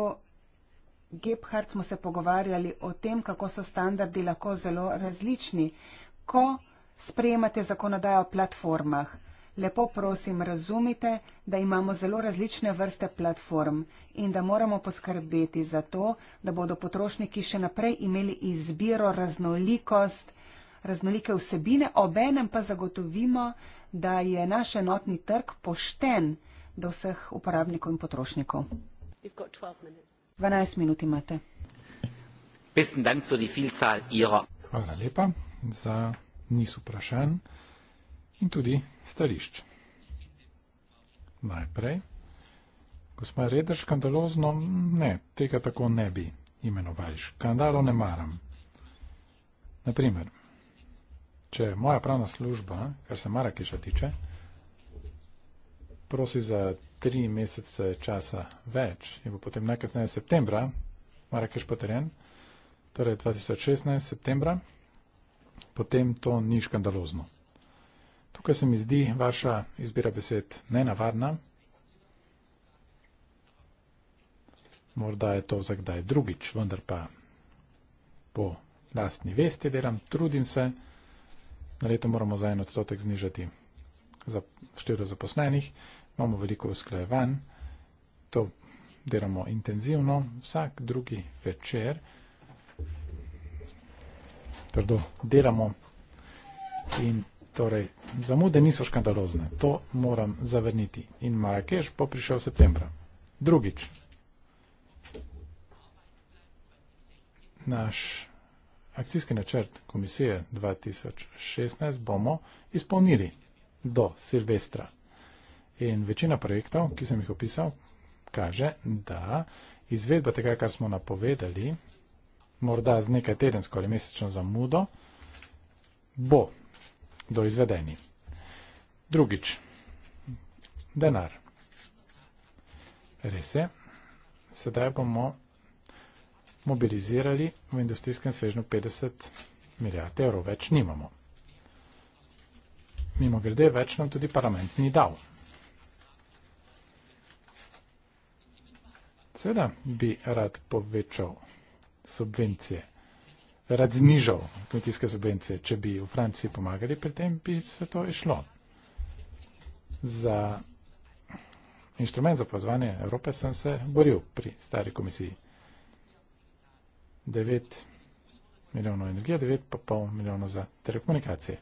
S2: Gebhardt smo se pogovarjali o tem, kako so standardi lahko zelo različni, ko sprejemate zakonodajo o platformah lepo prosim, razumite, da imamo zelo različne vrste platform in da moramo poskrbeti za to, da bodo potrošniki še naprej imeli izbiro, raznolikost, raznolike vsebine, obenem pa zagotovimo, da je naš enotni trg pošten do vseh uporabnikov in potrošnikov. 12 minut imate.
S1: Hvala lepa za niz vprašanj in tudi stališč. Najprej, gospod Reder, škandalozno, ne, tega tako ne bi imenovali. Škandalo ne maram. Naprimer, če moja pravna služba, kar se Marakeša tiče, prosi za tri mesece časa več in bo potem najkasneje septembra, Marakeš potrjen, torej 2016 septembra, potem to ni škandalozno. Tukaj se mi zdi vaša izbira besed nenavadna. Morda je to za kdaj drugič, vendar pa po lastni vesti delam, trudim se. Na leto moramo za en odstotek znižati za število zaposlenih, imamo veliko usklajevanj, to delamo intenzivno, vsak drugi večer. Trdo delamo in Torej, zamude niso škandalozne, to moram zavrniti. In Marakeš bo prišel septembra. Drugič, naš akcijski načrt komisije 2016 bomo izpolnili do Silvestra. In večina projektov, ki sem jih opisal, kaže, da izvedba tega, kar smo napovedali, morda z nekaj tedensko ali mesečno zamudo, bo do izvedeni. Drugič, denar. Res je, sedaj bomo mobilizirali v industrijskem svežnju 50 milijard evrov, več nimamo. Mimo grede, več nam tudi parlament ni dal. Seveda bi rad povečal subvencije rad znižal kmetijske subvencije. Če bi v Franciji pomagali pri tem, bi se to išlo. Za inštrument za pozvanje Evrope sem se boril pri stari komisiji. 9 milijonov energije, 9,5 milijonov za telekomunikacije.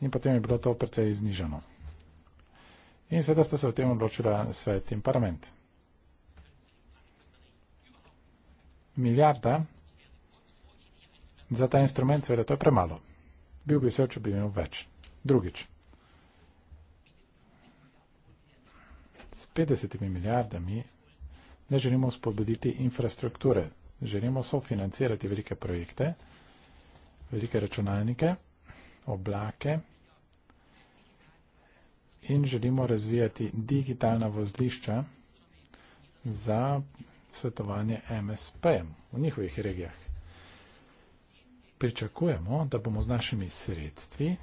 S1: In potem je bilo to precej znižano. In sedaj sta se o tem odločila svet in parlament. Milijarda Za ta instrument seveda to je premalo. Bil bi vesel, če bi imel več. Drugič. S 50 milijardami ne želimo spodbuditi infrastrukture. Želimo sofinancirati velike projekte, velike računalnike, oblake in želimo razvijati digitalna vozlišča za svetovanje MSP v njihovih regijah pričakujemo, da bomo z našimi sredstvi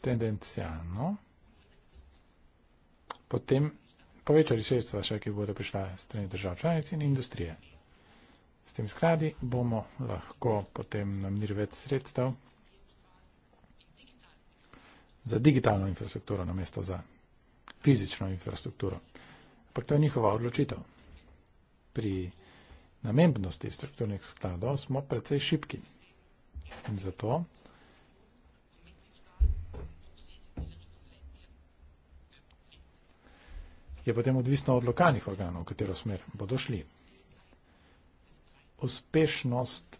S1: tendencijalno potem povečali sredstva, še ki bodo prišla strani držav članic in industrije. S tem skladi bomo lahko potem namnili več sredstev za digitalno infrastrukturo namesto za fizično infrastrukturo. Pa to je njihova odločitev. Pri namembnosti strukturnih skladov smo precej šipki. In zato. Je potem odvisno od lokalnih organov, v katero smer bodo šli. Uspešnost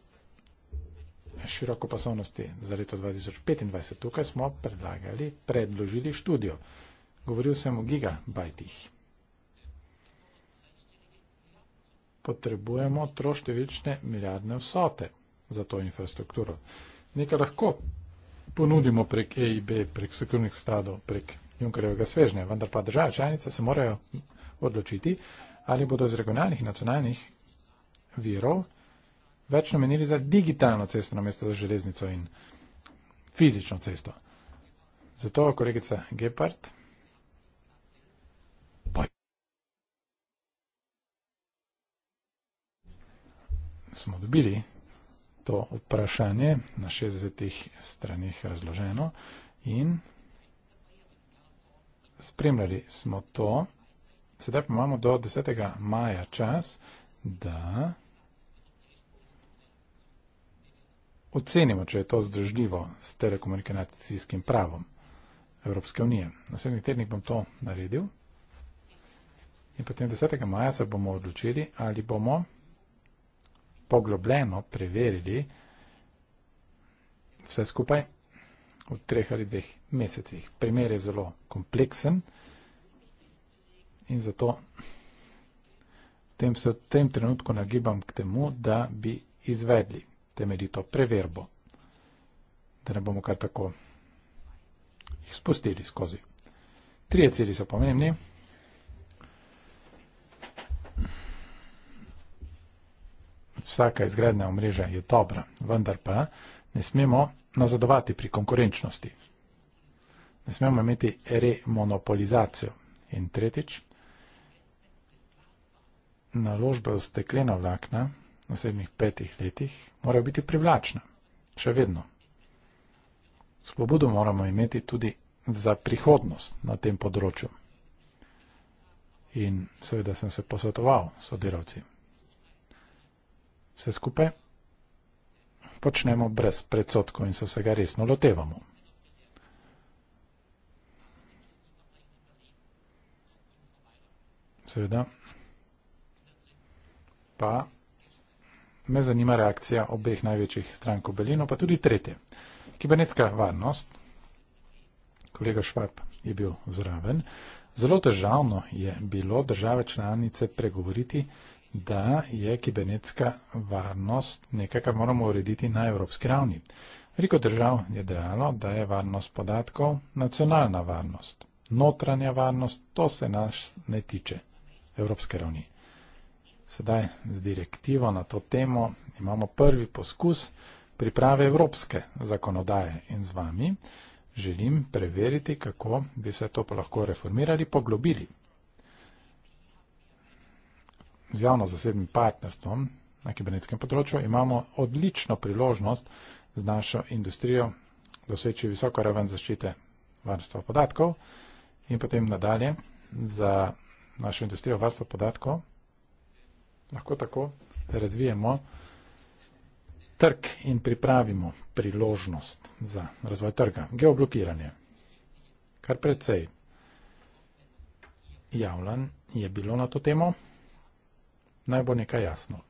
S1: širokopasovnosti za leto 2025. Tukaj smo predlagali, predložili študijo. Govoril sem o gigabajtih. Potrebujemo troštevične milijardne vsote za to infrastrukturo. Nekaj lahko ponudimo prek EIB, prek sekurnih skladov, prek Junkerjevega svežnja, vendar pa države članice se morajo odločiti, ali bodo iz regionalnih in nacionalnih virov več namenili za digitalno cesto na mesto za železnico in fizično cesto. Zato, kolegica Gepard, smo dobili to vprašanje na 60 stranih razloženo in spremljali smo to. Sedaj pa imamo do 10. maja čas, da ocenimo, če je to združljivo s telekomunikacijskim pravom Evropske unije. Naslednji tednik bom to naredil. In potem 10. maja se bomo odločili, ali bomo poglobljeno preverili vse skupaj v treh ali dveh mesecih. Primer je zelo kompleksen in zato tem se v tem trenutku nagibam k temu, da bi izvedli temeljito preverbo, da ne bomo kar tako jih spustili skozi. Trije cilji so pomembni. vsaka izgradna omrežja je dobra, vendar pa ne smemo nazadovati pri konkurenčnosti. Ne smemo imeti remonopolizacijo. In tretjič, naložbe v steklena vlakna v naslednjih petih letih morajo biti privlačne. Še vedno. Spobodo moramo imeti tudi za prihodnost na tem področju. In seveda sem se posvetoval s sodelavci vse skupaj počnemo brez predsotkov in se vsega resno lotevamo. Seveda. Pa me zanima reakcija obeh največjih strank v Belino, pa tudi tretje. Kibernetska varnost, kolega Švab je bil zraven, zelo težavno je bilo države članice pregovoriti, da je kibernetska varnost nekaj, kar moramo urediti na evropski ravni. Veliko držav je dejalo, da je varnost podatkov nacionalna varnost. Notranja varnost, to se nas ne tiče evropske ravni. Sedaj z direktivo na to temo imamo prvi poskus priprave evropske zakonodaje in z vami želim preveriti, kako bi se to lahko reformirali, poglobili z javno-zasebnim partnerstvom na kibernetskem področju, imamo odlično priložnost z našo industrijo doseči visoko raven zaščite varstva podatkov in potem nadalje za našo industrijo varstva podatkov lahko tako razvijemo trg in pripravimo priložnost za razvoj trga. Geoblokiranje. Kar predvsej javljan je bilo na to temo. Naj bo nekaj jasno.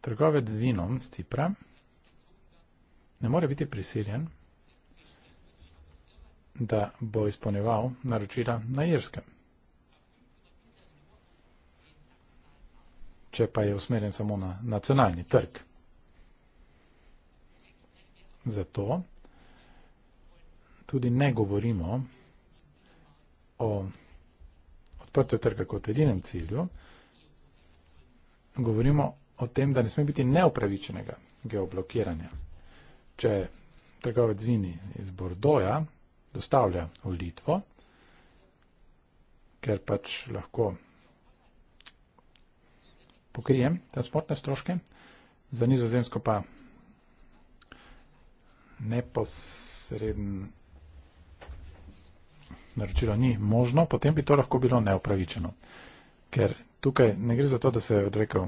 S1: Trgovec z vinom z Cipra ne more biti prisiljen, da bo izpolneval naročila na Irskem. Če pa je usmerjen samo na nacionalni trg. Zato tudi ne govorimo o odprtju trga kot edinem cilju, govorimo o tem, da ne sme biti neopravičenega geoblokiranja. Če trgovec vini iz Bordoja dostavlja v Litvo, ker pač lahko pokrijem transportne stroške, za nizozemsko pa neposreden naročilo ni možno, potem bi to lahko bilo neopravičeno, ker tukaj ne gre za to, da se je odrekel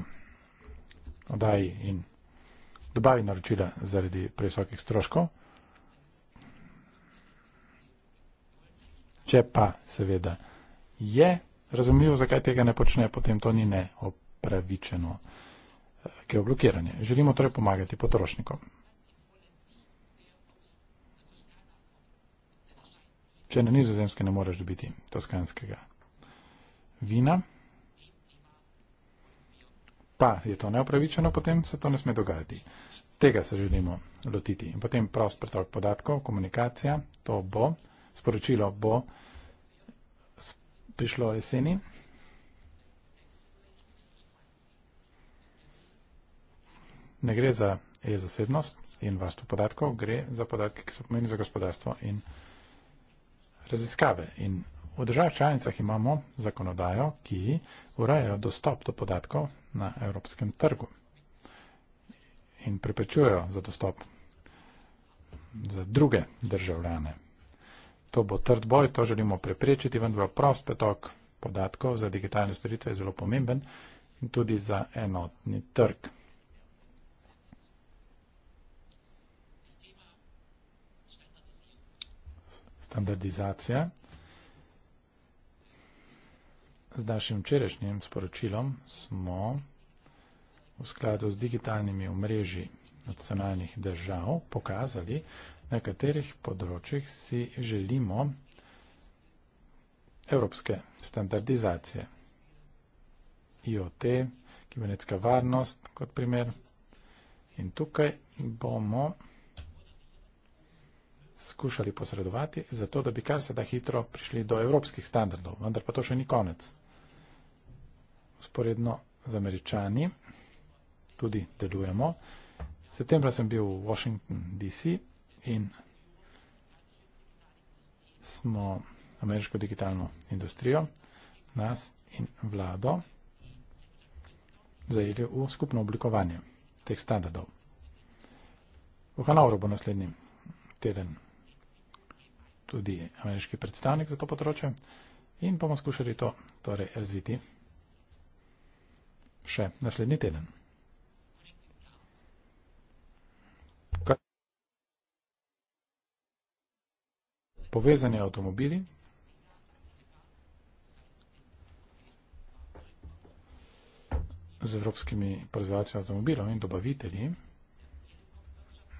S1: oddaji in dobavi naročila zaradi previsokih stroškov. Če pa seveda je razumljivo, zakaj tega ne počne, potem to ni neopravičeno geoblokiranje. Eh, Želimo torej pomagati potrošnikom. Če na nizozemske ne moreš dobiti toskanskega vina, pa je to neopravičeno, potem se to ne sme dogajati. Tega se želimo lotiti. In potem prost pretok podatkov, komunikacija, to bo, sporočilo bo prišlo jeseni. Ne gre za e-zasebnost in varstvo podatkov, gre za podatke, ki so pomeni za gospodarstvo in raziskave. In V državah članicah imamo zakonodajo, ki urajajo dostop do podatkov na evropskem trgu in preprečujejo za dostop za druge državljane. To bo trd boj, to želimo preprečiti, vendar bo prost petok podatkov za digitalne storitve zelo pomemben in tudi za enotni trg. Standardizacija. Z našim včerajšnjim sporočilom smo v skladu z digitalnimi omrežji nacionalnih držav pokazali, na katerih področjih si želimo evropske standardizacije. IoT, kibernetska varnost kot primer. In tukaj bomo skušali posredovati, zato da bi kar se da hitro prišli do evropskih standardov, vendar pa to še ni konec sporedno z američani, tudi delujemo. Septembra sem bil v Washington DC in smo ameriško digitalno industrijo, nas in vlado zajeli v skupno oblikovanje teh standardov. V Hanovru bo naslednji teden tudi ameriški predstavnik za to področje in bomo skušali to torej razviti še naslednji teden. Povezani avtomobili. z evropskimi proizvajalci avtomobilov in dobavitelji,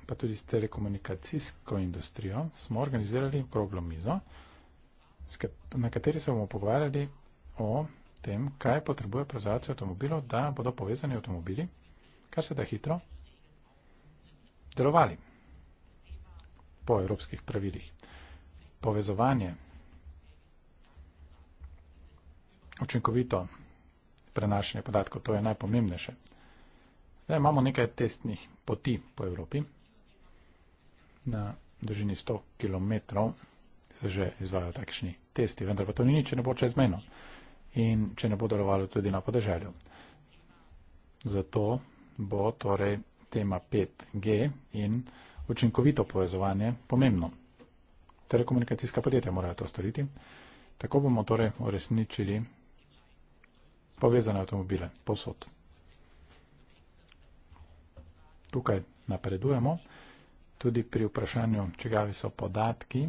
S1: pa tudi s telekomunikacijsko industrijo, smo organizirali okroglo mizo, na kateri se bomo pogovarjali o tem, kaj potrebuje prezavacijo avtomobilov, da bodo povezani avtomobili, kar se da hitro, delovali po evropskih pravilih. Povezovanje, učinkovito prenašanje podatkov, to je najpomembnejše. Zdaj imamo nekaj testnih poti po Evropi na dolžini 100 km se že izvajajo takšni testi, vendar pa to ni nič, ne bo čezmeno in če ne bo delovalo tudi na podeželju. Zato bo torej tema 5G in učinkovito povezovanje pomembno. Telekomunikacijska podjetja morajo to storiti. Tako bomo torej uresničili povezane avtomobile posod. Tukaj napredujemo. Tudi pri vprašanju, čegavi so podatki,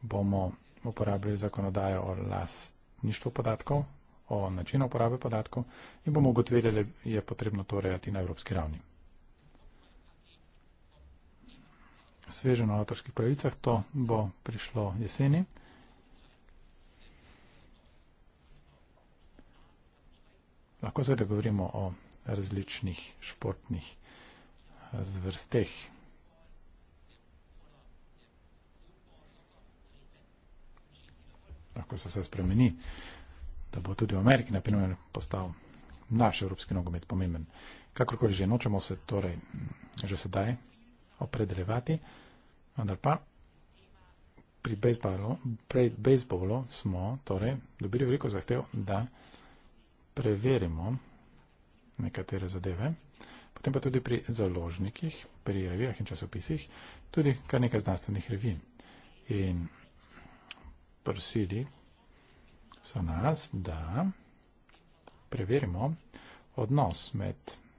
S1: bomo uporabljali zakonodajo o last lastništvo podatkov, o načinu uporabe podatkov in bomo ugotovili, da je potrebno to urejati na evropski ravni. Sveže na avtorskih pravicah, to bo prišlo jeseni. Lahko se dogovorimo o različnih športnih zvrsteh. lahko se vse spremeni, da bo tudi v Ameriki naprimer postal naš evropski nogomet pomemben. Kakorkoli že nočemo se torej že sedaj opredeljevati, vendar pa pri bejzbolu, pri bejzbolu smo torej dobili veliko zahtev, da preverimo nekatere zadeve, potem pa tudi pri založnikih, pri revijah in časopisih, tudi kar nekaj znanstvenih revij. In prosili so nas, da preverimo odnos med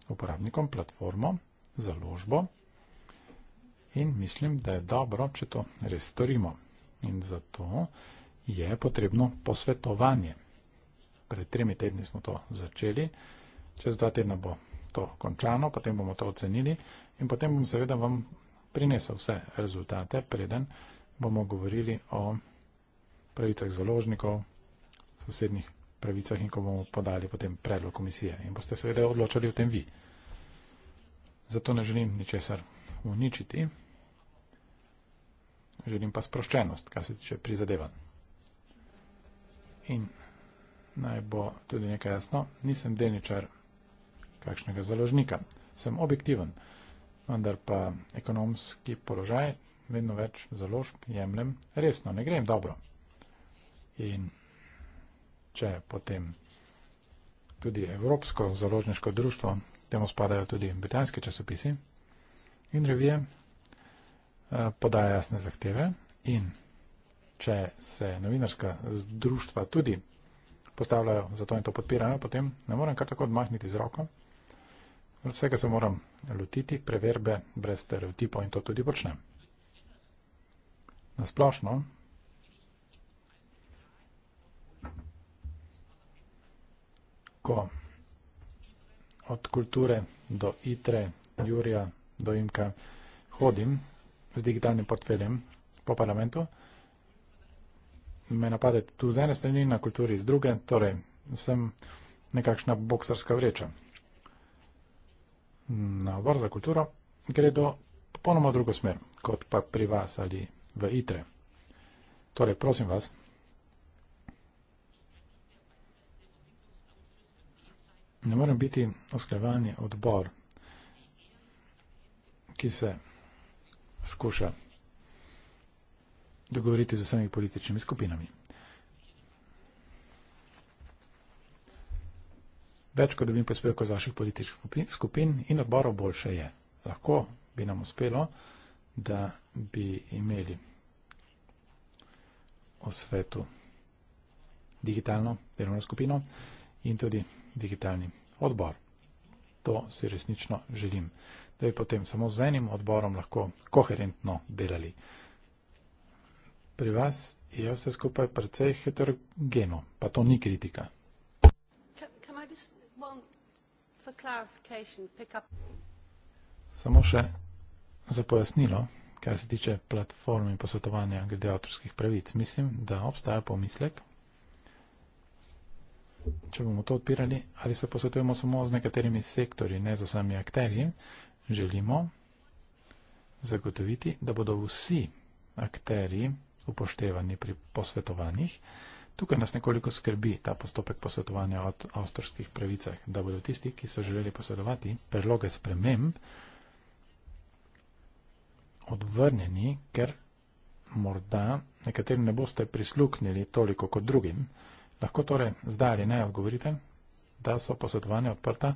S1: uporabnikom, platformo, založbo in mislim, da je dobro, če to res storimo. In zato je potrebno posvetovanje. Pred tremi tedni smo to začeli, čez dva tedna bo to končano, potem bomo to ocenili in potem bom seveda vam prinesel vse rezultate, preden bomo govorili o pravicah založnikov, sosednjih pravicah in ko bomo podali potem predlog komisije. In boste seveda odločali o tem vi. Zato ne želim ničesar uničiti. Želim pa sproščenost, kar se tiče prizadevan. In naj bo tudi nekaj jasno, nisem delničar kakšnega založnika. Sem objektiven, vendar pa ekonomski položaj vedno več založb jemljem resno. Ne grem dobro in če potem tudi Evropsko založniško društvo, temu spadajo tudi britanski časopisi in revije, eh, podaja jasne zahteve in če se novinarska društva tudi postavljajo za to in to podpirajo, potem ne morem kar tako odmahniti z roko. Vsega se moram lotiti, preverbe brez stereotipov in to tudi počnem. Na splošno ko od kulture do itre, Jurija, do imka hodim z digitalnim portfeljem po parlamentu, me napade tu z ene strani, na kulturi z druge, torej sem nekakšna boksarska vreča. Na obor za kulturo gre do popolnoma drugo smer, kot pa pri vas ali v itre. Torej, prosim vas, ne morem biti usklajevalni odbor, ki se skuša dogovoriti z vsemi političnimi skupinami. Več kot dobim prispevkov z vaših političnih skupin in odborov boljše je. Lahko bi nam uspelo, da bi imeli o svetu digitalno delovno skupino in tudi digitalni odbor. To si resnično želim, da bi potem samo z enim odborom lahko koherentno delali. Pri vas je vse skupaj precej heterogeno, pa to ni kritika. Samo še za pojasnilo, kar se tiče platform in posvetovanja glede avtorskih pravic. Mislim, da obstaja pomislek, če bomo to odpirali, ali se posvetujemo samo z nekaterimi sektorji, ne z vsemi akterji, želimo zagotoviti, da bodo vsi akterji upoštevani pri posvetovanjih. Tukaj nas nekoliko skrbi ta postopek posvetovanja o avstorskih pravicah, da bodo tisti, ki so želeli posvetovati predloge sprememb, odvrnjeni, ker morda nekateri ne boste prisluknili toliko kot drugim. Lahko torej zdaj ali ne odgovorite, da so posvetovanja odprta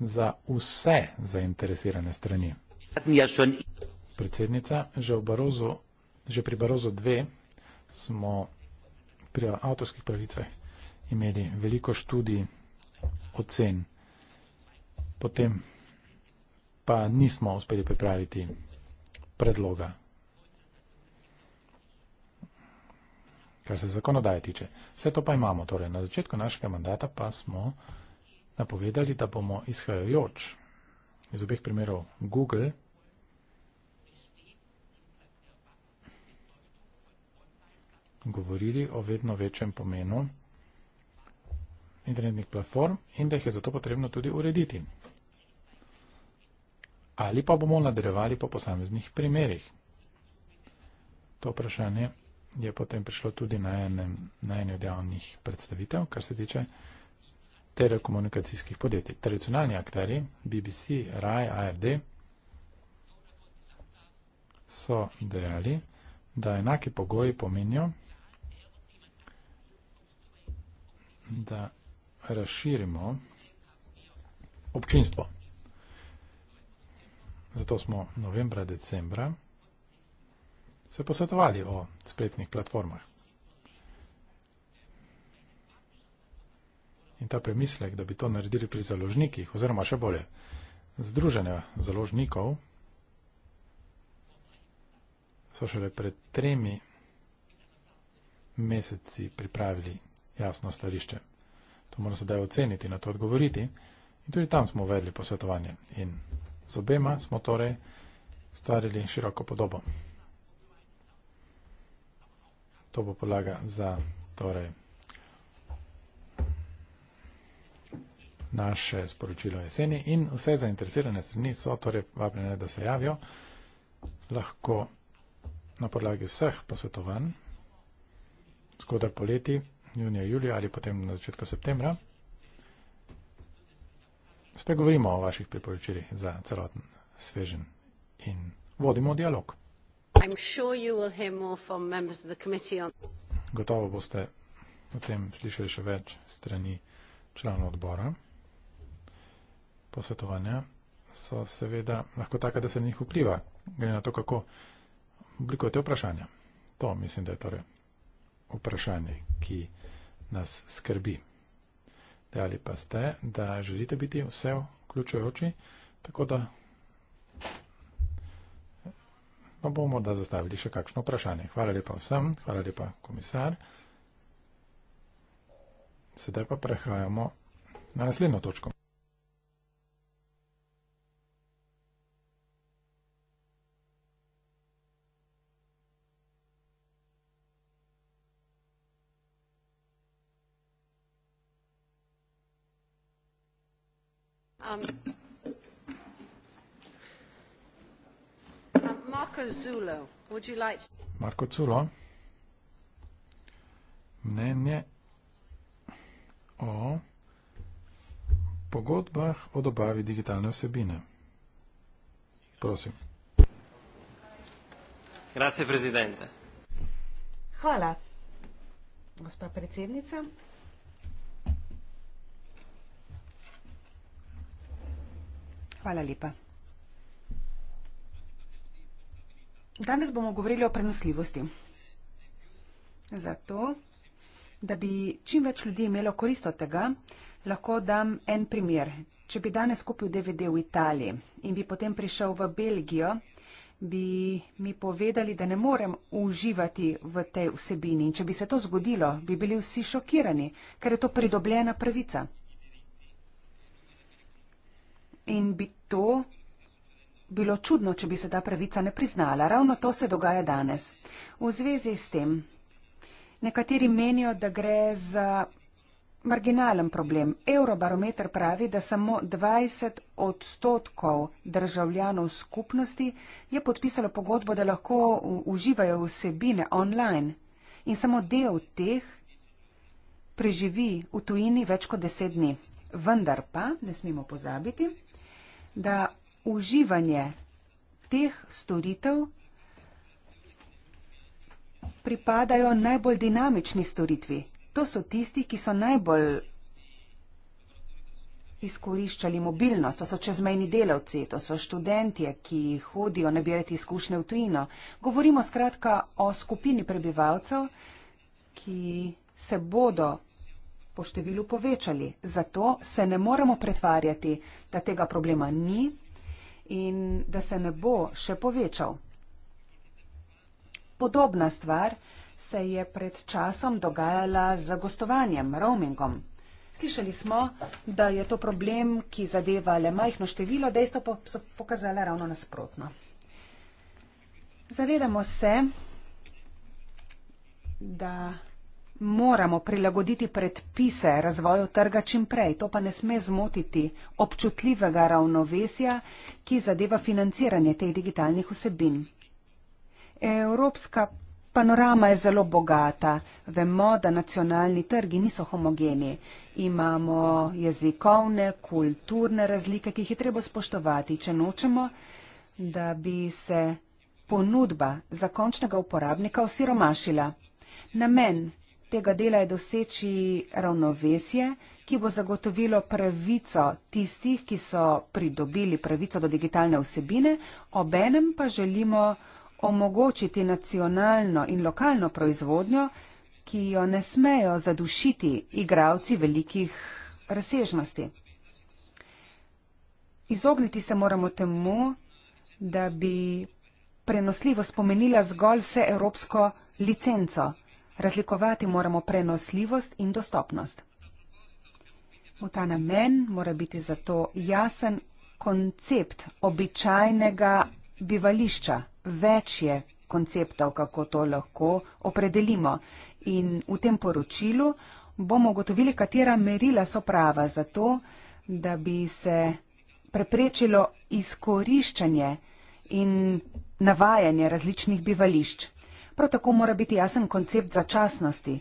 S1: za vse zainteresirane strani. Predsednica, že, Barozu, že pri Barozu 2 smo pri avtorskih pravicah imeli veliko študij ocen, potem pa nismo uspeli pripraviti predloga. kar se zakonodaje tiče. Vse to pa imamo. Torej, na začetku našega mandata pa smo napovedali, da bomo izhajajoč iz obeh primerov Google govorili o vedno večjem pomenu internetnih platform in da jih je zato potrebno tudi urediti. Ali pa bomo nadaljevali po posameznih primerih? To vprašanje je potem prišlo tudi na enem na ene od javnih predstavitev, kar se tiče telekomunikacijskih podjetij. Tradicionalni akteri, BBC, RAI, ARD, so dejali, da enake pogoji pomenijo, da razširimo občinstvo. Zato smo novembra, decembra se posvetovali o spletnih platformah. In ta premislek, da bi to naredili pri založnikih, oziroma še bolje, združenja založnikov, so šele pred tremi meseci pripravili jasno stališče. To moram sedaj oceniti, na to odgovoriti. In tudi tam smo uvedli posvetovanje. In z obema smo torej stvarili široko podobo to bo podlaga za torej, naše sporočilo jeseni in vse zainteresirane strani so torej vabljene, da se javijo. Lahko na podlagi vseh posvetovanj, skoda poleti, junija, julija ali potem na začetku septembra, spregovorimo o vaših priporočilih za celoten svežen in vodimo dialog. Gotovo boste potem slišali še več strani članov odbora. Posvetovanja so seveda lahko taka, da se na njih vpliva. Gre na to, kako oblikujete vprašanja. To mislim, da je torej vprašanje, ki nas skrbi. Dejali pa ste, da želite biti vse vključujoči, tako da pa bomo da zastavili še kakšno vprašanje. Hvala lepa vsem, hvala lepa komisar. Sedaj pa prehajamo na naslednjo točko.
S3: Zulo, would you like to...
S1: Marko Culo, mnenje o pogodbah o dobavi digitalne osebine. Prosim. Grazie, presidente.
S2: Hvala, gospa predsednica. Hvala lepa. Danes bomo govorili o prenosljivosti. Zato, da bi čim več ljudi imelo korist od tega, lahko dam en primer. Če bi danes kupil DVD v Italiji in bi potem prišel v Belgijo, bi mi povedali, da ne morem uživati v tej vsebini. In če bi se to zgodilo, bi bili vsi šokirani, ker je to pridobljena pravica. In bi to bilo čudno, če bi se ta pravica ne priznala. Ravno to se dogaja danes. V zvezi s tem, nekateri menijo, da gre za marginalen problem. Eurobarometer pravi, da samo 20 odstotkov državljanov skupnosti je podpisalo pogodbo, da lahko uživajo vsebine online in samo del teh preživi v tujini več kot deset dni. Vendar pa ne smemo pozabiti, da uživanje teh storitev pripadajo najbolj dinamični storitvi. To so tisti, ki so najbolj izkoriščali mobilnost, to so čezmejni delavci, to so študentje, ki hodijo nabirati izkušnje v tujino. Govorimo skratka o skupini prebivalcev, ki se bodo po številu povečali. Zato se ne moremo pretvarjati, da tega problema ni, in da se ne bo še povečal. Podobna stvar se je pred časom dogajala z gostovanjem, roamingom. Slišali smo, da je to problem, ki zadeva le majhno število, dejstvo pa so pokazala ravno nasprotno. Zavedamo se, da moramo prilagoditi predpise razvoju trga čim prej. To pa ne sme zmotiti občutljivega ravnovesja, ki zadeva financiranje teh digitalnih vsebin. Evropska panorama je zelo bogata. Vemo, da nacionalni trgi niso homogeni. Imamo jezikovne, kulturne razlike, ki jih je treba spoštovati, če nočemo, da bi se ponudba za končnega uporabnika osiromašila. Namen tega dela je doseči ravnovesje, ki bo zagotovilo pravico tistih, ki so pridobili pravico do digitalne vsebine, obenem pa želimo omogočiti nacionalno in lokalno proizvodnjo, ki jo ne smejo zadušiti igravci velikih razsežnosti. Izogniti se moramo temu, da bi prenosljivost pomenila zgolj vse evropsko licenco. Razlikovati moramo prenosljivost in dostopnost. V ta namen mora biti zato jasen koncept običajnega bivališča. Več je konceptov, kako to lahko opredelimo. In v tem poročilu bomo ugotovili, katera merila so prava za to, da bi se preprečilo izkoriščanje in navajanje različnih bivališč. Prav tako mora biti jasen koncept začasnosti,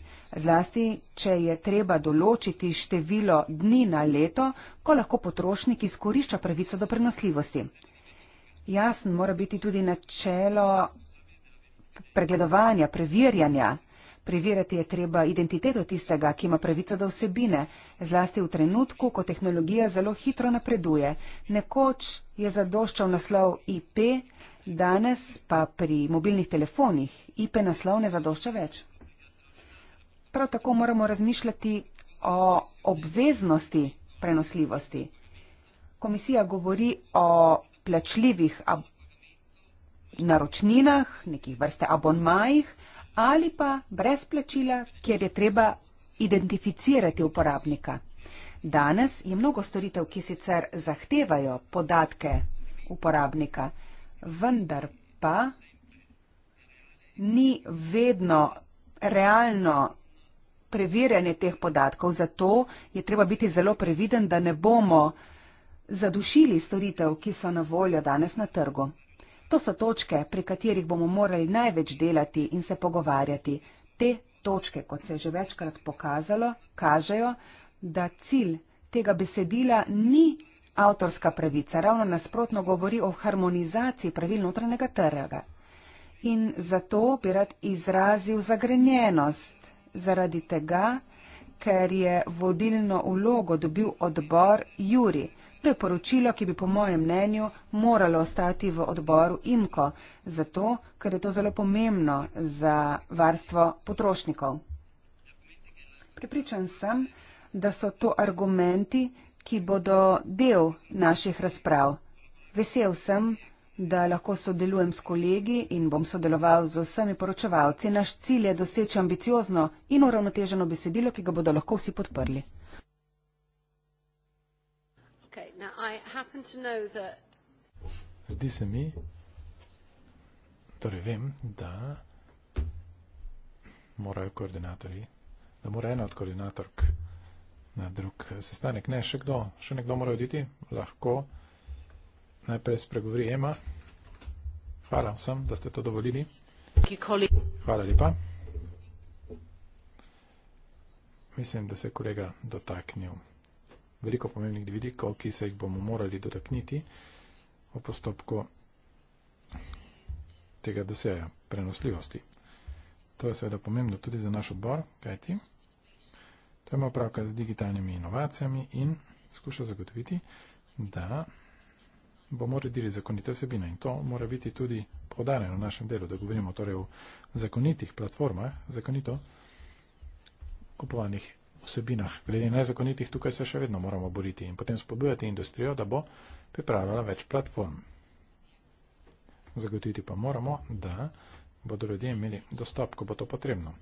S2: zlasti, če je treba določiti število dni na leto, ko lahko potrošnik izkorišča pravico do prenosljivosti. Jasen mora biti tudi načelo pregledovanja, preverjanja. Preverjati je treba identiteto tistega, ki ima pravico do vsebine, zlasti v trenutku, ko tehnologija zelo hitro napreduje. Nekoč je zadoščal naslov IP, Danes pa pri mobilnih telefonih IP naslov ne zadošča več. Prav tako moramo razmišljati o obveznosti prenosljivosti. Komisija govori o plačljivih naročninah, nekih vrste abonmajih ali pa brez plačila, kjer je treba identificirati uporabnika. Danes je mnogo storitev, ki sicer zahtevajo podatke uporabnika vendar pa ni vedno realno preverjanje teh podatkov, zato je treba biti zelo previden, da ne bomo zadušili storitev, ki so na voljo danes na trgu. To so točke, pri katerih bomo morali največ delati in se pogovarjati. Te točke, kot se je že večkrat pokazalo, kažejo, da cilj tega besedila ni Avtorska pravica ravno nasprotno govori o harmonizaciji pravil notranjega trga. In zato bi rad izrazil zagrenjenost zaradi tega, ker je vodilno vlogo dobil odbor Juri. To je poročilo, ki bi po mojem mnenju moralo ostati v odboru IMKO, zato ker je to zelo pomembno za varstvo potrošnikov. Pripričan sem, da so to argumenti, ki bodo del naših razprav. Vesel sem, da lahko sodelujem s kolegi in bom sodeloval z vsemi poročevalci. Naš cilj je doseči ambiciozno in uravnoteženo besedilo, ki ga bodo lahko vsi podprli.
S1: Zdi se mi, torej vem, da morajo koordinatorji, da mora ena od koordinatork na drug eh, sestanek. Ne, še kdo, še nekdo mora oditi, lahko. Najprej spregovori Ema. Hvala vsem, da ste to dovolili.
S3: Hvala
S1: lepa. Mislim, da se je kolega dotaknil veliko pomembnih vidikov, ki se jih bomo morali dotakniti v postopku tega doseja prenosljivosti. To je seveda pomembno tudi za naš odbor, kajti. To ima opravka z digitalnimi inovacijami in skuša zagotoviti, da bo moredili zakonite osebine. In to mora biti tudi podarjeno v našem delu, da govorimo torej o zakonitih platformah, zakonito kupovanih osebinah. Glede nezakonitih tukaj se še vedno moramo boriti in potem spodbujati industrijo, da bo pripravljala več platform. Zagotoviti pa moramo, da bodo ljudje imeli dostop, ko bo to potrebno.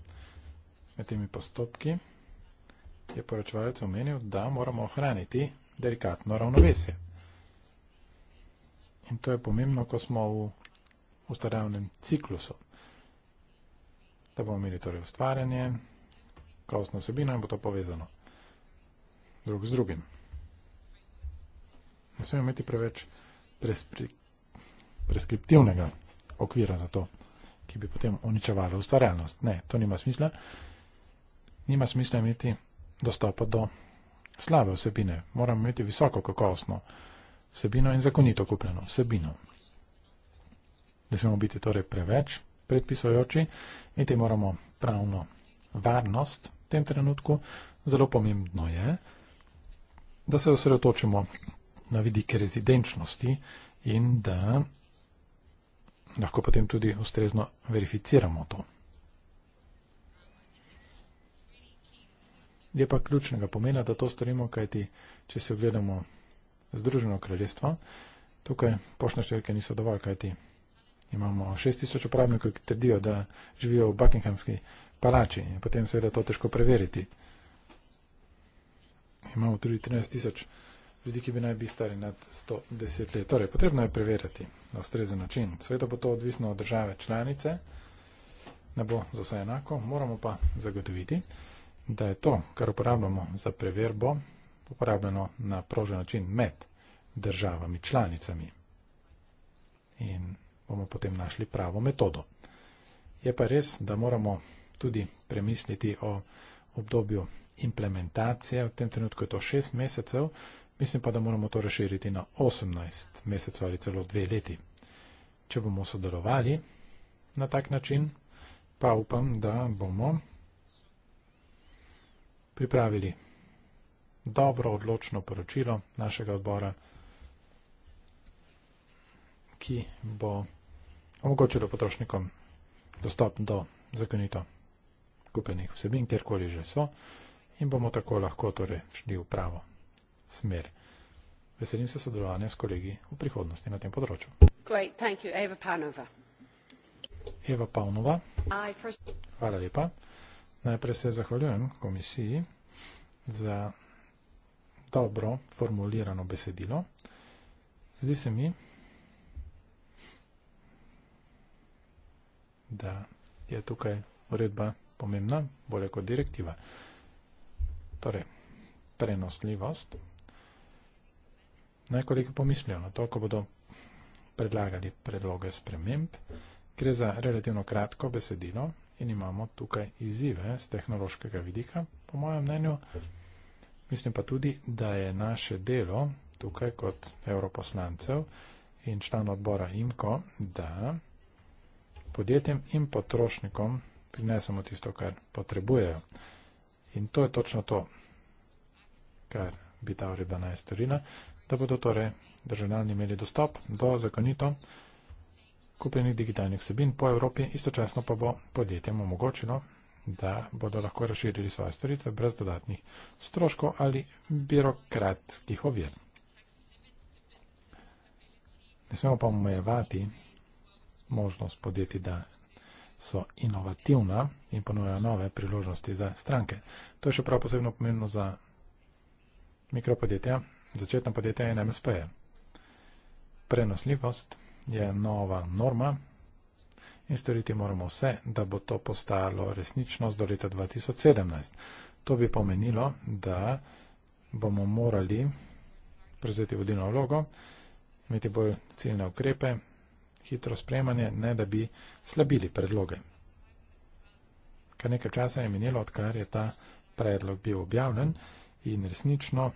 S1: Med temi postopki je poročevalec omenil, da moramo ohraniti delikatno ravnovesje. In to je pomembno, ko smo v ustvarjalnem ciklusu. Da bomo imeli torej ustvarjanje, kostno osebino in bo to povezano drug z drugim. Ne smemo imeti preveč preskriptivnega okvira za to, ki bi potem uničevalo ustvarjalnost. Ne, to nima smisla. Nima smisla imeti dostopa do slave vsebine. Moramo imeti visoko kakovostno vsebino in zakonito kupljeno vsebino. Ne smemo biti torej preveč predpisujoči in te moramo pravno varnost v tem trenutku. Zelo pomembno je, da se osredotočimo na vidike rezidenčnosti in da lahko potem tudi ustrezno verificiramo to. je pa ključnega pomena, da to storimo, kajti če se ogledamo Združeno kraljestvo, tukaj poštne številke niso dovolj, kajti imamo 6000 uporabnikov, ki trdijo, da živijo v Buckinghamski palači in potem seveda to težko preveriti. Imamo tudi 13000 ljudi, ki bi naj bi stari nad 110 let. Torej, potrebno je preveriti na ustrezen način. Sveto bo to odvisno od države članice, ne bo za vse enako, moramo pa zagotoviti, da je to, kar uporabljamo za preverbo, uporabljeno na prožen način med državami članicami. In bomo potem našli pravo metodo. Je pa res, da moramo tudi premisliti o obdobju implementacije. V tem trenutku je to 6 mesecev, mislim pa, da moramo to razširiti na 18 mesecev ali celo 2 leti. Če bomo sodelovali na tak način, pa upam, da bomo pripravili dobro, odločno poročilo našega odbora, ki bo omogočilo potrošnikom dostop do zakonito kupenih vsebin, kjerkoli že so, in bomo tako lahko torej šli v pravo smer. Veselim se sodelovanja s kolegi v prihodnosti na tem področju.
S3: Great, thank you. Eva Pavnova.
S1: Eva Pavnova. First... Hvala lepa. Najprej se zahvaljujem komisiji za dobro formulirano besedilo. Zdi se mi, da je tukaj uredba pomembna, bolje kot direktiva. Torej, prenosljivost. Najkoliko pomislijo na to, ko bodo predlagali predloge sprememb, gre za relativno kratko besedilo, in imamo tukaj izzive z tehnološkega vidika, po mojem mnenju. Mislim pa tudi, da je naše delo tukaj kot europoslancev in član odbora IMKO, da podjetjem in potrošnikom prinesemo tisto, kar potrebujejo. In to je točno to, kar bi ta uredba naj storila, da bodo torej državljani imeli dostop do zakonito kupljenih digitalnih vsebin po Evropi, istočasno pa bo podjetjem omogočilo, da bodo lahko razširili svoje storitve brez dodatnih stroškov ali birokratskih ovir. Ne smemo pa omejevati možnost podjetij, da so inovativna in ponujajo nove priložnosti za stranke. To je še prav posebno pomembno za mikropodjetja, začetna podjetja in MSP-je. Prenosljivost je ja. nova norma in storiti moramo vse, da bo to postalo resničnost do leta 2017. To bi pomenilo, da bomo morali prevzeti vodilno vlogo, imeti bolj ciljne ukrepe, hitro spremanje, ne da bi slabili predloge. Kar nekaj časa je minilo, odkar je ta predlog bil objavljen in resnično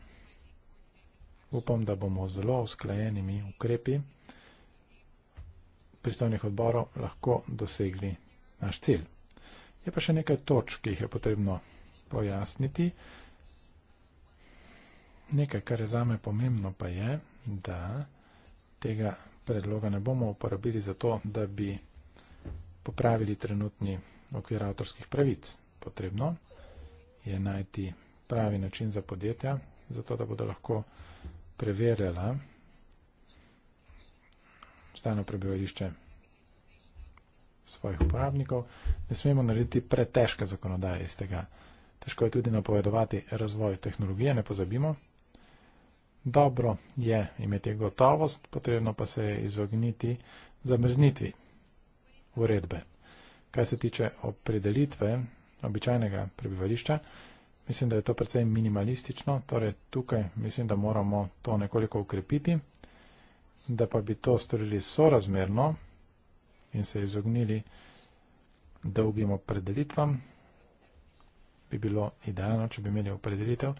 S1: upam, da bomo zelo usklajenimi ukrepi pristojnih odborov lahko dosegli naš cilj. Je pa še nekaj točk, ki jih je potrebno pojasniti. Nekaj, kar je zame pomembno, pa je, da tega predloga ne bomo uporabili za to, da bi popravili trenutni okvir avtorskih pravic. Potrebno je najti pravi način za podjetja, zato da bodo lahko preverjala stano prebivališče svojih uporabnikov, ne smemo narediti pretežke zakonodaje iz tega. Težko je tudi napovedovati razvoj tehnologije, ne pozabimo. Dobro je imeti gotovost, potrebno pa se je izogniti zamrznitvi uredbe. Kaj se tiče opredelitve običajnega prebivališča, mislim, da je to predvsem minimalistično, torej tukaj mislim, da moramo to nekoliko ukrepiti da pa bi to storili sorazmerno in se izognili dolgim opredelitvam, bi bilo idealno, če bi imeli opredelitev,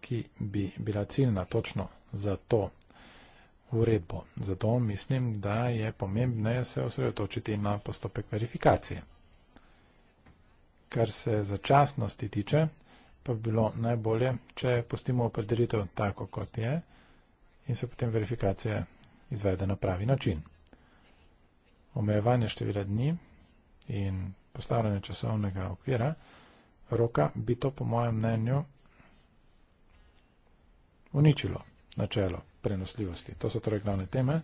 S1: ki bi bila ciljna točno za to uredbo. Zato mislim, da je pomembneje se osredotočiti na postopek verifikacije. Kar se začasnosti tiče, pa bi bilo najbolje, če pustimo opredelitev tako, kot je, in se potem verifikacije izvede na pravi način. Omejevanje števila dni in postavljanje časovnega okvira roka bi to po mojem mnenju uničilo načelo prenosljivosti. To so torej glavne teme.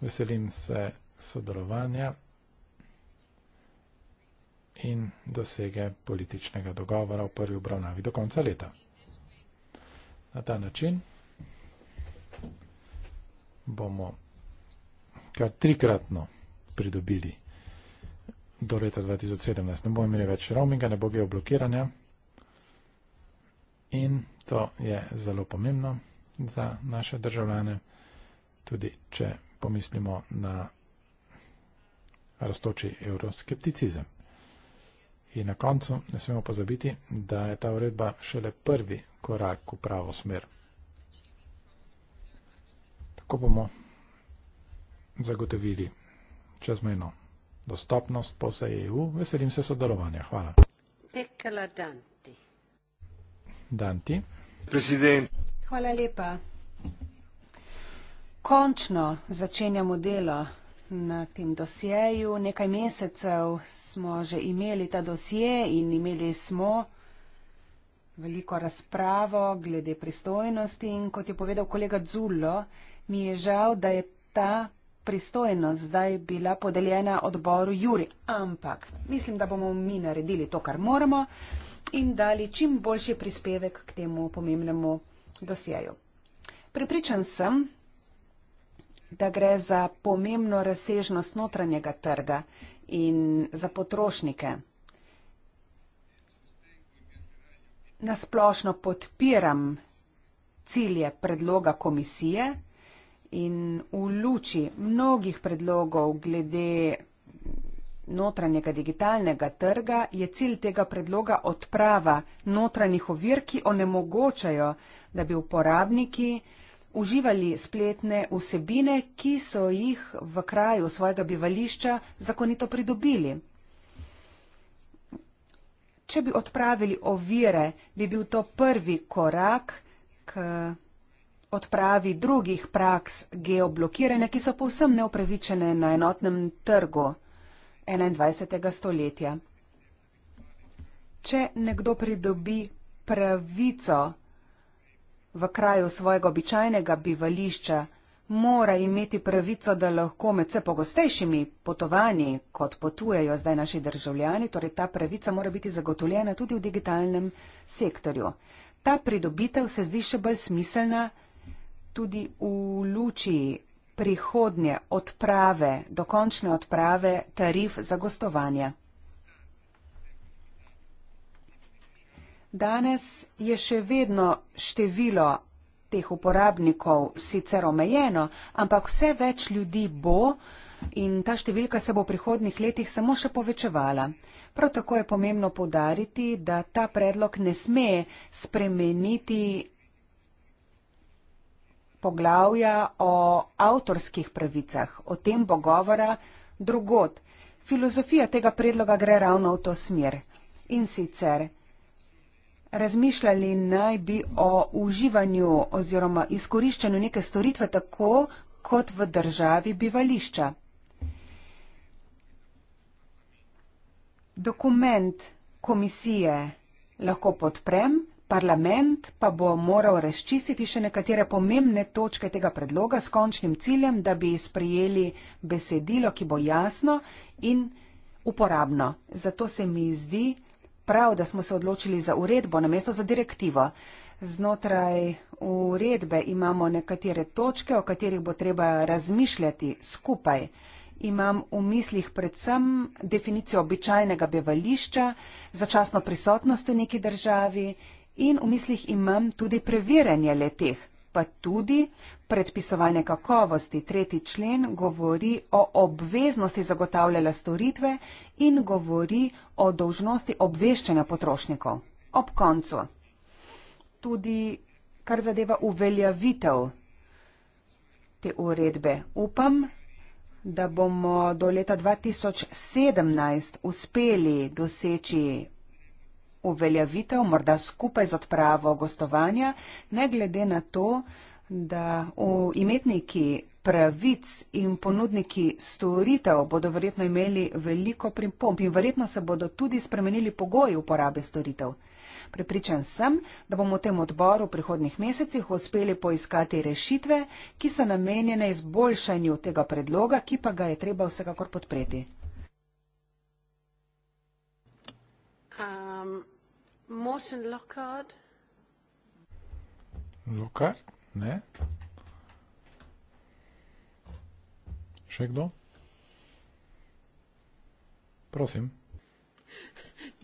S1: Veselim se sodelovanja in dosege političnega dogovora v prvi obravnavi do konca leta. Na ta način. Thank you bomo kar trikratno pridobili do leta 2017. Ne bomo imeli več roaminga, ne bo geoblokiranja. In to je zelo pomembno za naše državljane, tudi če pomislimo na raztoči euroskepticizem. In na koncu ne smemo pozabiti, da je ta uredba šele prvi korak v pravo smer kako bomo zagotovili čezmejno dostopnost po vsej EU. Veselim se sodelovanja. Hvala.
S2: Pekla Danti.
S1: Danti. Prezident.
S2: Hvala lepa. Končno začenjamo delo na tem dosjeju. Nekaj mesecev smo že imeli ta dosje in imeli smo veliko razpravo glede pristojnosti in kot je povedal kolega Dzullo, Mi je žal, da je ta pristojnost zdaj bila podeljena odboru Juri, ampak mislim, da bomo mi naredili to, kar moramo in dali čim boljši prispevek k temu pomembnemu dosjeju. Pripričan sem, da gre za pomembno razsežnost notranjega trga in za potrošnike. Nasplošno podpiram cilje predloga komisije, in v luči mnogih predlogov glede notranjega digitalnega trga je cilj tega predloga odprava notranjih ovir, ki onemogočajo, da bi uporabniki uživali spletne vsebine, ki so jih v kraju svojega bivališča zakonito pridobili. Če bi odpravili ovire, bi bil to prvi korak k odpravi drugih praks geoblokiranja, ki so povsem neopravičene na enotnem trgu 21. stoletja. Če nekdo pridobi pravico v kraju svojega običajnega bivališča, mora imeti pravico, da lahko med vse pogostejšimi potovanji, kot potujejo zdaj naši državljani, torej ta pravica mora biti zagotovljena tudi v digitalnem sektorju. Ta pridobitev se zdi še bolj smiselna, tudi v luči prihodnje odprave, dokončne odprave tarif za gostovanje. Danes je še vedno število teh uporabnikov sicer omejeno, ampak vse več ljudi bo in ta številka se bo v prihodnih letih samo še povečevala. Prav tako je pomembno podariti, da ta predlog ne sme spremeniti poglavja o avtorskih pravicah, o tem bo govora drugot. Filozofija tega predloga gre ravno v to smer. In sicer razmišljali naj bi o uživanju oziroma izkoriščanju neke storitve tako, kot v državi bivališča. Dokument komisije lahko podprem, Parlament pa bo moral razčistiti še nekatere pomembne točke tega predloga s končnim ciljem, da bi sprejeli besedilo, ki bo jasno in uporabno. Zato se mi zdi prav, da smo se odločili za uredbo na mesto za direktivo. Znotraj uredbe imamo nekatere točke, o katerih bo treba razmišljati skupaj. Imam v mislih predvsem definicijo običajnega bivališča, začasno prisotnost v neki državi in v mislih imam tudi preverjanje leteh, pa tudi predpisovanje kakovosti. Tretji člen govori o obveznosti zagotavljala storitve in govori o dožnosti obveščanja potrošnikov. Ob koncu tudi kar zadeva uveljavitev te uredbe. Upam, da bomo do leta 2017 uspeli doseči uveljavitev, morda skupaj z odpravo gostovanja, ne glede na to, da imetniki pravic in ponudniki storitev bodo verjetno imeli veliko pripomp in verjetno se bodo tudi spremenili pogoji uporabe storitev. Prepričan sem, da bomo v tem odboru v prihodnih mesecih uspeli poiskati rešitve, ki so namenjene izboljšanju tega predloga, ki pa ga je treba vsekakor podpreti.
S3: Um. Morten Lockhart.
S1: Lockhart, ne. Še kdo? Prosim.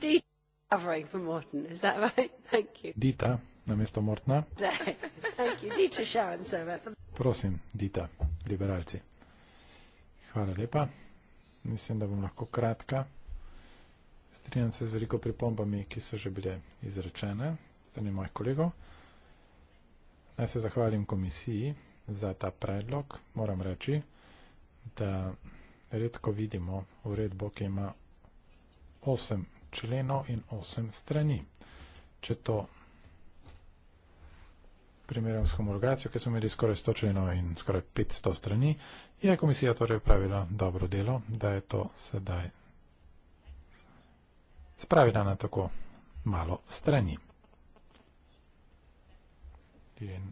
S3: Dita covering for Morten, is that right? Thank you.
S1: Dita, na mesto Mortna.
S3: Thank you, Dita Sharon Server.
S1: Prosim, Dita, liberalci. Hvala lepa. Mislim, da bom lahko kratka strinjam se z veliko pripombami, ki so že bile izrečene strani mojih kolegov. Naj se zahvalim komisiji za ta predlog. Moram reči, da redko vidimo uredbo, ki ima 8 členov in 8 strani. Če to primerjam s homologacijo, ki smo imeli skoraj 100 členov in skoraj 500 strani, je komisija torej upravila dobro delo, da je to sedaj spravila na tako malo strani. In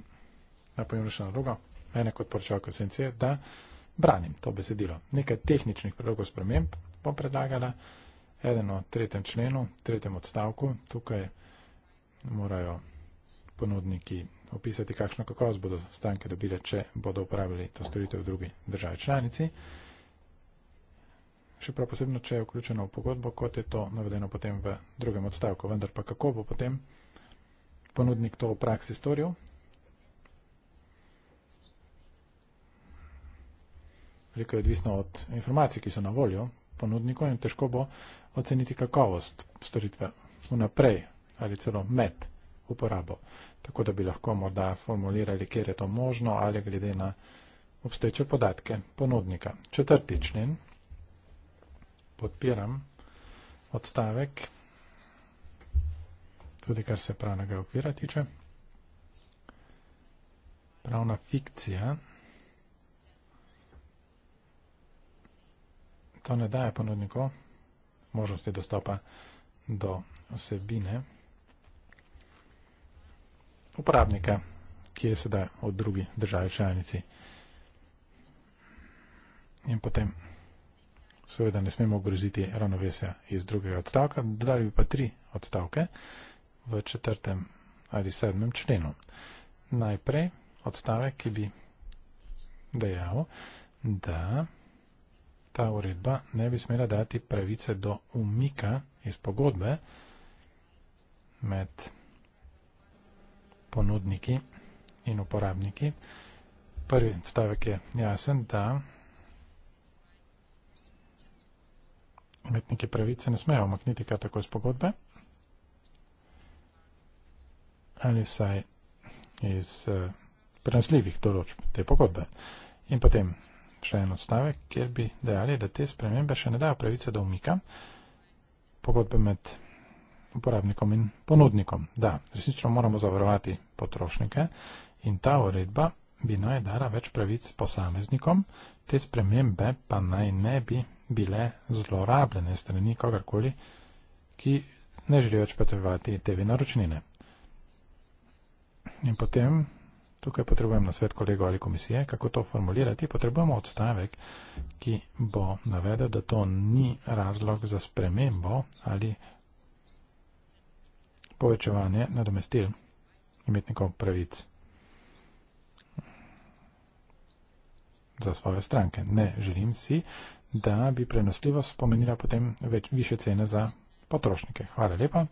S1: najpomembnejša naloga mene kot poročevalka SNC je, da branim to besedilo. Nekaj tehničnih predlogov sprememb bom predlagala, eden o tretjem členu, tretjem odstavku, tukaj morajo ponudniki opisati, kakšno kakovost bodo stranke dobile, če bodo uporabili to storitev v drugi državi članici še prav posebno, če je vključeno v pogodbo, kot je to navedeno potem v drugem odstavku. Vendar pa kako bo potem ponudnik to v praksi storil? Veliko je odvisno od informacij, ki so na voljo ponudnikov in težko bo oceniti kakovost storitve vnaprej ali celo med uporabo. Tako da bi lahko morda formulirali, kjer je to možno ali glede na obstoječe podatke ponudnika. Četrti člen podpiram odstavek, tudi kar se pravnega okvira tiče. Pravna fikcija to ne daje ponudniku možnosti dostopa do osebine uporabnika, ki je sedaj v drugi državi članici. In potem seveda ne smemo ogroziti ravnovesja iz drugega odstavka, dodali bi pa tri odstavke v četrtem ali sedmem členu. Najprej odstavek, ki bi dejal, da ta uredba ne bi smela dati pravice do umika iz pogodbe med ponudniki in uporabniki. Prvi stavek je jasen, da umetniki pravice ne smejo omakniti kar tako iz pogodbe ali vsaj iz uh, prenosljivih določb te pogodbe. In potem še en odstavek, kjer bi dejali, da te spremembe še ne dajo pravice do umika pogodbe med uporabnikom in ponudnikom. Da, resnično moramo zavarovati potrošnike in ta uredba bi naj dala več pravic posameznikom, te spremembe pa naj ne bi bile zlorabljene strani kogarkoli, ki ne želi več potrebovati TV naročnine. In potem, tukaj potrebujem nasvet kolego ali komisije, kako to formulirati, potrebujemo odstavek, ki bo navedel, da to ni razlog za spremembo ali povečevanje nadomestil imetnikov pravic za svoje stranke. Ne želim si, da bi prenosljivost pomenila potem več, više cene za potrošnike. Hvala lepa.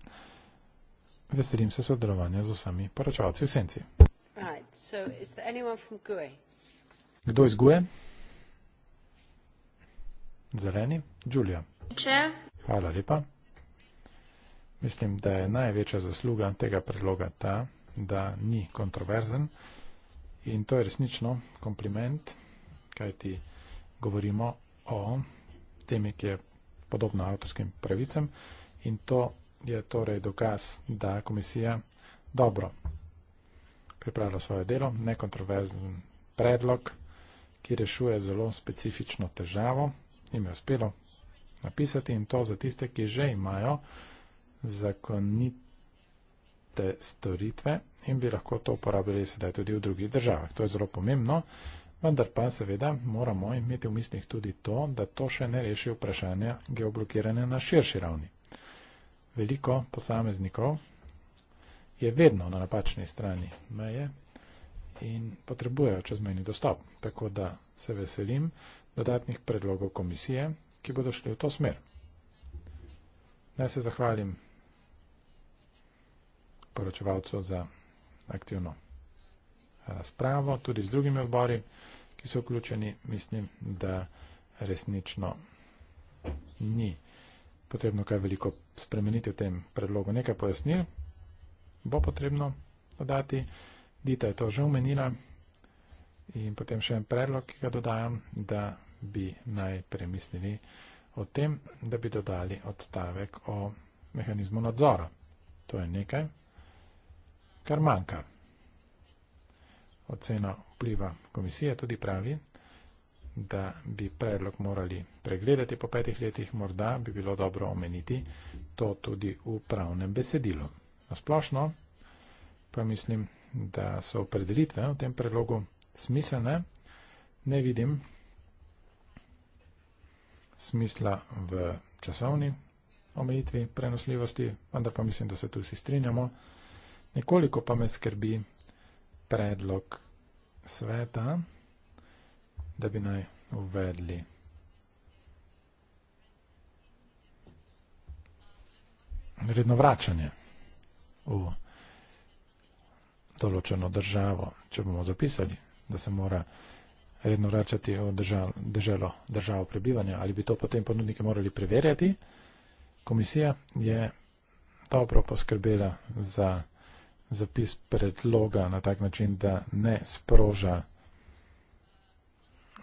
S1: Veselim se sodelovanja z vsemi poročevalci v senci.
S3: Right, so is there anyone from GUE?
S1: Kdo iz GUE? Zeleni? Julia. Hvala lepa. Mislim, da je največja zasluga tega predloga ta, da ni kontroverzen. In to je resnično kompliment, kaj ti govorimo o temi, ki je podobna avtorskim pravicam in to je torej dokaz, da komisija dobro pripravila svoje delo, nekontroverzen predlog, ki rešuje zelo specifično težavo in je uspelo napisati in to za tiste, ki že imajo zakonite storitve in bi lahko to uporabili sedaj tudi v drugih državah. To je zelo pomembno. Vendar pa seveda moramo imeti v mislih tudi to, da to še ne reši vprašanja geoblokiranja na širši ravni. Veliko posameznikov je vedno na napačni strani meje in potrebujejo čezmejni dostop. Tako da se veselim dodatnih predlogov komisije, ki bodo šli v to smer. Naj se zahvalim poročevalcu za aktivno eh, razpravo, tudi z drugimi odbori ki so vključeni, mislim, da resnično ni potrebno kaj veliko spremeniti v tem predlogu. Nekaj pojasnil bo potrebno dodati. Dita je to že omenila in potem še en predlog, ki ga dodajam, da bi naj premislili o tem, da bi dodali odstavek o mehanizmu nadzora. To je nekaj, kar manjka oceno vpliva komisije tudi pravi, da bi predlog morali pregledati po petih letih, morda bi bilo dobro omeniti to tudi v pravnem besedilu. Na splošno pa mislim, da so opredelitve v tem predlogu smiselne. Ne vidim smisla v časovni omejitvi prenosljivosti, vendar pa mislim, da se tu vsi strinjamo. Nekoliko pa me skrbi predlog sveta, da bi naj uvedli redno vračanje v določeno državo. Če bomo zapisali, da se mora redno vračati v državo, državo prebivanja, ali bi to potem ponudniki morali preverjati, komisija je dobro poskrbela za zapis predloga na tak način, da ne sproža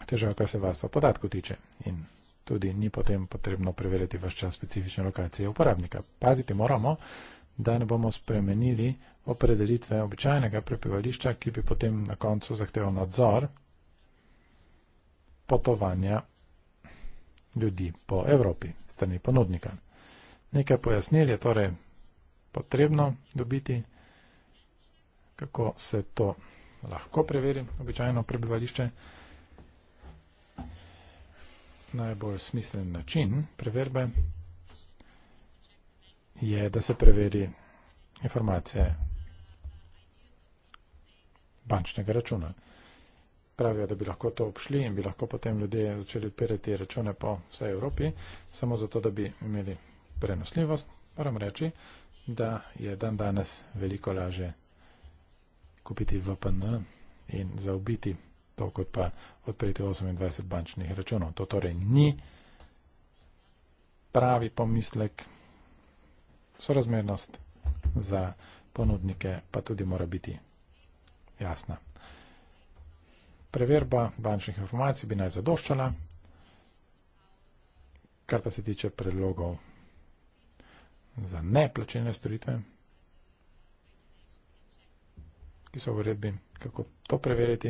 S1: težav, kar se vas o podatku tiče. In tudi ni potem potrebno preveriti vaš čas specifične lokacije uporabnika. Pazite, moramo, da ne bomo spremenili opredelitve običajnega prebivališča, ki bi potem na koncu zahteval nadzor potovanja ljudi po Evropi, strani ponudnika. Nekaj pojasnil je torej potrebno dobiti kako se to lahko preveri, običajno prebivališče. Najbolj smislen način preverbe je, da se preveri informacije bančnega računa. Pravijo, da bi lahko to obšli in bi lahko potem ljudje začeli odpirati račune po vsej Evropi, samo zato, da bi imeli prenosljivost. Moram reči, da je dan danes veliko lažje kupiti VPN in zaubiti, to kot pa odpreti 28 bančnih računov. To torej ni pravi pomislek, sorazmernost za ponudnike pa tudi mora biti jasna. Preverba bančnih informacij bi naj zadoščala, kar pa se tiče predlogov za neplačene storitve, predpisov v uredbi, kako to preveriti,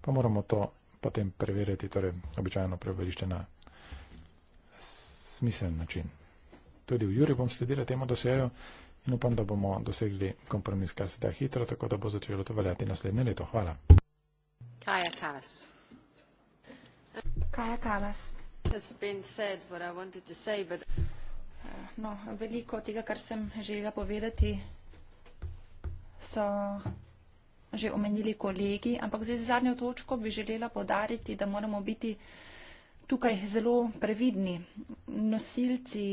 S1: pa moramo to potem preveriti, torej običajno prebivališče na smiseln način. Tudi v Juri bom sledila temu dosejo in upam, da bomo dosegli kompromis, kar se da hitro, tako da bo začelo to veljati naslednje leto. Hvala.
S4: Kaj je kalas? Kaj je kalas? No, veliko tega, kar sem želela povedati, so že omenili kolegi, ampak zdaj z zadnjo točko bi želela podariti, da moramo biti tukaj zelo previdni. Nosilci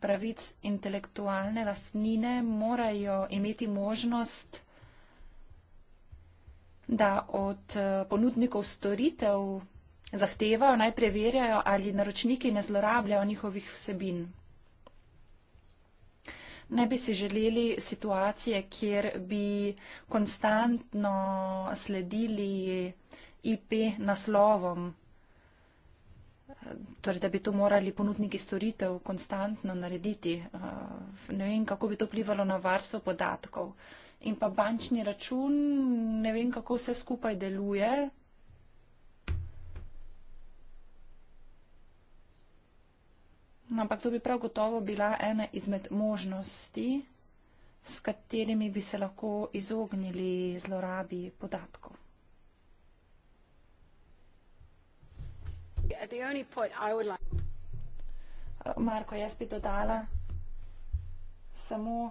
S4: pravic intelektualne lastnine morajo imeti možnost, da od eh, ponudnikov storitev zahtevajo, naj preverjajo, ali naročniki ne zlorabljajo njihovih vsebin ne bi si želeli situacije, kjer bi konstantno sledili IP naslovom, torej da bi to morali ponudniki storitev konstantno narediti. Eh, ne vem, kako bi to plivalo na varstvo podatkov. In pa bančni račun, ne vem, kako vse skupaj deluje. Ampak to bi prav gotovo bila ena izmed možnosti, s katerimi bi se lahko izognili zlorabi podatkov. Marko, jaz bi dodala samo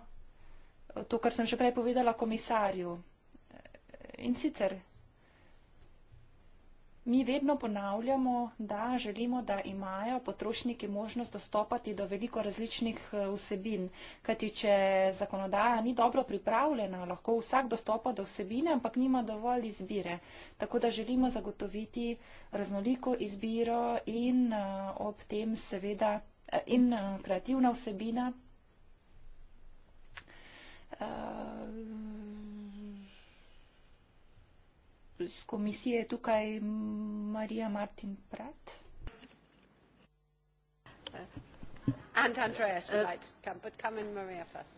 S4: to, kar sem še prej povedala komisarju. In sicer Mi vedno ponavljamo, da želimo, da imajo potrošniki možnost dostopati do veliko različnih eh, vsebin. Kajti, če zakonodaja ni dobro pripravljena, lahko vsak dostopa do vsebine, ampak nima dovolj izbire. Tako da želimo zagotoviti raznoliko izbiro in eh, ob tem seveda eh, in kreativna vsebina. Uh, iz komisije je tukaj Marija Martin Prat.
S3: And Andreas would like to come, but come in Maria first.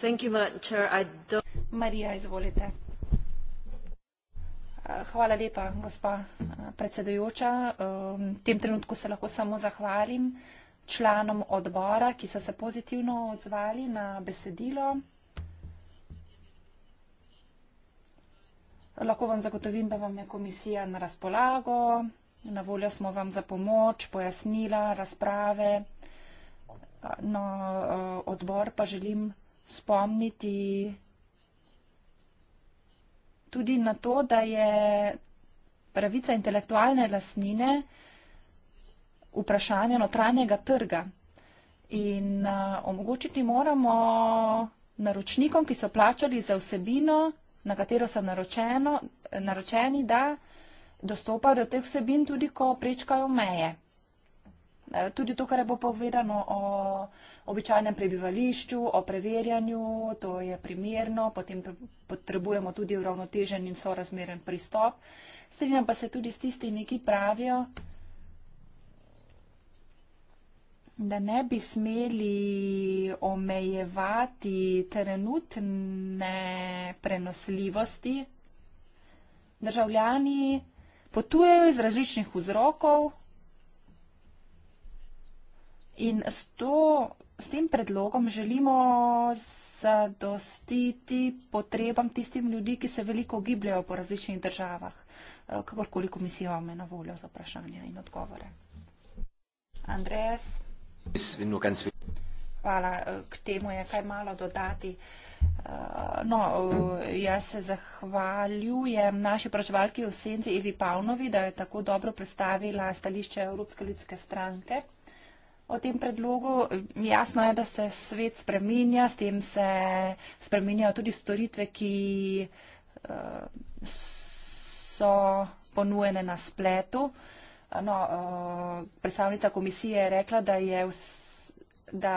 S4: Thank you, Madam Chair. I don't... Marija, izvolite. Eh, hvala lepa, gospa eh, predsedujoča. Eh, v tem trenutku se lahko samo zahvalim članom odbora, ki so se pozitivno odzvali na besedilo. Lahko vam zagotovim, da vam je komisija na razpolago. Na voljo smo vam za pomoč, pojasnila, razprave. No, eh, odbor pa želim spomniti tudi na to, da je pravica intelektualne lasnine vprašanje notranjega trga. In eh, omogočiti moramo naročnikom, ki so plačali za vsebino, na katero so naročeno, naročeni, da dostopajo do teh vsebin tudi, ko prečkajo meje. E, tudi to, kar je bo povedano o običajnem prebivališču, o preverjanju, to je primerno, potem potrebujemo tudi uravnotežen in sorazmeren pristop. Strinjam pa se tudi s tistimi, ki pravijo, da ne bi smeli omejevati trenutne prenosljivosti. Državljani potujejo iz različnih vzrokov in s, to, s tem predlogom želimo zadostiti potrebam tistim ljudi, ki se veliko gibljajo po različnih državah. Eh, kakorkoli komisija vam je na voljo za vprašanja in odgovore. Andres. Hvala. Eh, k temu je kaj malo dodati. Eh, no, eh, jaz se zahvaljujem naši vpraševalki v senci Evi Pavnovi, da je tako dobro predstavila stališče Evropske ljudske stranke. O tem predlogu jasno je, da se svet spreminja, s tem se spreminjajo tudi storitve, ki so ponujene na spletu no, eh, predstavnica komisije je rekla, da je, vse, da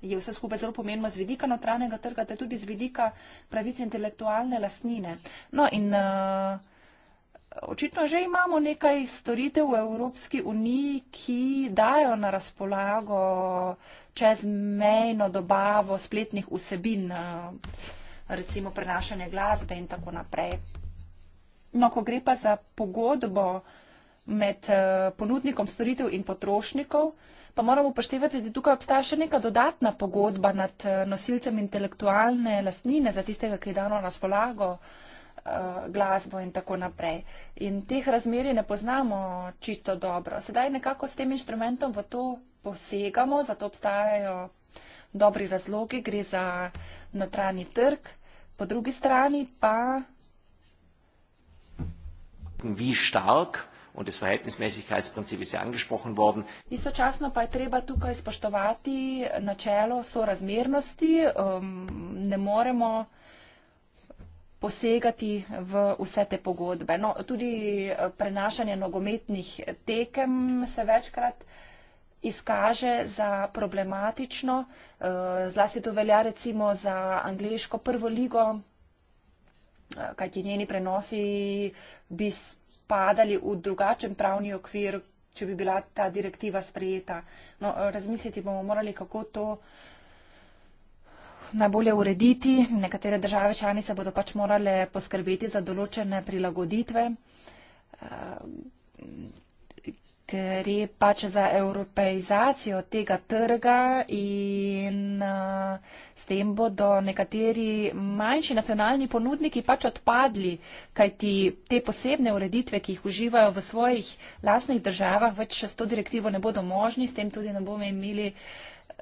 S4: je vse skupaj zelo pomembno z vidika notranjega trga, da je tudi z vidika pravice intelektualne lastnine. No, in, eh, očitno že imamo nekaj storitev v Evropski uniji, ki dajo na razpolago čezmejno dobavo spletnih vsebin, eh, recimo prenašanje glasbe in tako naprej. No, ko gre pa za pogodbo, uh, med eh, ponudnikom storitev in potrošnikov, pa moramo upoštevati, da tukaj obstaja še neka dodatna pogodba nad eh, nosilcem intelektualne lastnine za tistega, ki je dano na spolago eh, glasbo in tako naprej. In teh razmeri ne poznamo čisto dobro. Sedaj nekako s tem inštrumentom v to posegamo, zato obstajajo dobri razlogi, gre za notranji trg, po drugi strani pa Wie stark und das Verhältnismäßigkeitsprinzip ist ja angesprochen worden. Istočasno pa je treba tukaj spoštovati načelo sorazmernosti, um, ne moremo posegati v vse te pogodbe. No, tudi eh, prenašanje nogometnih tekem se večkrat izkaže za problematično, eh, zlasti to velja recimo za angliško prvo ligo, Eh, kaj ti njeni prenosi bi spadali v drugačen pravni okvir, če bi bila ta direktiva sprejeta. No, eh, razmisliti bomo morali, kako to najbolje urediti. Nekatere države članice bodo pač morale poskrbeti za določene prilagoditve. Uh, gre pač za evropeizacijo tega trga in s tem bodo nekateri manjši nacionalni ponudniki pač odpadli, kajti te posebne ureditve, ki jih uživajo v svojih lasnih državah, več s to direktivo ne bodo možni, s tem tudi ne bomo imeli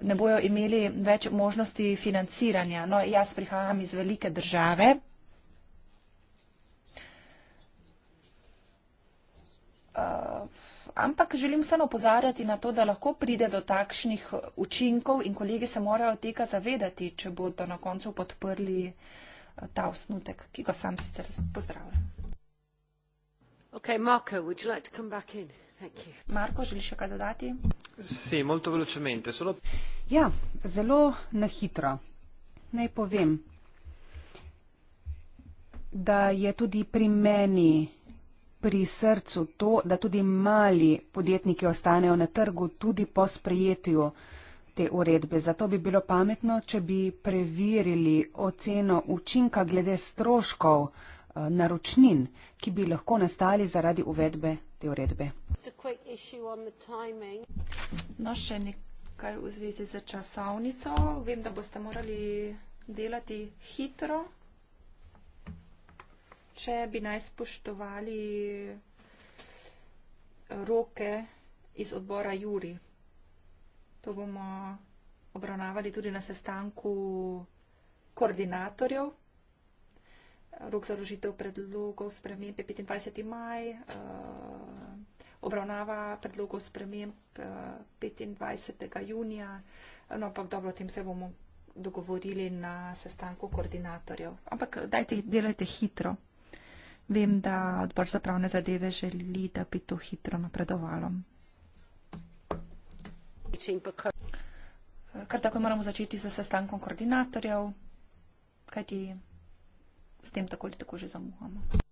S4: ne bojo imeli več možnosti financiranja. No, jaz prihajam iz velike države. Uh, ampak želim vseeno opozarjati na to, da lahko pride do takšnih eh, učinkov in kolegi se morajo tega zavedati, če bodo na koncu podprli eh, ta osnutek, ki ga sam sicer pozdravljam. Okay, Marco, like
S2: Marko, želiš še kaj dodati? Si, molto velocemente. Solo... Ja, zelo na hitro. Naj povem, da je tudi pri meni pri srcu to, da tudi mali podjetniki ostanejo na trgu tudi po sprejetju te uredbe. Zato bi bilo pametno, če bi preverili oceno učinka glede stroškov eh, naročnin, ki bi lahko nastali zaradi uvedbe te uredbe.
S4: No, še nekaj v zvezi z časovnico. Vem, da boste morali delati hitro če bi naj spoštovali roke iz odbora Juri. To bomo obravnavali tudi na sestanku koordinatorjev. Rok za rožitev predlogov sprememb je 25. maj, eh, obravnava predlogov sprememb 25. Eh, junija, no ampak dobro, o tem se bomo dogovorili na sestanku koordinatorjev. Ampak dajte, delajte hitro. Vem, da odbor za pravne zadeve želi, da bi to hitro napredovalo. Kar tako moramo začeti z sestankom koordinatorjev, kajti s tem tako ali tako
S2: že zamuhamo.